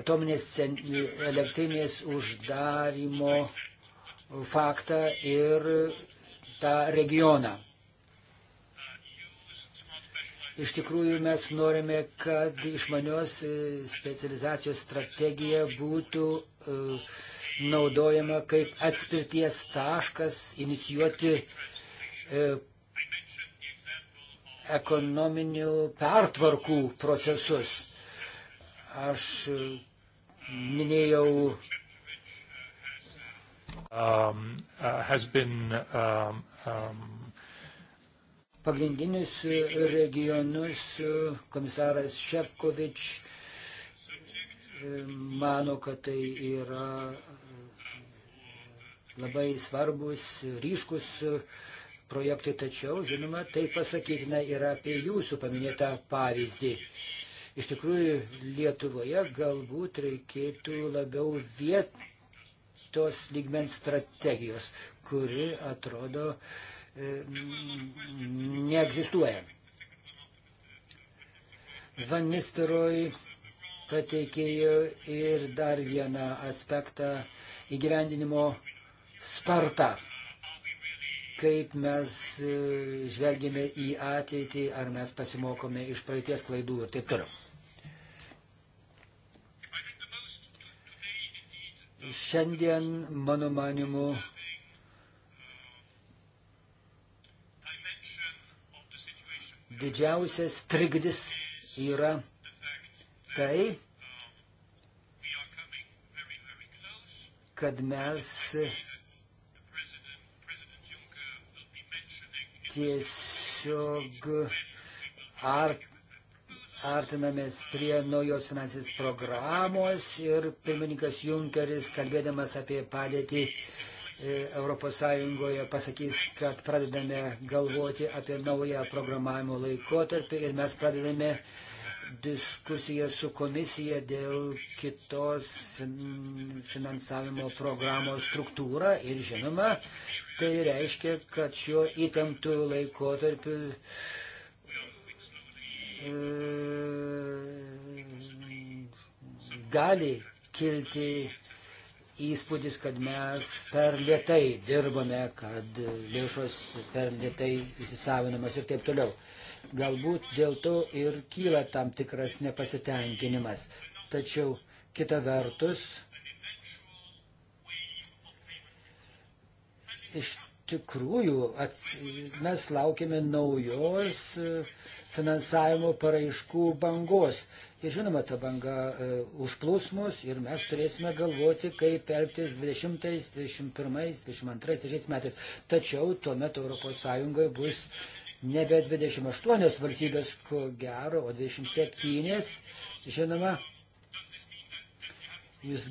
atominės elektrinės uždarimo faktą ir tą regioną. Iš tikrųjų mes norime, kad išmanios e, specializacijos strategija būtų e, naudojama kaip atspirties taškas inicijuoti e, ekonominių pertvarkų procesus. Aš minėjau. Um, uh, has been um, um, pagrindinius e, regionus e, komisaras Šefkovič e, mano, kad tai yra labai svarbus, ryškus projektai, tačiau, žinoma, tai pasakytina yra apie jūsų paminėtą pavyzdį. Iš tikrųjų, Lietuvoje galbūt reikėtų labiau vietos lygmens strategijos, kuri atrodo uh, E, neegzistuoja. Van Nisteroj pateikėjo ir dar vieną aspektą įgyvendinimo spartą. Kaip mes e, žvelgėme į ateitį, ar mes pasimokome iš praeities klaidų ir taip toliau. Šiandien, mano manimu, didžiausias trikdis yra tai, kad mes tiesiog art, artinamės prie naujos finansinės programos ir pirmininkas Junkeris, kalbėdamas apie padėtį ES pasakys, kad pradedame galvoti apie naują programavimo laikotarpį ir mes pradedame diskusiją su komisija dėl kitos finansavimo programos struktūrą ir žinoma, tai reiškia, kad šiuo įtemptų laikotarpiu e, gali kilti įspūdis, kad mes per lietai dirbame, kad lėšos per lietai įsisavinamas ir taip toliau. Galbūt dėl to ir kyla tam tikras nepasitenkinimas. Tačiau kita vertus, iš tikrųjų ats, mes laukiame naujos finansavimo paraiškų bangos. Ir žinoma, ta banga e, užplūs mus ir mes turėsime galvoti, kaip elgtis 20, 21, 22, 23 metais. Tačiau tuomet ES bus nebe 28 valstybės, ko gero, o 27. Žinoma, jūs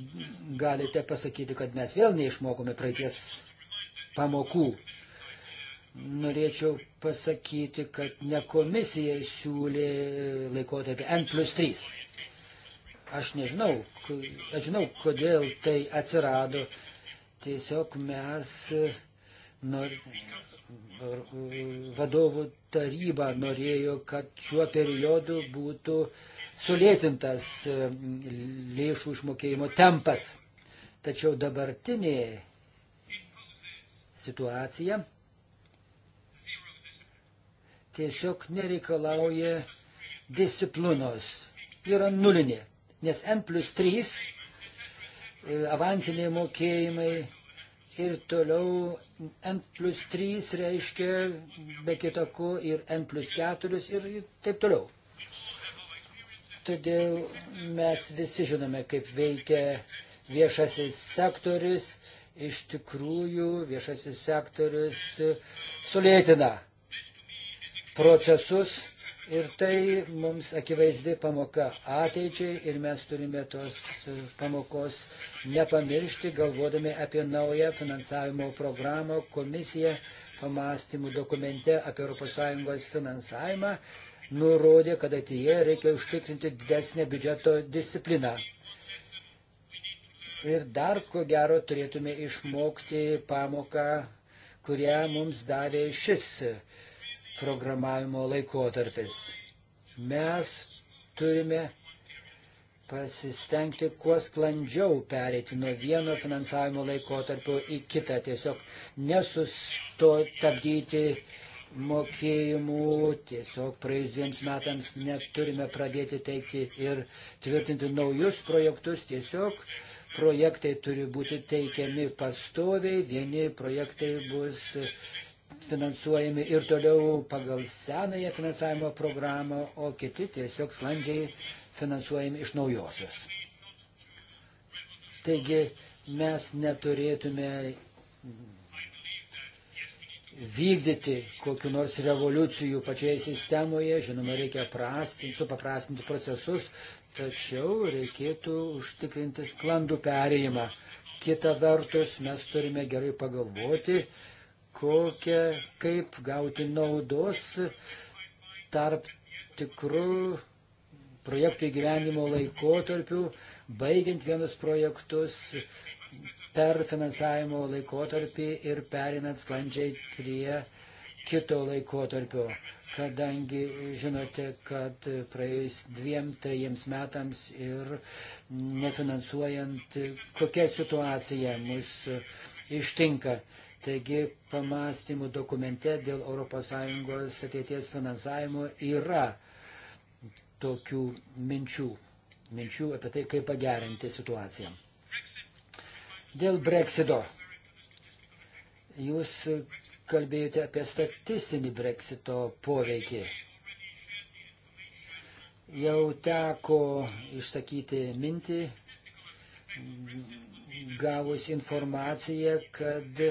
galite pasakyti, kad mes vėl neišmokome praeities pamokų norėčiau pasakyti, kad ne komisija siūlė laikotarpį N plus 3. Aš nežinau, aš žinau, kodėl tai atsirado. Tiesiog mes e, nor, e, vadovų taryba norėjo, kad šiuo periodu būtų sulėtintas e, lėšų išmokėjimo tempas. Tačiau dabartinė situacija tiesiog nereikalauja disciplinos. Yra nulinė, nes N plus 3 e, avansiniai mokėjimai ir toliau N plus 3 reiškia be kitako ir N plus 4 ir taip toliau. Todėl mes visi žinome, kaip veikia viešasis sektorius. Iš tikrųjų, viešasis sektorius sulėtina procesus ir tai mums akivaizdi pamoka ateičiai ir mes turime tos pamokos nepamiršti, galvodami apie naują finansavimo programą, komisiją pamastymų dokumente apie ES finansavimą nurodė, kad ateityje reikia užtikrinti didesnę biudžeto discipliną. Ir dar ko gero turėtume išmokti pamoką, kurią mums davė šis programavimo laikotarpis. Mes turime pasistengti kuo sklandžiau pereiti nuo vieno finansavimo laikotarpio į kitą, tiesiog nesustabdyti mokėjimų, tiesiog praėjus dviems metams neturime pradėti teikti ir tvirtinti naujus projektus, tiesiog projektai turi būti teikiami pastoviai, vieni projektai bus finansuojami ir toliau pagal senąją finansavimo programą, o kiti tiesiog sklandžiai finansuojami iš naujosios. Taigi mes neturėtume vykdyti kokiu nors revoliucijų pačioje sistemoje, žinoma, reikia prastinti, supaprastinti procesus, tačiau reikėtų užtikrinti sklandų perėjimą. Kita vertus, mes turime gerai pagalvoti, kokią, kaip gauti naudos tarp tikrų projektų įgyvenimo laikotarpių, baigiant vienus projektus per finansavimo laikotarpį ir perinant sklandžiai prie kito laikotarpio, kadangi žinote, kad praėjus dviem, trejiems metams ir nefinansuojant, kokia situacija mus ištinka. Taigi pamastymų dokumente dėl ES ateities finansavimo yra tokių minčių, minčių apie tai, kaip pagerinti situaciją. Dėl breksito. Jūs kalbėjote apie statistinį breksito poveikį. Jau teko išsakyti mintį, gavus informaciją, kad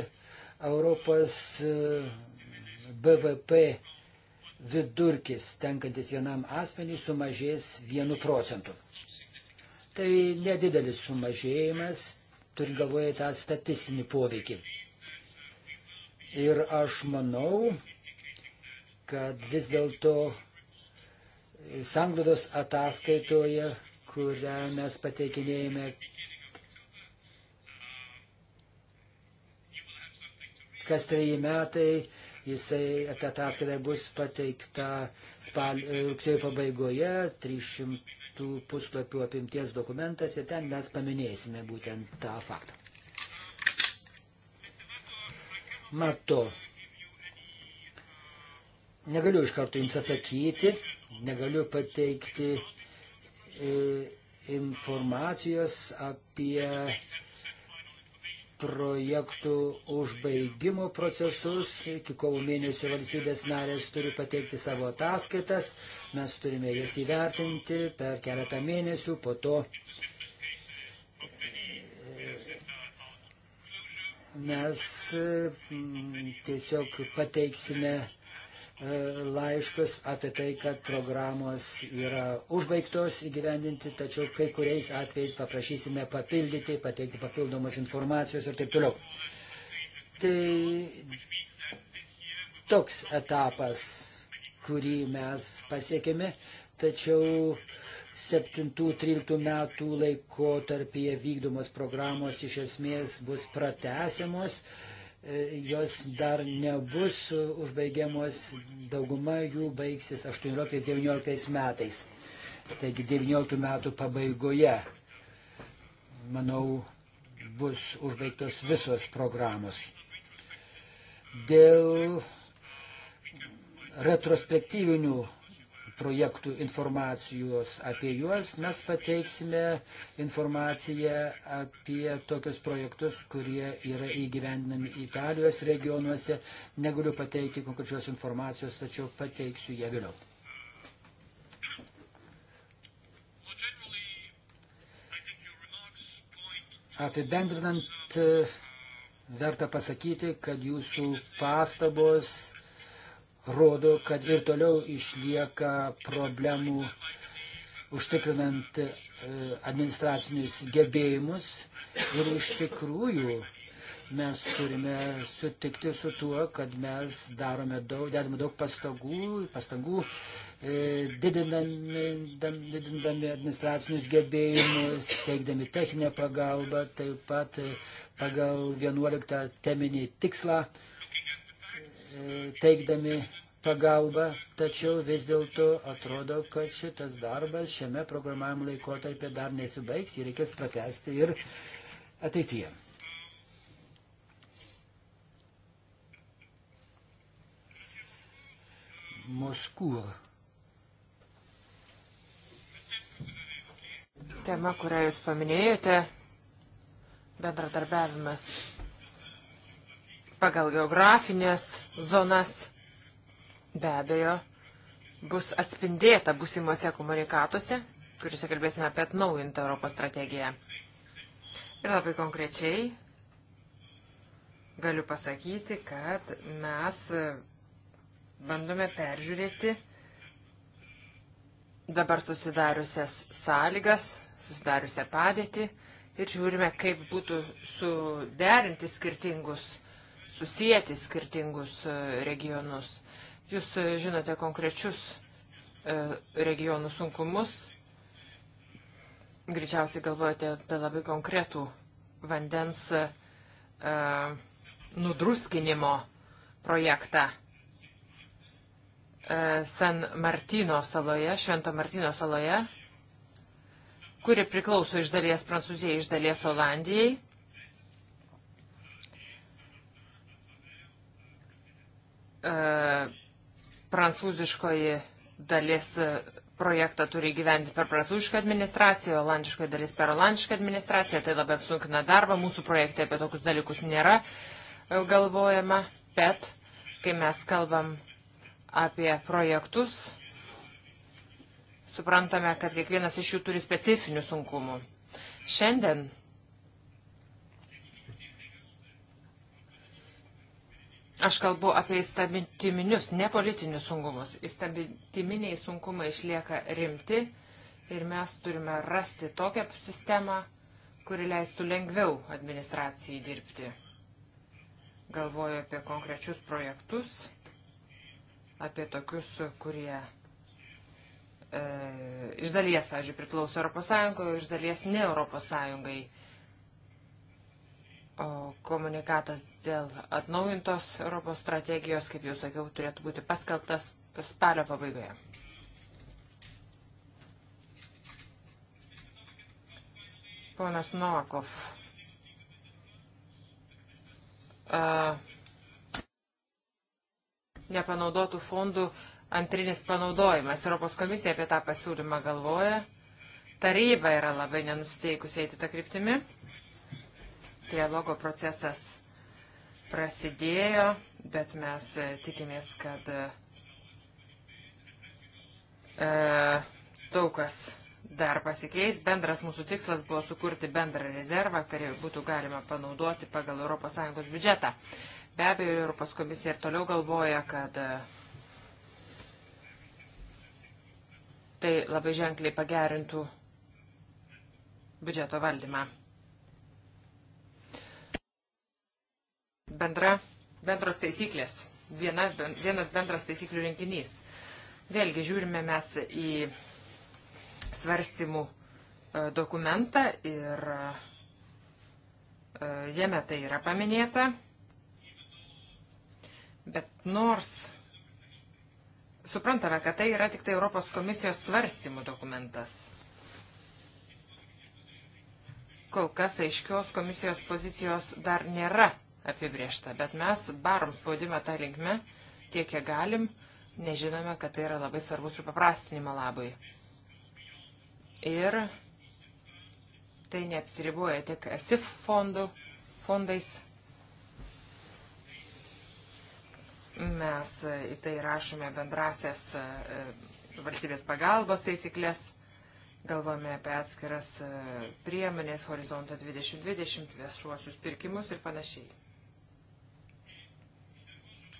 Europos e, BVP vidurkis tenkantis vienam asmeniui sumažės 1 procentu. Tai nedidelis sumažėjimas, turi galvoje tą statistinį poveikį. Ir aš manau, kad vis dėlto sanglodos ataskaitoje, kurią mes pateikinėjame kas treji metai, jisai, ta ataskaita bus pateikta spal, rugsėjo pabaigoje, 300 puslapių apimties dokumentas ir ten mes paminėsime būtent tą faktą. Mato, negaliu iš karto jums atsakyti, negaliu pateikti e, informacijos apie projektų užbaigimo procesus. Iki kovo mėnesio valstybės narės turi pateikti savo ataskaitas. Mes turime jas įvertinti per keletą mėnesių. Po to e, mes tiesiog pateiksime E, laiškus apie tai, kad programos yra užbaigtos įgyvendinti, tačiau kai kuriais atvejais paprašysime papildyti, pateikti papildomos informacijos ir taip toliau. Tai toks etapas, kurį mes pasiekėme, tačiau 7-13 metų laiko tarpėje vykdomos programos iš esmės bus pratesiamos. E, E, jos dar nebus užbaigiamos, dauguma jų baigsis 18-19 metais. Taigi 19 metų pabaigoje, manau, bus užbaigtos visos programos. Dėl retrospektyvinių projektų informacijos apie juos, mes pateiksime informaciją apie tokius projektus, kurie yra įgyvendinami Italijos regionuose. Negaliu pateikti konkrečios informacijos, tačiau pateiksiu ją vėliau. Apibendrinant, verta pasakyti, kad jūsų pastabos rodo, kad ir toliau išlieka problemų užtikrinant e, administracinius gebėjimus ir iš tikrųjų mes turime sutikti su tuo, kad mes darome daug, dedame daug pastangų, pastangų e, didindami, didindami administracinius gebėjimus, teikdami techninę pagalbą, taip pat e, pagal 11 teminį tikslą teikdami pagalbą, tačiau vis dėlto atrodo, kad šitas darbas šiame programavimo laikotarpė dar nesibaigs, jį reikės pratesti ir ateityje. Moskūr. Tema, kurią jūs paminėjote, bendradarbiavimas pagal geografinės zonas be abejo bus atspindėta būsimuose komunikatuose, kuriuose kalbėsime apie atnaujintą Europos strategiją. Ir labai konkrečiai galiu pasakyti, kad mes bandome peržiūrėti dabar susidariusias sąlygas, susidariusią padėtį ir žiūrime, kaip būtų suderinti skirtingus susijęti skirtingus e, regionus. Jūs e, žinote konkrečius e, regionų sunkumus, greičiausiai galvojate apie labai konkretų vandens nudruskinimo projektą. San Martino saloje, Švento Martino saloje, kuri priklauso iš dalies Prancūzijai, iš dalies Olandijai. E, prancūziškoji dalis projektą turi gyventi per prancūzišką administraciją, olandiškoji dalis per olandišką administraciją, tai labai apsunkina darbą, mūsų projekte apie tokius dalykus nėra e, galvojama, bet kai mes kalbam apie projektus, suprantame, kad kiekvienas iš jų turi specifinių sunkumų. Šiandien Aš kalbu apie įstabitiminius, ne politinius sunkumus. Įstabitiminiai sunkumai išlieka rimti ir mes turime rasti tokią sistemą, kuri leistų lengviau administracijai dirbti. Galvoju apie konkrečius projektus, apie tokius, kurie e, iš dalies, pavyzdžiui, priklauso ES, iš dalies ne ES komunikatas dėl atnaujintos Europos strategijos, kaip jau sakiau, turėtų būti paskelbtas spalio pabaigoje. Ponas Novakov. A, nepanaudotų fondų antrinis panaudojimas. Europos komisija apie tą pasiūlymą galvoja. Taryba yra labai nenusteikusi eiti tą kryptimį. Trialogo procesas prasidėjo, bet mes e, tikimės, kad e, e, daug kas dar pasikeis. Bendras mūsų tikslas buvo sukurti bendrą rezervą, kurį būtų galima panaudoti pagal ES biudžetą. Be abejo, Europos komisija ir toliau galvoja, kad e, tai labai ženkliai pagerintų biudžeto valdymą. bendra, bendros taisyklės, viena, vienas bendras taisyklių rinkinys. Vėlgi žiūrime mes į svarstymų e, dokumentą ir e, jame tai yra paminėta. Bet nors suprantame, kad tai yra tik tai Europos komisijos svarstymų dokumentas. Kol kas aiškios komisijos pozicijos dar nėra apibriešta, bet mes barom spaudimą tą linkme tiek, kiek galim, nežinome, kad tai yra labai svarbus ir paprastinimo labai. Ir tai neapsiriboja tik SIF fondų, fondais. Mes į tai rašome bendrasias e, valstybės pagalbos taisyklės, galvome apie atskiras e, priemonės, horizontą 2020, viešuosius pirkimus ir panašiai.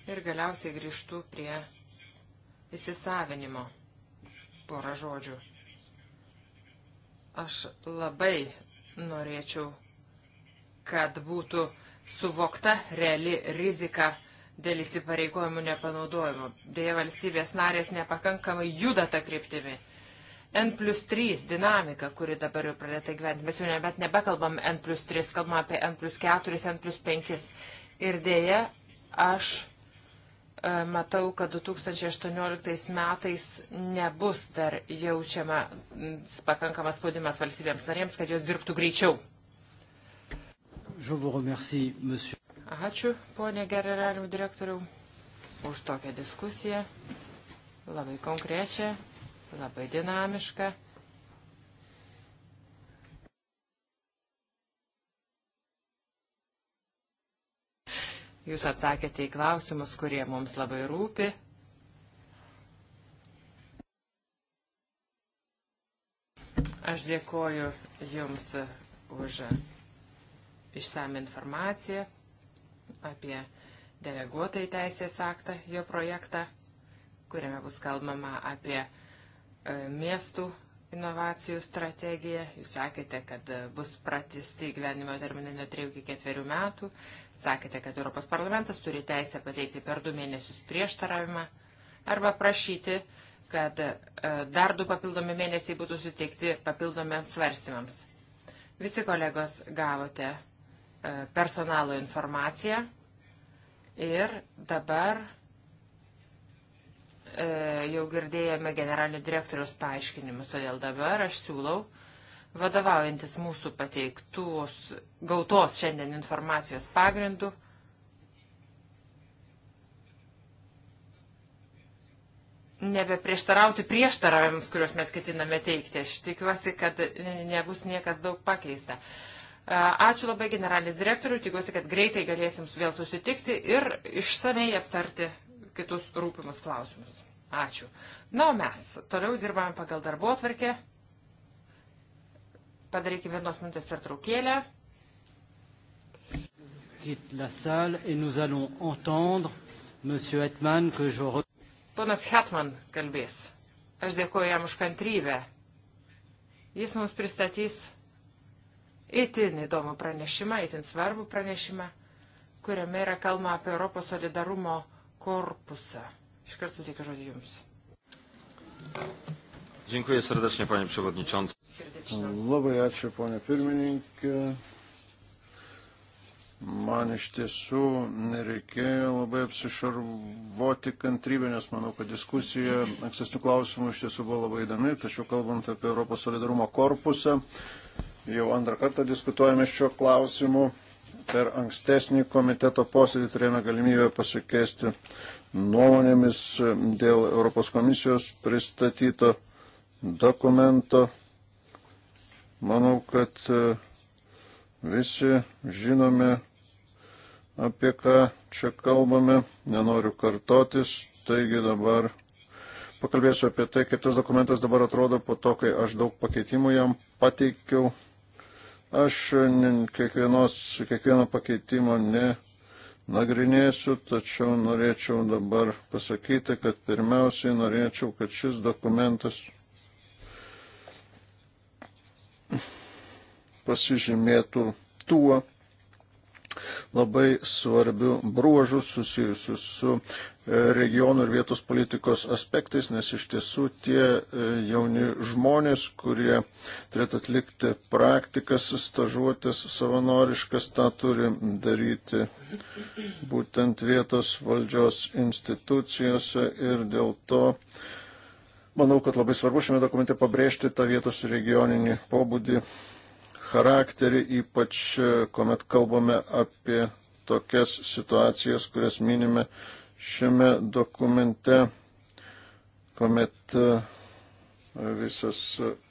Ir galiausiai grįžtu prie įsisavinimo. Porą žodžių. Aš labai norėčiau, kad būtų suvokta reali rizika dėl įsipareigojimų nepanaudojimo. Dėja, valstybės narės nepakankamai juda tą kryptimį. N plus 3 dinamika, kuri dabar jau pradėta gyventi. Mes jau nebet nebekalbam N plus 3, kalbam apie N plus 4, N plus 5. Ir dėja, aš E, matau, kad 2018 metais nebus dar jaučiama pakankamas spaudimas valstybėms narėms, kad jos dirbtų greičiau. Remercie, monsieur. Ačiū, ponė generalinių direktorių, už tokią diskusiją. Labai konkrečią, labai dinamišką. Jūs atsakėte į klausimus, kurie mums labai rūpi. Aš dėkoju Jums už išsame informaciją apie deleguotą į teisės aktą, jo projektą, kuriame bus kalbama apie e, miestų inovacijų strategiją. Jūs sakėte, kad e, bus pratisti gyvenimo terminai nuo 3 iki 4 metų. Sakėte, kad Europos parlamentas turi teisę pateikti per 2 mėnesius prieštaravimą arba prašyti, kad e, dar 2 papildomi mėnesiai būtų suteikti papildomiams svarstymams. Visi kolegos gavote e, personalo informaciją ir dabar E, jau girdėjome generalinio direktoriaus paaiškinimus, todėl dabar aš siūlau, vadovaujantis mūsų pateiktus gautos šiandien informacijos pagrindų, nebeprieštarauti prieštaravimams, kuriuos mes ketiname teikti. Aš tikiuosi, kad nebus niekas daug pakeista. E, ačiū labai generalinis direktoriui, tikiuosi, kad greitai galėsim vėl susitikti ir išsamei aptarti kitus rūpimus klausimus. Ačiū. Na, o mes toliau dirbame pagal darbo atvarkę. Padarykime vienos minutės pertraukėlę. Ponas Hetman kalbės. Aš dėkoju jam už kantrybę. Jis mums pristatys itin įdomų pranešimą, itin svarbų pranešimą, kuriame yra kalba apie Europos solidarumo korpusą. Iš karto suteikiu žodį Jums. Dziękuję serdecznie, panie przewodniczący. Labai ačiū, ponė pirmininkė. Man iš tiesų nereikėjo labai apsišarvoti kantrybę, nes manau, kad diskusija ankstesnių klausimų iš tiesų buvo labai įdomi, tačiau kalbant apie Europos solidarumo korpusą, jau antrą kartą diskutuojame šiuo klausimu. Per ankstesnį komiteto posėdį turėjome galimybę pasikeisti nuomonėmis dėl Europos komisijos pristatyto dokumento. Manau, kad e, visi žinome, apie ką čia kalbame, nenoriu kartotis, taigi dabar pakalbėsiu apie tai, kaip tas dokumentas dabar atrodo po to, kai aš daug pakeitimų jam pateikiau. Aš kiekvienos, kiekvieno pakeitimo ne nagrinėsiu, tačiau norėčiau dabar pasakyti, kad pirmiausiai norėčiau, kad šis dokumentas pasižymėtų tuo, labai svarbių bruožų susijusių su e, regionų ir vietos politikos aspektais, nes iš tiesų tie e, jauni žmonės, kurie turėtų atlikti praktikas, stažuotis savanoriškas, tą turi daryti būtent vietos valdžios institucijose ir dėl to manau, kad labai svarbu šiame dokumente pabrėžti tą vietos regioninį pobūdį charakterį, ypač e, kuomet kalbame apie tokias situacijas, kurias minime šiame dokumente, kuomet e, visas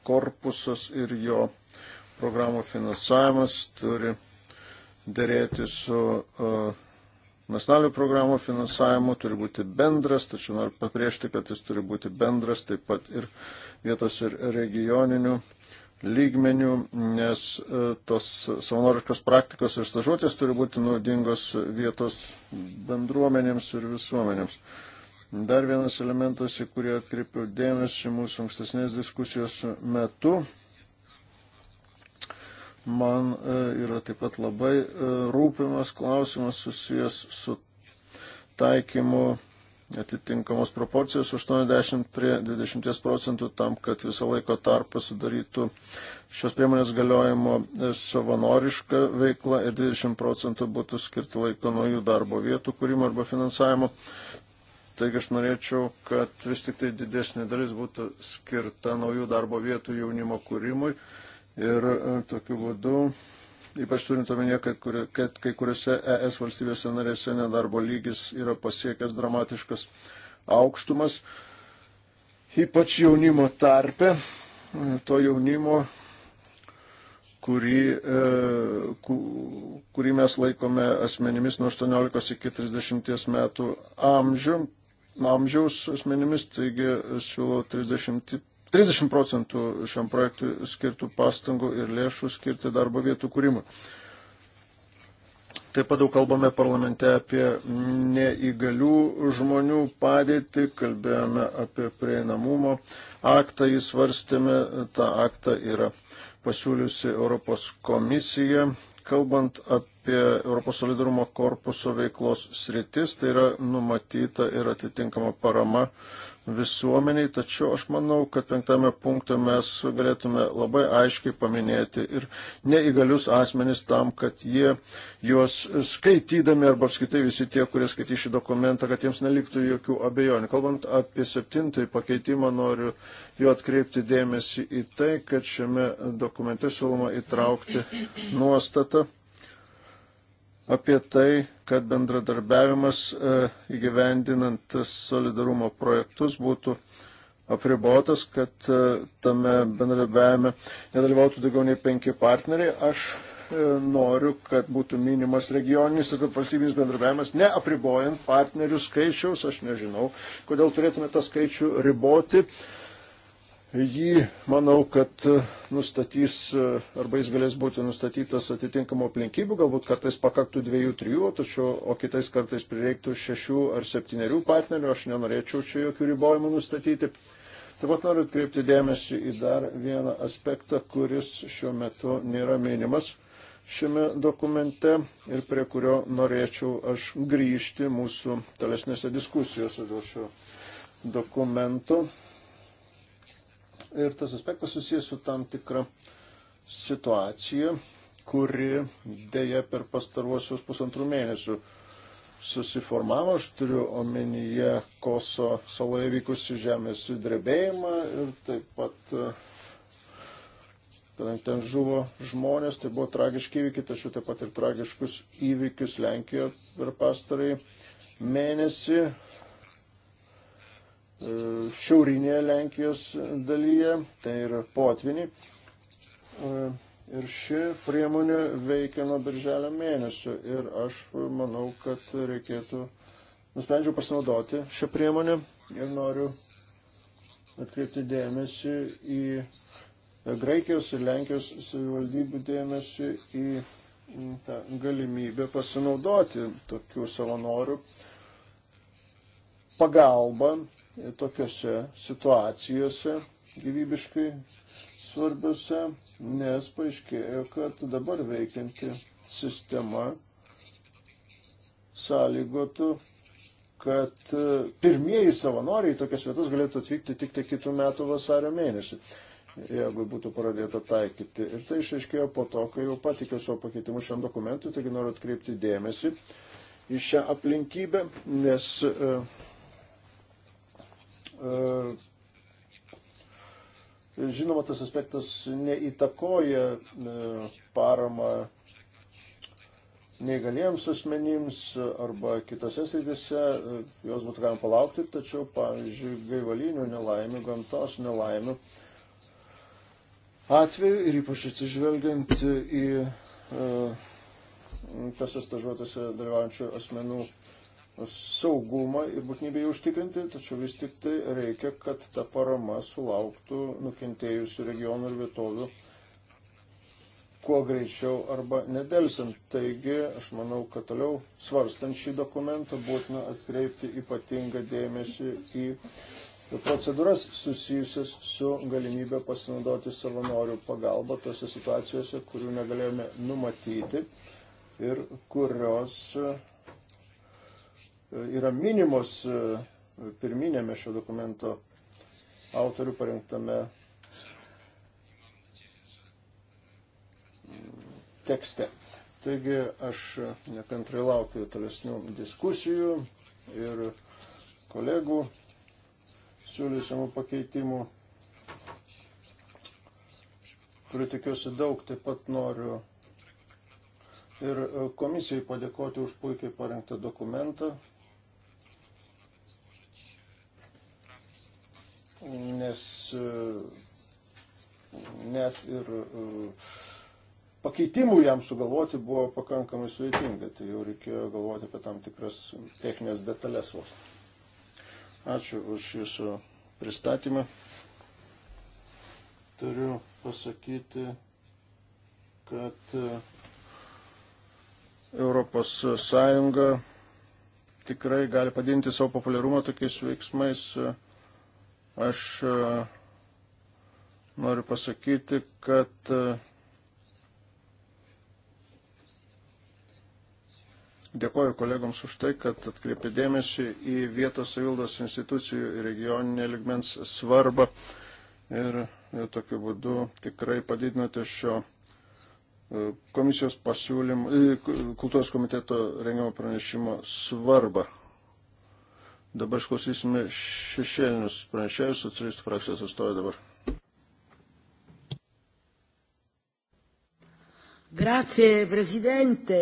korpusas ir jo programų finansavimas turi dėrėti su uh, nacionalinių programų finansavimu, turi būti bendras, tačiau noriu papriešti, kad jis turi būti bendras taip pat ir vietos ir regioninių uh, lygmenių, nes e, tos savanoriškos praktikos ir stažuotės turi būti naudingos vietos bendruomenėms ir visuomenėms. Dar vienas elementas, į kurį atkreipiau dėmesį mūsų ankstesnės diskusijos metu, man e, yra taip pat labai e, rūpimas klausimas susijęs su taikymu atitinkamos proporcijos 80 prie 20 procentų tam, kad visą laiko tarpą sudarytų šios priemonės galiojimo e, savanoriška veikla ir 20 procentų būtų skirti laiko naujų darbo vietų kūrimo arba finansavimo. Taigi aš norėčiau, kad vis tik tai didesnė dalis būtų skirta naujų darbo vietų jaunimo kūrimui ir e, tokiu būdu ypač turint omenyje, kad, kur, kad kai kuriuose ES valstybėse narėse nedarbo lygis yra pasiekęs dramatiškas aukštumas, ypač jaunimo tarpe, to jaunimo, kurį, e, kurį mes laikome asmenimis nuo 18 iki 30 metų amžių, amžiaus asmenimis, taigi siūlau 30 30 procentų šiam projektui skirtų pastangų ir lėšų skirti darbo vietų kūrimui. Taip pat daug kalbame parlamente apie neįgalių žmonių padėtį, kalbėjome apie prieinamumo aktą, jis varstėme, tą aktą yra pasiūliusi Europos komisija. Kalbant apie Europos solidarumo korpuso veiklos sritis, tai yra numatyta ir atitinkama parama visuomeniai, tačiau aš manau, kad penktame punkte mes galėtume labai aiškiai paminėti ir neįgalius asmenys tam, kad jie juos skaitydami arba apskaitai visi tie, kurie skaitys šį dokumentą, kad jiems neliktų jokių abejonių. Kalbant apie septintąjį pakeitimą, noriu jo atkreipti dėmesį į tai, kad šiame dokumente siūloma įtraukti nuostatą apie tai, kad bendradarbiavimas e, įgyvendinant solidarumo projektus būtų apribotas, kad e, tame bendradarbiavime nedalyvautų daugiau nei penki partneriai. Aš e, noriu, kad būtų minimas regioninis ir valstybinis bendradarbiavimas, neapribojant partnerių skaičiaus. Aš nežinau, kodėl turėtume tą skaičių riboti. Uh, jį, manau, kad e, nustatys e, arba jis galės būti nustatytas atitinkamo aplinkybių, galbūt kartais pakaktų dviejų, trijų, tačiau, o kitais kartais prireiktų šešių ar septyniarių partnerių, aš nenorėčiau čia jokių ribojimų nustatyti. Taip pat noriu atkreipti dėmesį į dar vieną aspektą, kuris šiuo metu nėra minimas šiame dokumente ir prie kurio norėčiau aš grįžti mūsų tolesnėse diskusijose dėl šio dokumento ir tas aspektas susijęs su tam tikra situacija, kuri dėja per pastaruosius pusantrų mėnesių susiformavo, aš turiu omenyje Koso saloje vykusių žemės sudrebėjimą ir taip pat, kadangi ten žuvo žmonės, tai buvo tragiški įvykiai, tačiau taip pat ir tragiškus įvykius Lenkijoje per pastarai mėnesį E, šiaurinėje Lenkijos dalyje, tai yra potviniai. E, ir ši priemonė veikia nuo birželio mėnesio ir aš manau, kad reikėtų, nusprendžiau pasinaudoti šią priemonę ir noriu atkreipti dėmesį į Graikijos ir Lenkijos savivaldybių dėmesį į tą galimybę pasinaudoti tokių savanorių pagalba tokiuose situacijose gyvybiškai svarbiuose, nes paaiškėjo, kad dabar veikianti sistema sąlygotų, kad e, pirmieji savanoriai į tokias vietas galėtų atvykti tik tai kitų metų vasario mėnesį, jeigu būtų pradėta taikyti. Ir tai išaiškėjo po to, kai jau patikiau savo pakeitimus šiam dokumentui, taigi noriu atkreipti dėmesį į šią aplinkybę, nes uh, E, žinoma, tas aspektas neįtakoja e, paramą neįgaliems asmenims arba kitose srityse, e, jos būtų galima palaukti, tačiau, pavyzdžiui, gaivalinių nelaimių, gamtos nelaimių atveju ir ypač atsižvelgiant į tose stažuotėse dalyvaujančių asmenų saugumą ir būtinybę jį užtikrinti, tačiau vis tik tai reikia, kad ta parama sulauktų nukentėjusių regionų ir vietovių kuo greičiau arba nedelsint. Taigi, aš manau, kad toliau svarstant šį dokumentą būtina atkreipti ypatingą dėmesį į procedūras susijusias su galimybė pasinaudoti savanorių pagalba tose situacijose, kurių negalėjome numatyti ir kurios yra minimos e, pirminėme šio dokumento autorių parengtame mm, tekste. Taigi aš nekantrai laukiu tolesnių diskusijų ir kolegų siūlysimų pakeitimų, kurių tikiuosi daug, taip pat noriu ir komisijai padėkoti už puikiai parengtą dokumentą, nes e, net ir e, pakeitimų jam sugalvoti buvo pakankamai sudėtinga, tai jau reikėjo galvoti apie tam tikras techninės detalės vos. Ačiū už jūsų pristatymą. Turiu pasakyti, kad e, Europos Sąjunga tikrai gali padinti savo populiarumą tokiais veiksmais. Uh, Aš e, noriu pasakyti, kad e, dėkoju kolegoms už tai, kad atkreipė dėmesį į vietos savildos institucijų ir regioninė ligmens svarbą ir e, tokiu būdu tikrai padidinote šio komisijos pasiūlymų, kultūros komiteto rengimo pranešimo svarbą. Dabar išklausysime šešėlinius pranešėjus, socialistų frakcijos atstovai dabar. Grazie Presidente,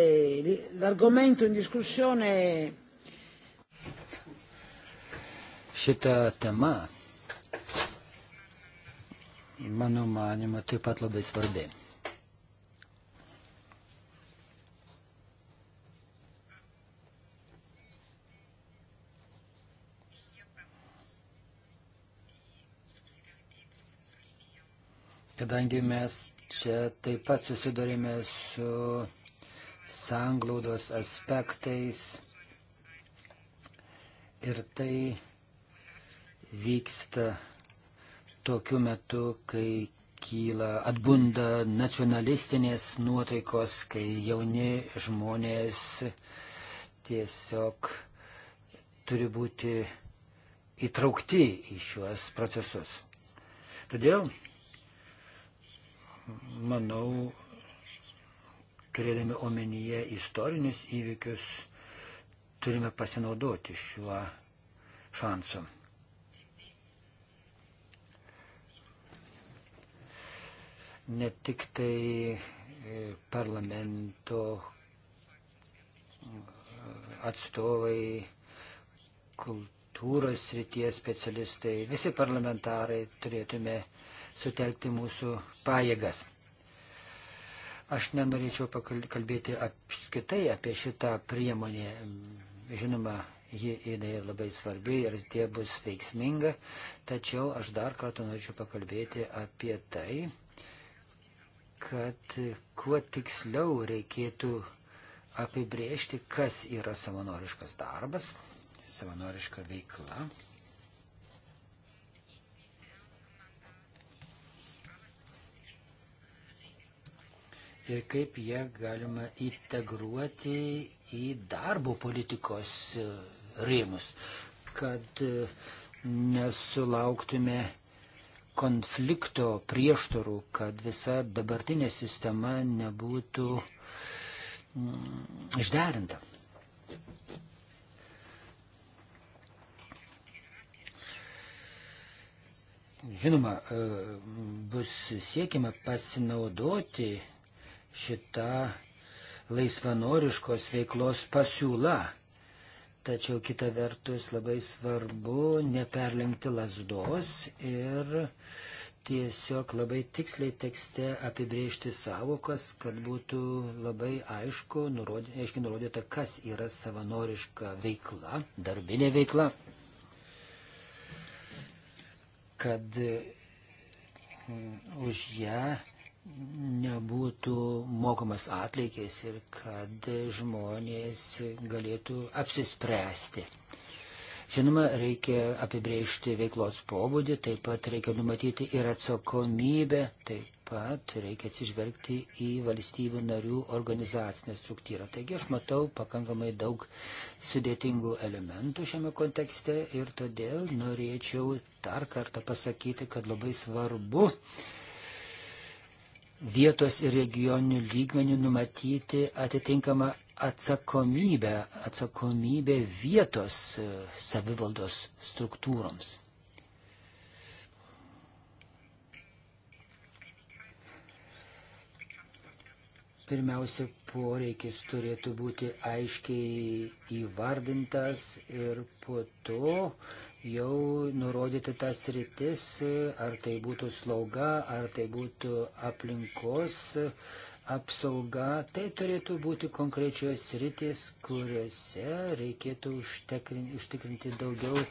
l'argomento in discussione. Šita tema, mano manimo, taip pat labai svarbi. kadangi mes čia taip pat susidurime su sanglaudos aspektais ir tai vyksta tokiu metu, kai kyla, atbunda nacionalistinės nuotaikos, kai jauni žmonės tiesiog turi būti įtraukti į šiuos procesus. Todėl manau, turėdami omenyje istorinius įvykius, turime pasinaudoti šiuo šansu. Ne tik tai e, parlamento atstovai, kult kultūros srities specialistai, visi parlamentarai turėtume sutelkti mūsų pajėgas. Aš nenorėčiau kalbėti apskritai apie šitą priemonę. Žinoma, ji jinai labai svarbi ir tie bus veiksminga, tačiau aš dar kartą norėčiau pakalbėti apie tai, kad kuo tiksliau reikėtų apibriežti, kas yra savanoriškas darbas, savanoriška veikla. Ir kaip jie galima integruoti į darbo politikos e, rėmus, kad e, nesulauktume konflikto prieštarų, kad visa dabartinė sistema nebūtų mm, išderinta. Mm, Žinoma, e, bus siekiama pasinaudoti šitą laisvanoriškos veiklos pasiūlą. Tačiau kita vertus labai svarbu neperlengti lasdos ir tiesiog labai tiksliai tekste apibriežti savokas, kad būtų labai aišku, nurodė, aiškiai nurodyta, kas yra savanoriška veikla, darbinė veikla kad mm, už ją nebūtų mokamas atlikis ir kad žmonės galėtų apsispręsti. Žinoma, reikia apibrėžti veiklos pobūdį, taip pat reikia numatyti ir atsakomybę, taip pat reikia atsižvelgti į valstybių narių organizacinę struktūrą. Taigi aš matau pakankamai daug sudėtingų elementų šiame kontekste ir todėl norėčiau dar kartą pasakyti, kad labai svarbu vietos ir regioninių lygmenių numatyti atitinkamą atsakomybę, atsakomybę vietos e, savivaldos struktūroms. Pirmiausia, poreikis turėtų būti aiškiai įvardintas ir po to jau nurodyti tas rytis, ar tai būtų slauga, ar tai būtų aplinkos apsauga. Tai turėtų būti konkrečios rytis, kuriuose reikėtų užtikrinti daugiau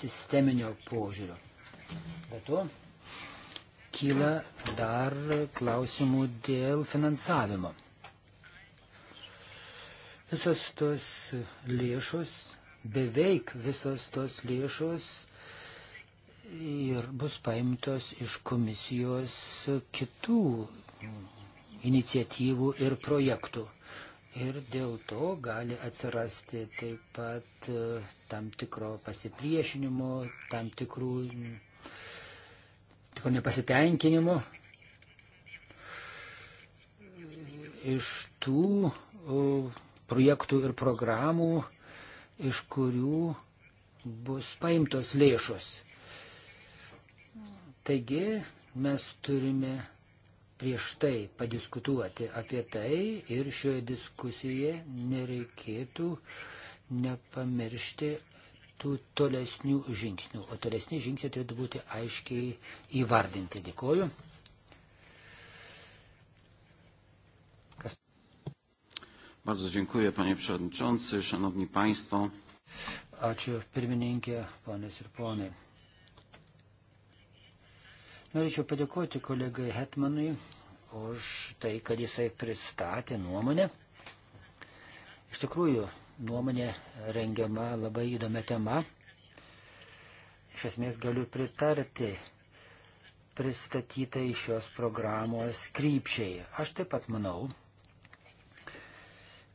sisteminio požiūrio. Be to, kyla dar klausimų dėl finansavimo. Visos tos lėšos, beveik visos tos lėšos ir bus paimtos iš komisijos kitų iniciatyvų ir projektų. Ir dėl to gali atsirasti taip pat e, tam tikro pasipriešinimo, tam tikrų tikro nepasitenkinimo iš tų projektų ir programų, iš kurių bus paimtos lėšos. Taigi mes turime prieš tai padiskutuoti apie tai ir šioje diskusijoje nereikėtų nepamiršti tų tolesnių žingsnių. O tolesni žingsniai turėtų būti aiškiai įvardinti. Dėkoju. Kas? Bardzo dziękuję, panie przewodniczący, szanowni państwo. Ačiū pirmininkė, ponės ir ponai. Norėčiau padėkoti kolegai Hetmanui už tai, kad jisai pristatė nuomonę. Iš tikrųjų, nuomonė rengiama labai įdomia tema. Iš esmės galiu pritarti pristatytai šios programos krypčiai. Aš taip pat manau,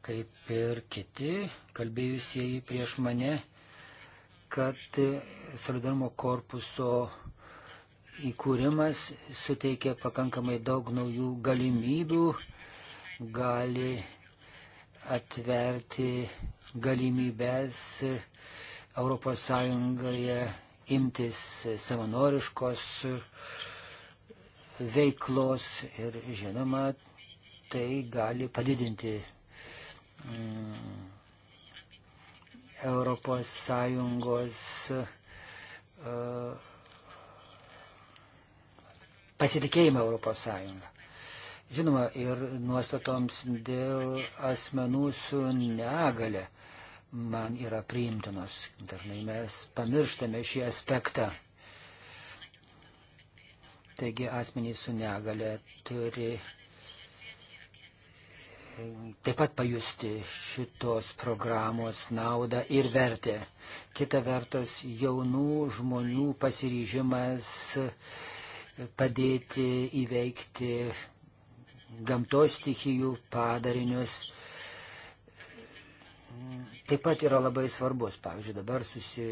kaip ir kiti kalbėjusieji prieš mane, kad solidarumo korpuso įkūrimas suteikia pakankamai daug naujų galimybių, gali atverti galimybės ES imtis savanoriškos veiklos ir žinoma, tai gali padidinti mm, ES e, pasitikėjimą ES. Žinoma, ir nuostatoms dėl asmenų su negale man yra priimtinos. Dažnai mes pamirštame šį aspektą. Taigi asmenys su negale turi taip pat pajusti šitos programos naudą ir vertę. Kita vertus, jaunų žmonių pasiryžimas padėti įveikti gamtos stichijų padarinius taip pat yra labai svarbus. Pavyzdžiui, dabar susi...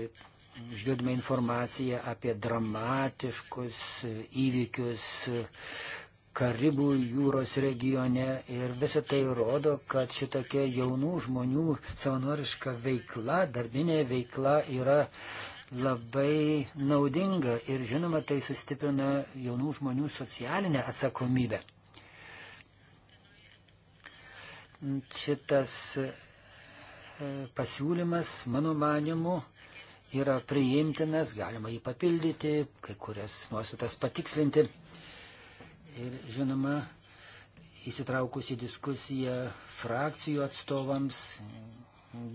išgirdome informaciją apie dramatiškus įvykius Karibų jūros regione ir visa tai rodo, kad šitokia jaunų žmonių savanoriška veikla, darbinė veikla yra labai naudinga ir žinoma tai sustiprina jaunų žmonių socialinę atsakomybę šitas e, pasiūlymas, mano manimu, yra priimtinas, galima jį papildyti, kai kurias nuostatas patikslinti. Ir žinoma, įsitraukus į diskusiją frakcijų atstovams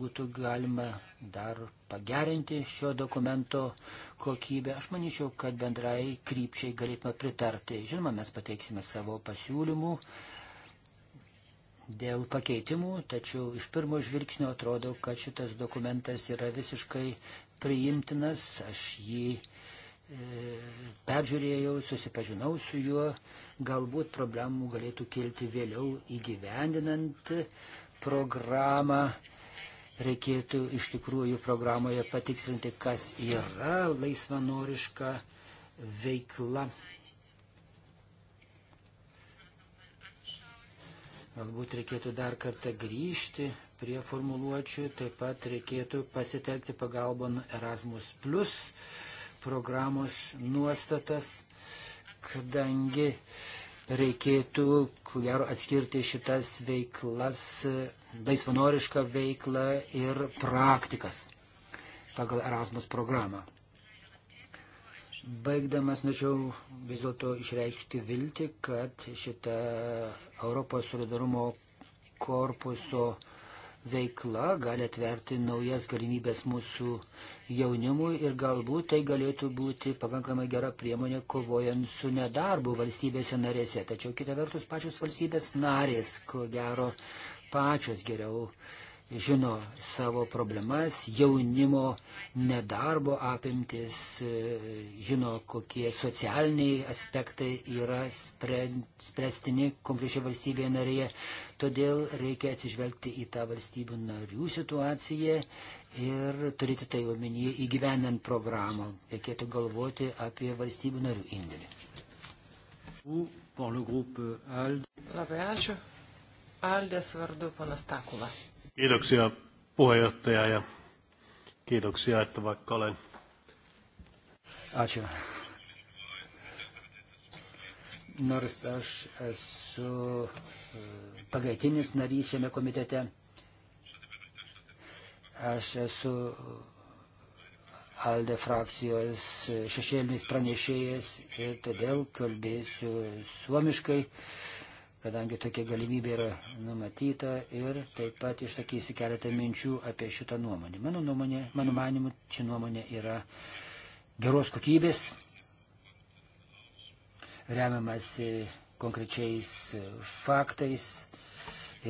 būtų galima dar pagerinti šio dokumento kokybę. Aš manyčiau, kad bendrai krypčiai galėtume pritarti. Žinoma, mes pateiksime savo pasiūlymų, dėl pakeitimų, tačiau iš pirmo žvilgsnio atrodo, kad šitas dokumentas yra visiškai priimtinas. Aš jį e, peržiūrėjau, susipažinau su juo. Galbūt problemų galėtų kilti vėliau įgyvendinant programą. Reikėtų iš tikrųjų programoje patikslinti, kas yra laisvanoriška veikla Galbūt reikėtų dar kartą grįžti prie formuluočių, taip pat reikėtų pasitelkti pagalbą Erasmus Plus programos nuostatas, kadangi reikėtų, ko gero, atskirti šitas veiklas, laisvanorišką veiklą ir praktikas pagal Erasmus programą. Baigdamas, norėčiau vis dėlto išreikšti viltį, kad šita Europos solidarumo korpuso veikla gali atverti naujas galimybės mūsų jaunimui ir galbūt tai galėtų būti pakankamai gera priemonė kovojant su nedarbu valstybėse narėse. Tačiau kita vertus pačios valstybės narės, ko gero, pačios geriau uh, žino savo problemas, jaunimo nedarbo apimtis, e, žino, kokie socialiniai aspektai yra spręstini konkrečioje valstybėje narėje. Todėl reikia atsižvelgti į tą valstybių narių situaciją ir turėti tai omenyje įgyvenant programą. Reikėtų galvoti apie valstybių narių indėlį. Labai ačiū. Aldės vardu panas Takula. Kiitoksia puheenjohtaja ja kiitoksia, että vaikka olen... Ačiū. Nors aš esu e, pagaitinis narys šiame komitete, aš esu ALDE frakcijos šešėlinis pranešėjas ir todėl kalbėsiu suomiškai. E, kadangi tokia galimybė yra numatyta ir taip pat išsakysiu keletą minčių apie šitą nuomonę. Mano, nuomonė, mano manimu, ši nuomonė yra geros kokybės, remiamasi konkrečiais faktais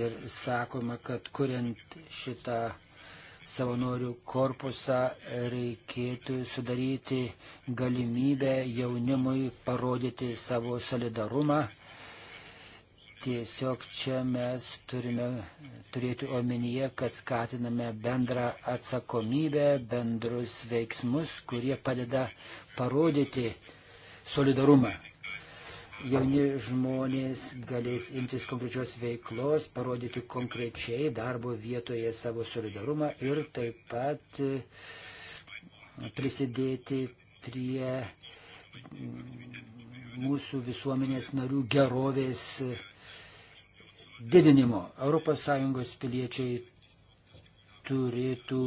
ir sakoma, kad kuriant šitą savanorių korpusą reikėtų sudaryti galimybę jaunimui parodyti savo solidarumą Tiesiog čia mes turime turėti omenyje, kad skatiname bendrą atsakomybę, bendrus veiksmus, kurie padeda parodyti solidarumą. Jauni žmonės galės imtis konkrečios veiklos, parodyti konkrečiai darbo vietoje savo solidarumą ir taip pat e, prisidėti prie mūsų visuomenės narių gerovės didinimo. ES piliečiai turėtų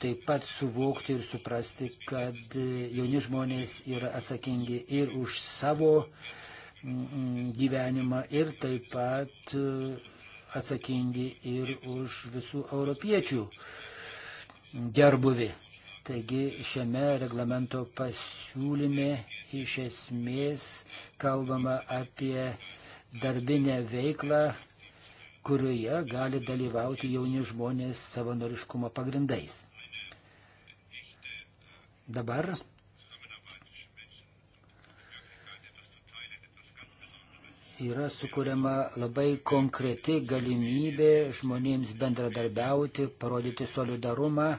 taip pat suvokti ir suprasti, kad jauni žmonės yra atsakingi ir už savo mm, gyvenimą ir taip pat e, atsakingi ir už visų europiečių gerbuvi. Taigi šiame reglamento pasiūlyme iš esmės kalbama apie darbinę veiklą, kurioje gali dalyvauti jauni žmonės savanoriškumo pagrindais. Dabar yra sukūriama labai konkreti galimybė žmonėms bendradarbiauti, parodyti solidarumą,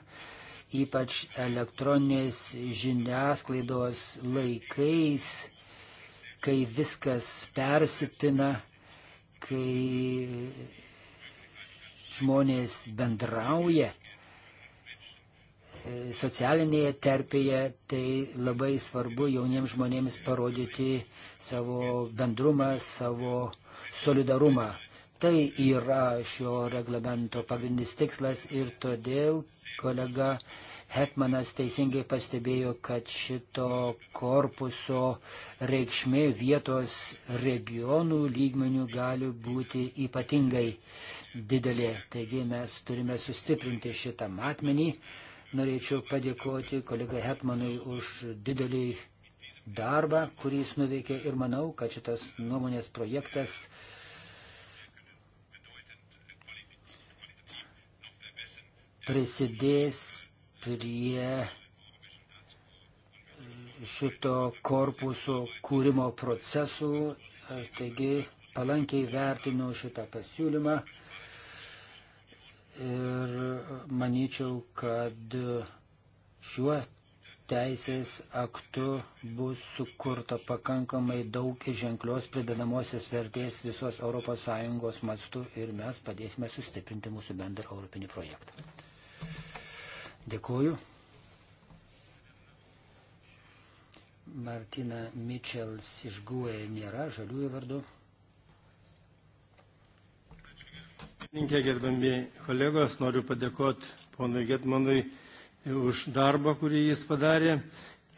ypač elektroninės žiniasklaidos laikais kai viskas persipina, kai žmonės bendrauja e, socialinėje terpėje, tai labai svarbu jauniems žmonėms parodyti savo bendrumą, savo solidarumą. Tai yra šio reglamento pagrindinis tikslas ir todėl kolega Hetmanas teisingai pastebėjo, kad šito korpuso reikšmė vietos regionų lygmenių gali būti ypatingai didelė. Taigi mes turime sustiprinti šitą matmenį. Norėčiau padėkoti kolegai Hetmanui už didelį darbą, kurį jis nuveikė ir manau, kad šitas nuomonės projektas prisidės prie šito korpuso kūrimo procesų. Aš taigi palankiai vertinu šitą pasiūlymą ir manyčiau, kad šiuo teisės aktu bus sukurta pakankamai daug ženklios pridedamosios vertės visos ES mastu ir mes padėsime sustiprinti mūsų bendrą europinį projektą. Dėkuoju. Martina Mitchells iš Guoja e nėra, žaliųjų vardu. Linkė gerbamieji kolegos, noriu padėkoti ponui Getmanui už darbą, kurį jis padarė.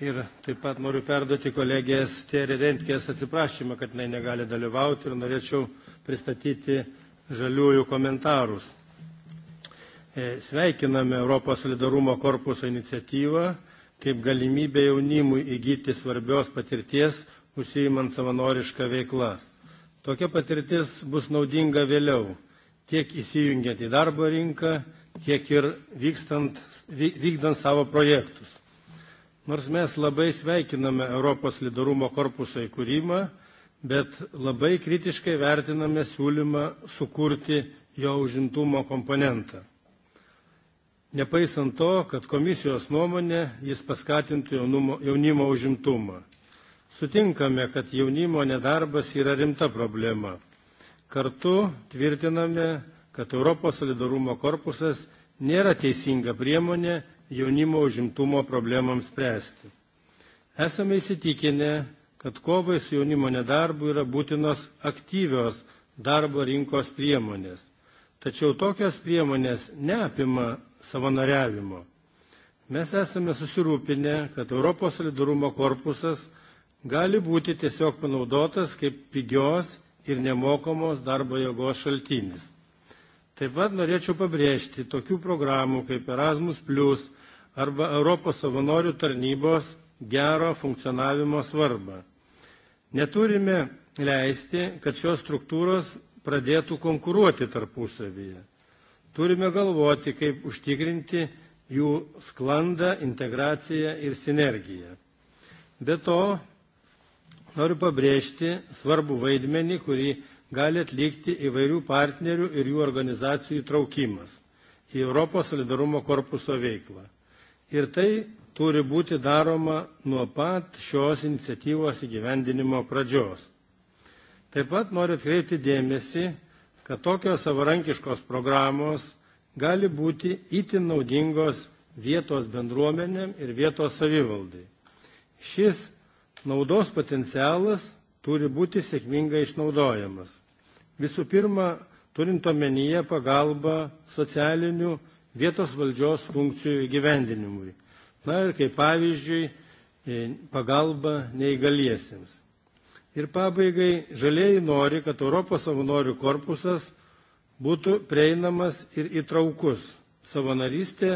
Ir taip pat noriu perduoti kolegės Terė Rentkės atsiprašymą, kad jinai negali dalyvauti ir norėčiau pristatyti žaliųjų komentarus. E, sveikiname Europos solidarumo korpuso iniciatyvą kaip galimybę jaunimui įgyti svarbios patirties užsiimant savanorišką veiklą. Tokia patirtis bus naudinga vėliau, tiek įsijungiant į darbo rinką, tiek ir vykstant, vykdant savo projektus. Nors mes labai sveikiname Europos solidarumo korpuso įkūrimą, bet labai kritiškai vertiname siūlymą sukurti jo užimtumo komponentą nepaisant to, kad komisijos nuomonė jis paskatintų jaunumo, jaunimo užimtumą. Sutinkame, kad jaunimo nedarbas yra rimta problema. Kartu tvirtiname, kad Europos solidarumo korpusas nėra teisinga priemonė jaunimo užimtumo problemams spręsti. Esame įsitikinę, kad kovai su jaunimo nedarbu yra būtinos aktyvios darbo rinkos priemonės. Tačiau tokios priemonės neapima savanoriavimo. Mes esame susirūpinę, kad Europos solidarumo korpusas gali būti tiesiog panaudotas kaip pigios ir nemokamos darbo jėgos šaltinis. Taip pat norėčiau pabrėžti tokių programų kaip Erasmus Plus arba Europos savanorių tarnybos gero funkcionavimo svarbą. Neturime leisti, kad šios struktūros pradėtų konkuruoti tarpusavyje. Turime galvoti, kaip užtikrinti jų sklandą, integraciją ir sinergiją. Be to, noriu pabrėžti svarbų vaidmenį, kurį gali atlikti įvairių partnerių ir jų organizacijų traukimas į Europos solidarumo korpuso veiklą. Ir tai turi būti daroma nuo pat šios iniciatyvos įgyvendinimo pradžios. Taip pat noriu atkreipti dėmesį, kad tokios savarankiškos programos gali būti itin naudingos vietos bendruomenėm ir vietos savivaldai. Šis naudos potencialas turi būti sėkmingai išnaudojamas. Visų pirma, turint omenyje pagalbą socialinių vietos valdžios funkcijų įgyvendinimui. Na ir kaip pavyzdžiui, e, pagalba neįgaliesiems. Ir pabaigai žalieji nori, kad Europos savanorių korpusas būtų prieinamas ir įtraukus. Savanorystė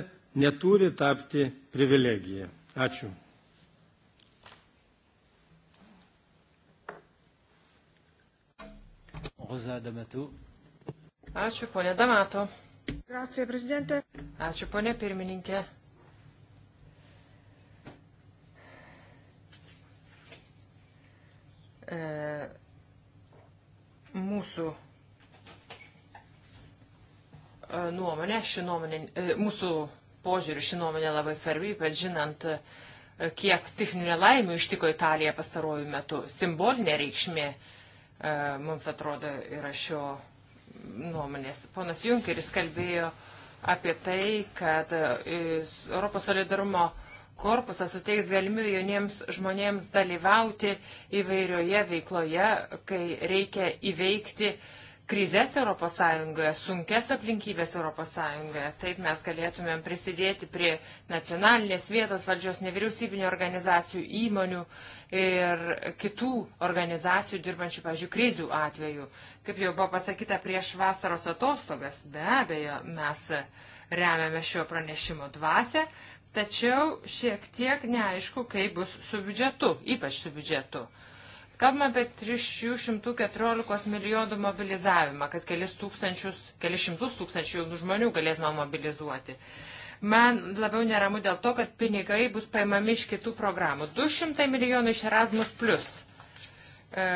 neturi tapti privilegiją. Ačiū. Roza Damato. Ačiū, ponė Damato. Grazie, prezidente. Ačiū, ponė pirmininkė. E, mūsų e, nuomonė, ši nuomonė, e, mūsų požiūrių ši nuomonė labai svarbi, ypač žinant, kiek stichinių nelaimių ištiko Italija pastarojų metų. Simbolinė reikšmė, mums atrodo, yra šio nuomonės. Ponas Junkeris kalbėjo apie tai, kad Europos solidarumo korpusas suteiks galimybę jauniems žmonėms dalyvauti įvairioje veikloje, kai reikia įveikti krizės ES, sunkes aplinkybės ES. Taip mes galėtumėm prisidėti prie nacionalinės vietos valdžios nevyriausybinio organizacijų, įmonių ir kitų organizacijų dirbančių, pažiūrėjau, krizių atveju. Kaip jau buvo pasakyta prieš vasaros atostogas, be abejo, mes remiame šio pranešimo dvasę. Tačiau šiek tiek neaišku, kaip bus su biudžetu, ypač su biudžetu. Kalbame apie 314 milijonų mobilizavimą, kad kelis, tūkstančius, kelis šimtus tūkstančių jaunų žmonių galėtume mobilizuoti. Man labiau neramu dėl to, kad pinigai bus paimami iš kitų programų. 200 milijonų iš Erasmus Plus. E,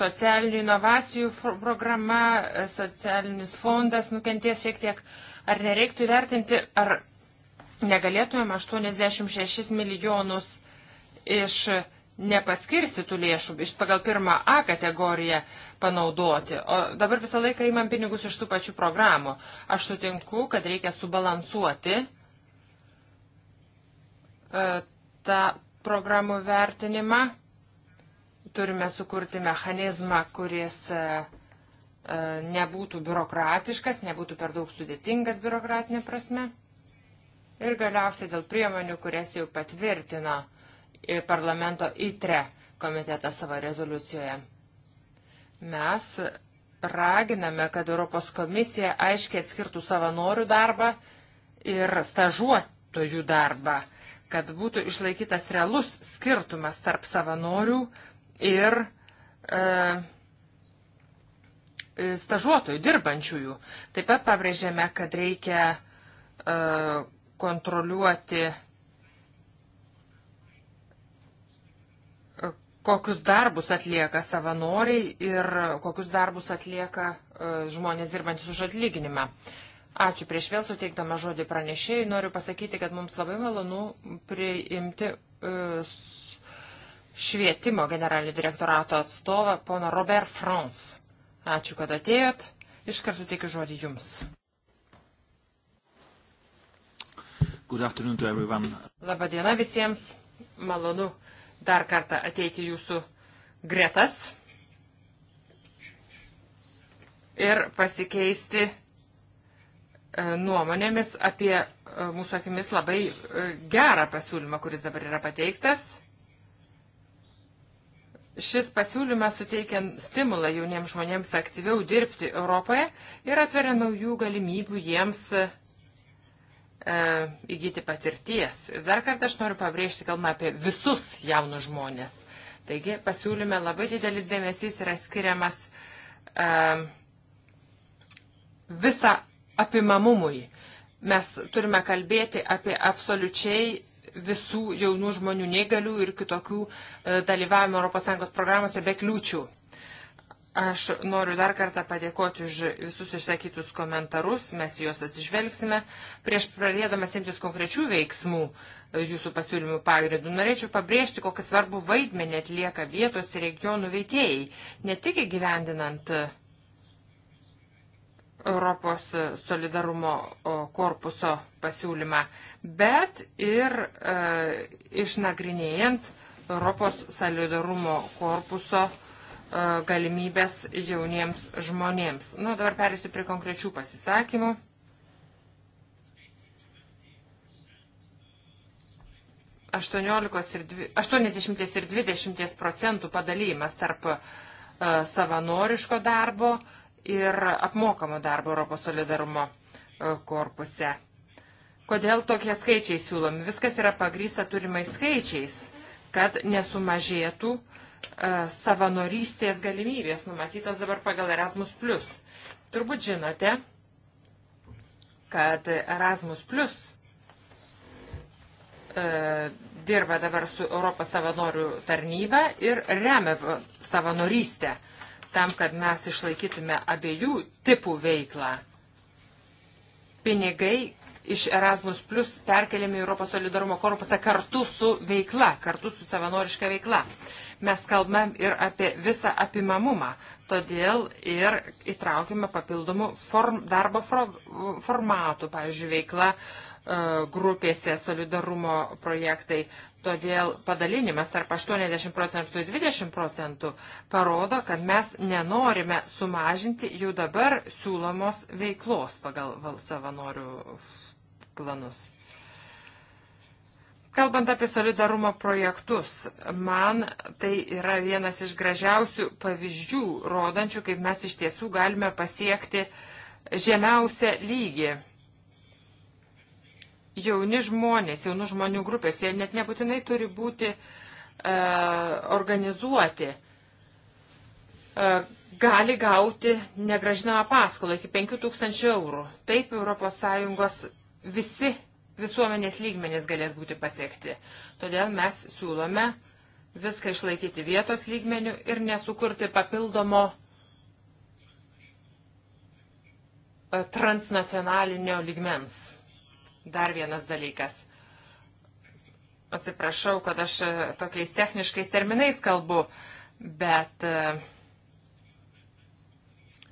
socialinių inovacijų programa, e, socialinis fondas nukentės šiek tiek. Ar nereiktų įvertinti, ar negalėtumėm 86 milijonus iš nepaskirstytų lėšų iš pagal pirmą A kategoriją panaudoti. O dabar visą laiką įmam pinigus iš tų pačių programų. Aš sutinku, kad reikia subalansuoti e, tą programų vertinimą. Turime sukurti mechanizmą, kuris e, e, nebūtų biurokratiškas, nebūtų per daug sudėtingas biurokratinė prasme ir galiausiai dėl priemonių, kurias jau patvirtino parlamento ITRE komitetas savo rezoliucijoje. Mes raginame, kad Europos komisija aiškiai atskirtų savanorių darbą ir stažuotojų darbą, kad būtų išlaikytas realus skirtumas tarp savanorių ir e, e stažuotojų dirbančiųjų. Taip pat pabrėžėme, kad reikia e, kontroliuoti, kokius darbus atlieka savanoriai ir kokius darbus atlieka e, žmonės dirbantis už atlyginimą. Ačiū. Prieš vėl suteikdama žodį pranešėjai noriu pasakyti, kad mums labai malonu priimti e, švietimo generalinio direktorato atstovą, poną Robert France. Ačiū, kad atėjot. Iškart suteikiu žodį jums. Good afternoon to everyone. Labadiena visiems. Malonu dar kartą ateiti jūsų gretas ir pasikeisti e, nuomonėmis apie e, mūsų akimis labai e, gerą pasiūlymą, kuris dabar yra pateiktas. Šis pasiūlymas suteikia stimulą jauniems žmonėms aktyviau dirbti Europoje ir atveria naujų galimybių jiems E, įgyti patirties. Ir dar kartą aš noriu pabrėžti, kalbame apie visus jaunus žmonės. Taigi pasiūlyme labai didelis dėmesys yra skiriamas uh, e, visą apimamumui. Mes turime kalbėti apie absoliučiai visų jaunų žmonių negalių ir kitokių uh, e, dalyvavimo ES programuose be kliūčių. Uh, Aš noriu dar kartą padėkoti už visus išsakytus komentarus, mes juos atsižvelgsime. Prieš pradėdamas imtis konkrečių veiksmų jūsų pasiūlymų pagrindų, norėčiau pabrėžti, kokį svarbų vaidmenį atlieka vietos ir regionų veikėjai, ne tik įgyvendinant Europos solidarumo korpuso pasiūlymą, bet ir e, išnagrinėjant Europos solidarumo korpuso pasiūlymą galimybės jauniems žmonėms. Nu, dabar perėsiu prie konkrečių pasisakymų. Ir dvi, 80 ir 20 procentų padalymas tarp uh, savanoriško darbo ir apmokamo darbo Europos solidarumo uh, korpuse. Kodėl tokie skaičiai siūlomi? Viskas yra pagrysta turimais skaičiais, kad nesumažėtų uh, E, savanorystės galimybės numatytos dabar pagal Erasmus. Turbūt žinote, kad Erasmus Plus e, dirba dabar su Europos savanorių tarnyba ir remia savanorystę tam, kad mes išlaikytume abiejų tipų veiklą. Pinigai iš Erasmus Plus perkeliami Europos solidarumo korpusą kartu su veikla, kartu su savanoriška veikla. Uh, Mes kalbam ir apie visą apimamumą, todėl ir įtraukime papildomų form, darbo formatų, pavyzdžiui, veikla e, grupėse solidarumo projektai. Todėl padalinimas tarp 80 procentų ir 20 procentų parodo, kad mes nenorime sumažinti jų dabar siūlomos veiklos pagal savanorių planus. Kalbant apie solidarumo projektus, man tai yra vienas iš gražiausių pavyzdžių, rodančių, kaip mes iš tiesų galime pasiekti žemiausią lygį. Jauni žmonės, jaunų žmonių grupės, jie net nebūtinai turi būti uh, organizuoti, uh, gali gauti negražinamą paskolą iki 5000 eurų. Taip ES visi visuomenės lygmenės galės būti pasiekti. Todėl mes siūlome viską išlaikyti vietos lygmenių ir nesukurti papildomo e, transnacionalinio lygmens. Dar vienas dalykas. Atsiprašau, kad aš e, tokiais techniškais terminais kalbu, bet uh,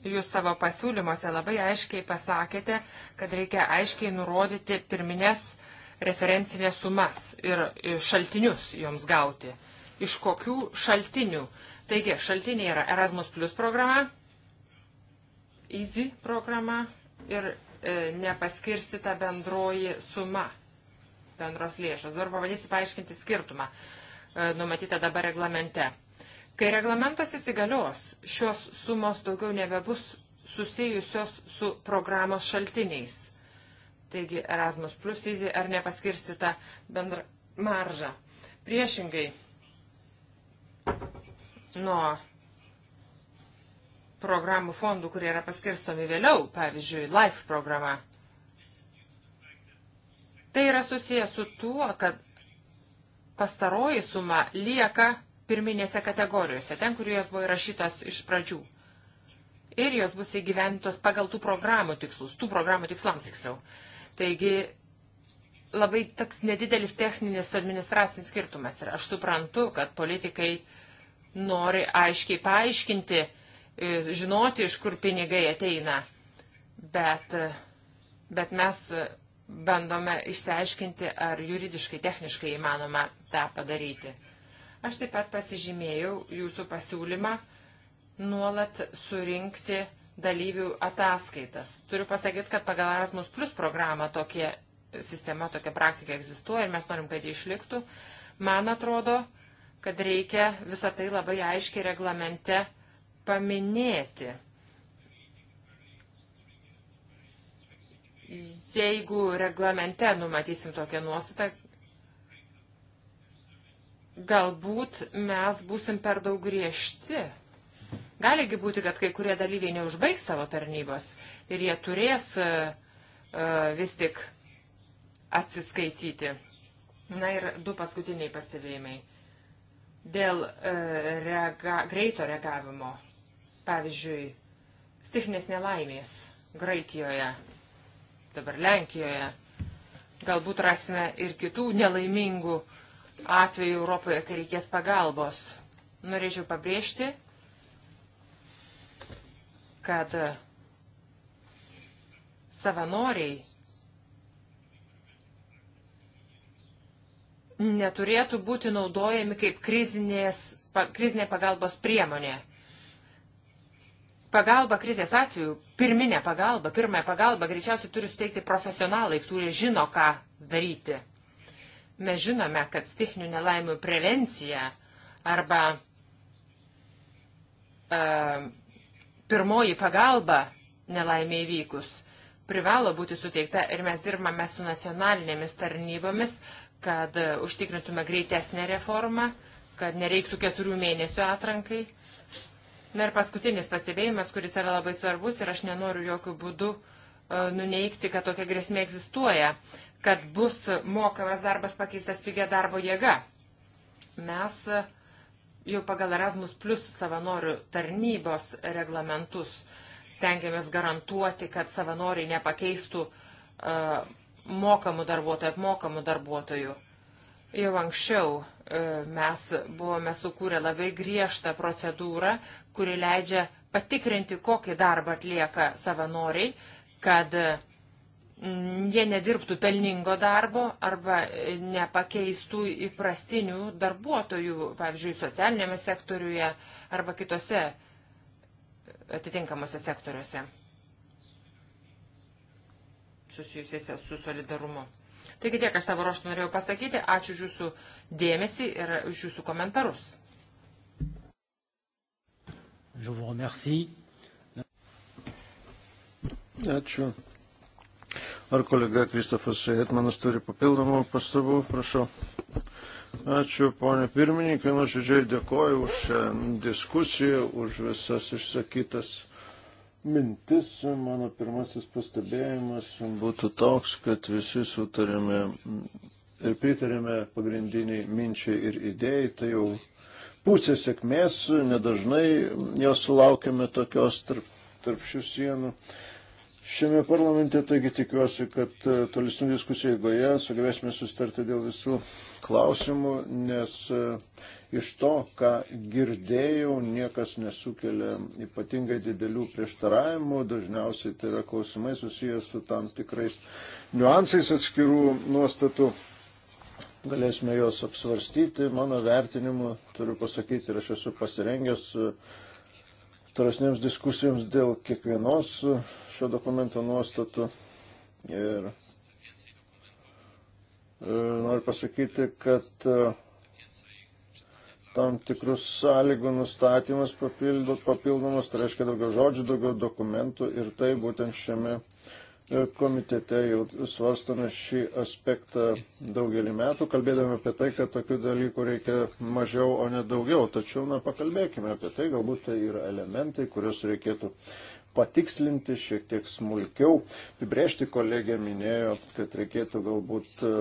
Jūs savo pasiūlymuose labai aiškiai pasakėte, kad reikia aiškiai nurodyti pirminės referencinės sumas ir šaltinius joms gauti. Iš kokių šaltinių? Taigi, šaltiniai yra Erasmus Plus programa, Easy programa ir e, nepaskirstita bendroji suma, bendros lėšos. Dabar pabandysiu paaiškinti skirtumą e, numatytą dabar reglamente Kai reglamentas įsigalios, šios sumos daugiau nebebus susijusios su programos šaltiniais. Taigi Erasmus plus įzį ar nepaskirstita bendra marža. Priešingai, nuo programų fondų, kurie yra paskirstomi vėliau, pavyzdžiui, LIFE programa. Tai yra susijęs su tuo, kad pastaroji suma lieka pirminėse kategorijose, ten, kur jos buvo įrašytos iš pradžių. Ir jos bus įgyventos pagal tų programų tikslus, tų programų tikslams tiksliau. Taigi labai toks nedidelis techninis administracinis skirtumas. Ir aš suprantu, kad politikai nori aiškiai paaiškinti, e, žinoti, iš kur pinigai ateina. Bet, e, bet mes e, bandome išsiaiškinti, ar juridiškai, techniškai įmanoma tą padaryti. Aš taip pat pasižymėjau jūsų pasiūlymą nuolat surinkti dalyvių ataskaitas. Turiu pasakyti, kad pagal Erasmus Plus programą tokie sistema, tokia praktika egzistuoja ir mes norim, kad ji išliktų. Man atrodo, kad reikia visą tai labai aiškiai reglamente paminėti. Jeigu reglamente numatysim tokią nuostatą, galbūt mes būsim per daug griežti. Galigi būti, kad kai kurie dalyviai neužbaigs savo tarnybos ir jie turės uh, vis tik atsiskaityti. Na ir du paskutiniai pastebėjimai. Dėl uh, rega, greito reagavimo, pavyzdžiui, stichinės nelaimės Graikijoje, dabar Lenkijoje, galbūt rasime ir kitų nelaimingų uh, atvejų Europoje, kai reikės pagalbos. Norėčiau pabrėžti, kad savanoriai neturėtų būti naudojami kaip krizinės, pa, krizinė pagalbos priemonė. Pagalba krizės atveju, pirminė pagalba, pirmąją pagalbą greičiausiai turi suteikti profesionalai, kurie žino, ką daryti. Mes žinome, kad stichinių nelaimių prevencija arba uh, pirmoji pagalba nelaimė įvykus privalo būti suteikta ir mes dirbame su nacionalinėmis tarnybomis, kad e, užtikrintume greitesnę reformą, kad nereiktų keturių mėnesių atrankai. Na ir paskutinis pastebėjimas, kuris yra labai svarbus ir aš nenoriu jokių būdų e, nuneikti, kad tokia grėsmė egzistuoja kad bus mokamas darbas pakeistas pigia darbo jėga. Mes jau pagal Erasmus Plus savanorių tarnybos reglamentus stengiamės garantuoti, kad savanoriai nepakeistų uh, mokamų darbuotojų, apmokamų darbuotojų. Jau anksčiau uh, mes buvome sukūrę labai griežtą procedūrą, kuri leidžia patikrinti, kokį darbą atlieka savanoriai, kad uh, Mm, jie nedirbtų pelningo darbo arba e, nepakeistų įprastinių darbuotojų, pavyzdžiui, socialinėme sektoriuje arba kitose e, atitinkamose sektoriuose susijusiuose su solidarumu. Taigi tiek aš savo ruoštų norėjau pasakyti. Ačiū už jūsų dėmesį ir už jūsų komentarus. Ačiū. Ar kolega Kristofas Hetmanas turi papildomų pastabų? Prašau. Ačiū, ponė pirmininkai, nuoširdžiai dėkoju už diskusiją, už visas išsakytas mintis. Mano pirmasis pastebėjimas būtų toks, kad visi sutarėme ir pritarėme pagrindiniai minčiai ir idėjai. Tai jau pusė sėkmės, nedažnai jos sulaukėme tokios tarp, tarp šių sienų šiame parlamente, taigi tikiuosi, kad e, tolesnių diskusijų eigoje sugebėsime sustarti dėl visų klausimų, nes e, iš to, ką girdėjau, niekas nesukelia ypatingai didelių prieštaravimų, dažniausiai tai yra klausimai susijęs su tam tikrais niuansais atskirų nuostatų. Galėsime juos apsvarstyti, mano vertinimu, turiu pasakyti, ir aš esu pasirengęs uh, tolesnėms diskusijoms dėl kiekvienos šio dokumento nuostatų. Ir e, noriu pasakyti, kad e, tam tikrus sąlygų nustatymas papildomas, tai reiškia daugiau žodžių, daugiau dokumentų ir tai būtent šiame komitete jau svarstame šį aspektą daugelį metų, kalbėdami apie tai, kad tokių dalykų reikia mažiau, o ne daugiau. Tačiau, na, pakalbėkime apie tai, galbūt tai yra elementai, kuriuos reikėtų patikslinti šiek tiek smulkiau. Apibrėžti kolegė minėjo, kad reikėtų galbūt e,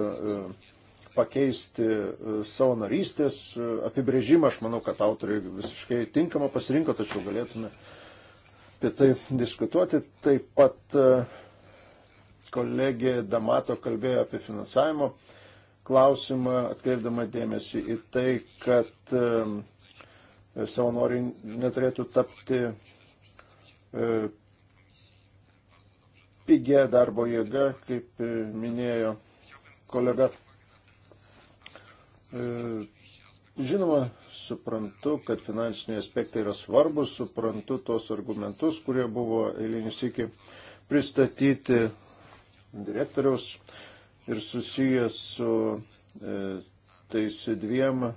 pakeisti e, savo narystės e, apibrėžimą. Aš manau, kad autoriai visiškai tinkamą pasirinko, tačiau galėtume apie tai diskutuoti. Taip pat uh, kolegė Damato kalbėjo apie finansavimo klausimą, atkreipdama dėmesį į tai, kad e, savanoriai neturėtų tapti e, pigia darbo jėga, kaip e, minėjo kolega. Žinoma, suprantu, kad finansiniai aspektai yra svarbus, suprantu tos argumentus, kurie buvo eilinį sėki pristatyti direktoriaus ir susijęs su e, tais dviem e,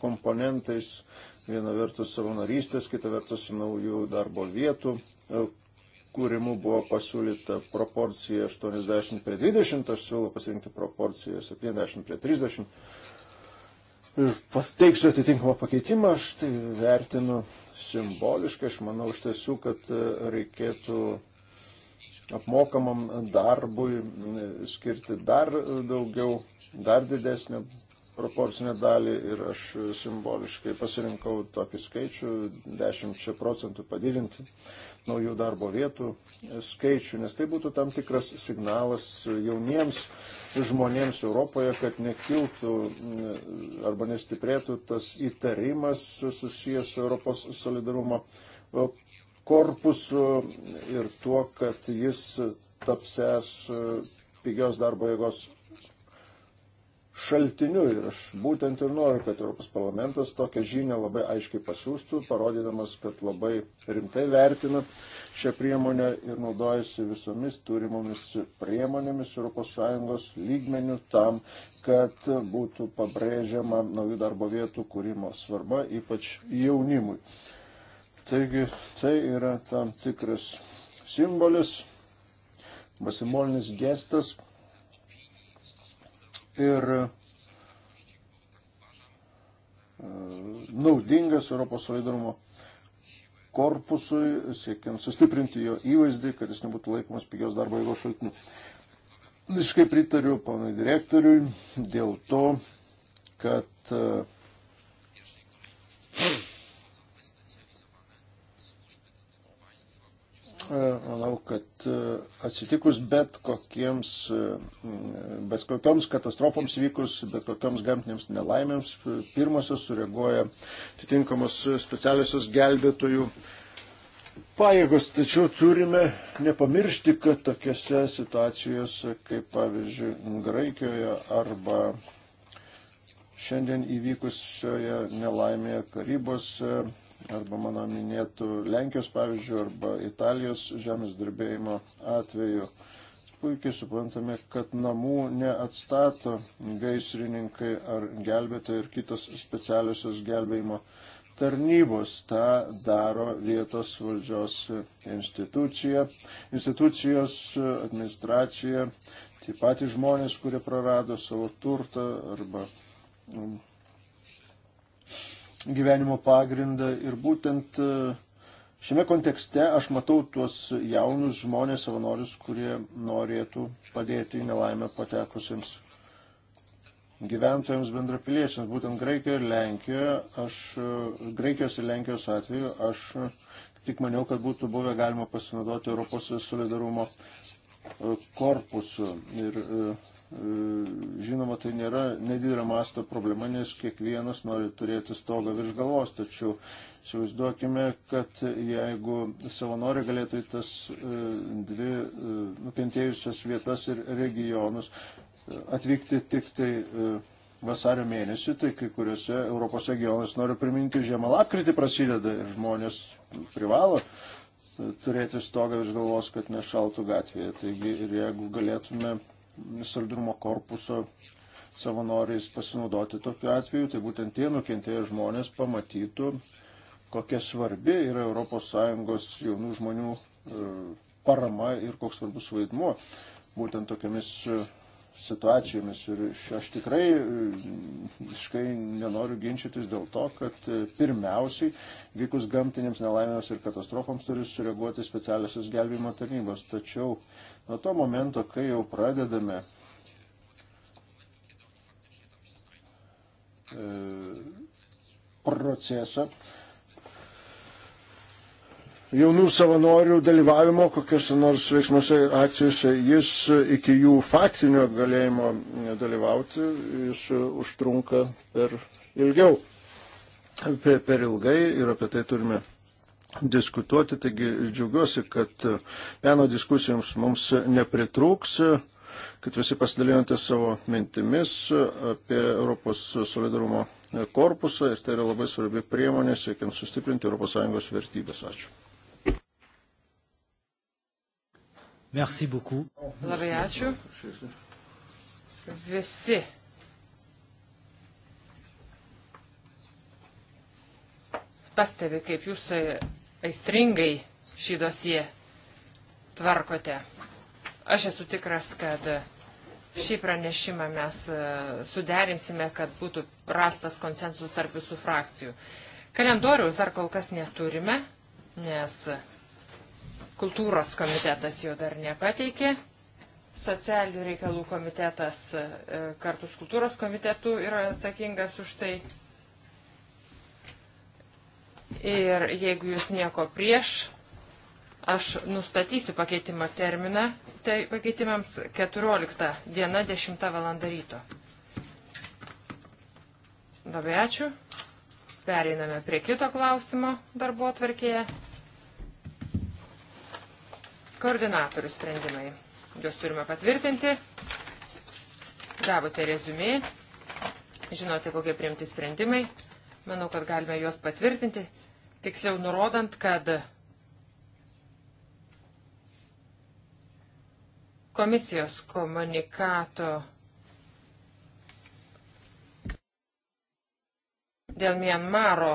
komponentais, viena vertus savanorystės, kita vertus naujų darbo vietų e, kūrimu buvo pasiūlyta proporcija 80 prie 20, aš siūlau pasirinkti proporciją 70 prie 30. Ir pateiksiu atitinkamą pakeitimą, aš tai vertinu simboliškai, aš manau iš tiesų, kad e, reikėtų apmokamam darbui skirti dar daugiau, dar didesnį proporcinę dalį ir aš simboliškai pasirinkau tokį skaičių 10 procentų padidinti naujų darbo vietų skaičių, nes tai būtų tam tikras signalas jauniems žmonėms Europoje, kad nekiltų arba nestiprėtų tas įtarimas susijęs su Europos solidarumo korpusu ir tuo, kad jis tapsęs pigios darbo jėgos šaltiniu. Ir aš būtent ir noriu, kad Europos parlamentas tokią žinią labai aiškiai pasiūstų, parodydamas, kad labai rimtai vertina šią priemonę ir naudojasi visomis turimomis priemonėmis ES lygmenių tam, kad būtų pabrėžiama naujų darbo vietų kūrimo svarba, ypač jaunimui. Taigi tai yra tam tikras simbolis, basimolinis gestas ir e, naudingas Europos solidarumo korpusui, siekiant sustiprinti jo įvaizdį, kad jis nebūtų laikomas pigios darbo jėgos šaltiniu. Visiškai pritariu panui direktoriui dėl to, kad uh, E, manau, kad e, atsitikus bet, kokiems, e, bet kokioms katastrofoms vykus, bet kokioms gamtinėms nelaimėms, pirmosios sureaguoja atitinkamos specialiosios gelbėtojų pajėgos. Tačiau turime nepamiršti, kad tokiuose situacijose, kaip pavyzdžiui, Graikijoje arba šiandien įvykusioje nelaimėje Karybose, arba mano minėtų Lenkijos pavyzdžių arba Italijos žemės darbėjimo atveju. Puikiai suprantame, kad namų neatstato gaisrininkai ar gelbėtojai ir kitos specialiosios gelbėjimo tarnybos. Ta daro vietos valdžios institucija, institucijos, administracija, tie patys žmonės, kurie prarado savo turtą arba gyvenimo pagrindą ir būtent e, šiame kontekste aš matau tuos jaunus žmonės savanorius, kurie norėtų padėti į nelaimę patekusiems gyventojams bendrapiliečiams, būtent Graikijoje ir Lenkijoje, aš, e, Graikijos ir Lenkijos atveju, aš tik maniau, kad būtų buvę galima pasinaudoti Europos solidarumo e, korpusu ir Žinoma, tai nėra nedidelio masto problema, nes kiekvienas nori turėti stogą virš galvos, tačiau įsivaizduokime, kad jeigu savanori galėtų į tas e, dvi e, nukentėjusias vietas ir regionus e, atvykti tik tai vasario mėnesį, tai kai kuriuose Europos regionuose, noriu priminti, žiemą lapkritį prasideda ir žmonės privalo turėti stogą virš galvos, kad nešaltų gatvėje. Taigi ir jeigu galėtume solidarumo korpuso savanoriais pasinaudoti tokiu atveju, tai būtent tie nukentėję žmonės pamatytų, kokia svarbi yra ES jaunų žmonių e, parama ir koks svarbus vaidmuo būtent tokiamis e, situacijomis. Ir aš tikrai mm, visiškai nenoriu ginčytis dėl to, kad e, pirmiausiai vykus gamtinėms nelaimėms ir katastrofams turi sureaguoti specialiosios gelbėjimo tarnybos. Tačiau nuo to momento, kai jau pradedame e, procesą, jaunų savanorių dalyvavimo kokiuose nors veiksmuose ir akcijose, jis e, iki jų faktinio galėjimo e, dalyvauti, jis e, užtrunka per ilgiau, per, per ilgai ir apie tai turime diskutuoti. Taigi džiaugiuosi, kad meno diskusijoms mums nepritrūks kad visi pasidalinote savo mintimis apie Europos solidarumo korpusą ir tai yra labai svarbi priemonė, siekiant sustiprinti ES vertybės. Ačiū. Merci beaucoup. Labai ačiū. Visi. Pastebi, kaip jūs aistringai šį dosiją tvarkote. Aš esu tikras, kad šį pranešimą mes e, suderinsime, kad būtų rastas konsensus tarp visų frakcijų. Kalendoriaus dar kol kas neturime, nes Kultūros komitetas jo dar nepateikė. Socialinių reikalų komitetas e, kartu su kultūros komitetu yra atsakingas už tai. Ir jeigu jūs nieko prieš, aš nustatysiu pakeitimo terminą tai pakeitimams 14 diena 10 val. ryto. Labai ačiū. Pereiname prie kito klausimo darbo atvarkėje. Koordinatorių sprendimai. Juos turime patvirtinti. Gavote rezumė. Žinote, kokie priimti sprendimai. Manau, kad galime juos patvirtinti. Tiksliau nurodant, kad komisijos komunikato dėl Mianmaro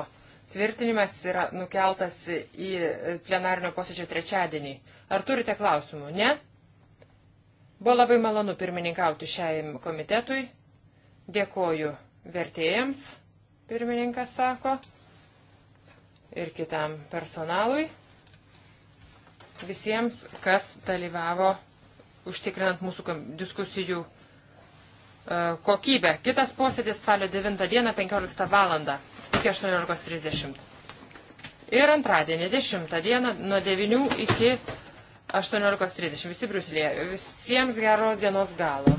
tvirtinimas yra nukeltas į plenarnio posėdžio trečiadienį. Ar turite klausimų? Ne? Buvo labai malonu pirmininkauti šiam komitetui. Dėkoju vertėjams, pirmininkas sako, ir kitam personalui, visiems, kas dalyvavo užtikrinant mūsų diskusijų e, kokybę. Kitas posėdis spalio 9 dieną 15 val. iki 18.30. Ir antradienį 10 dieną nuo 9 iki 18.30. Visi Bruselėje. Visiems gero dienos galo.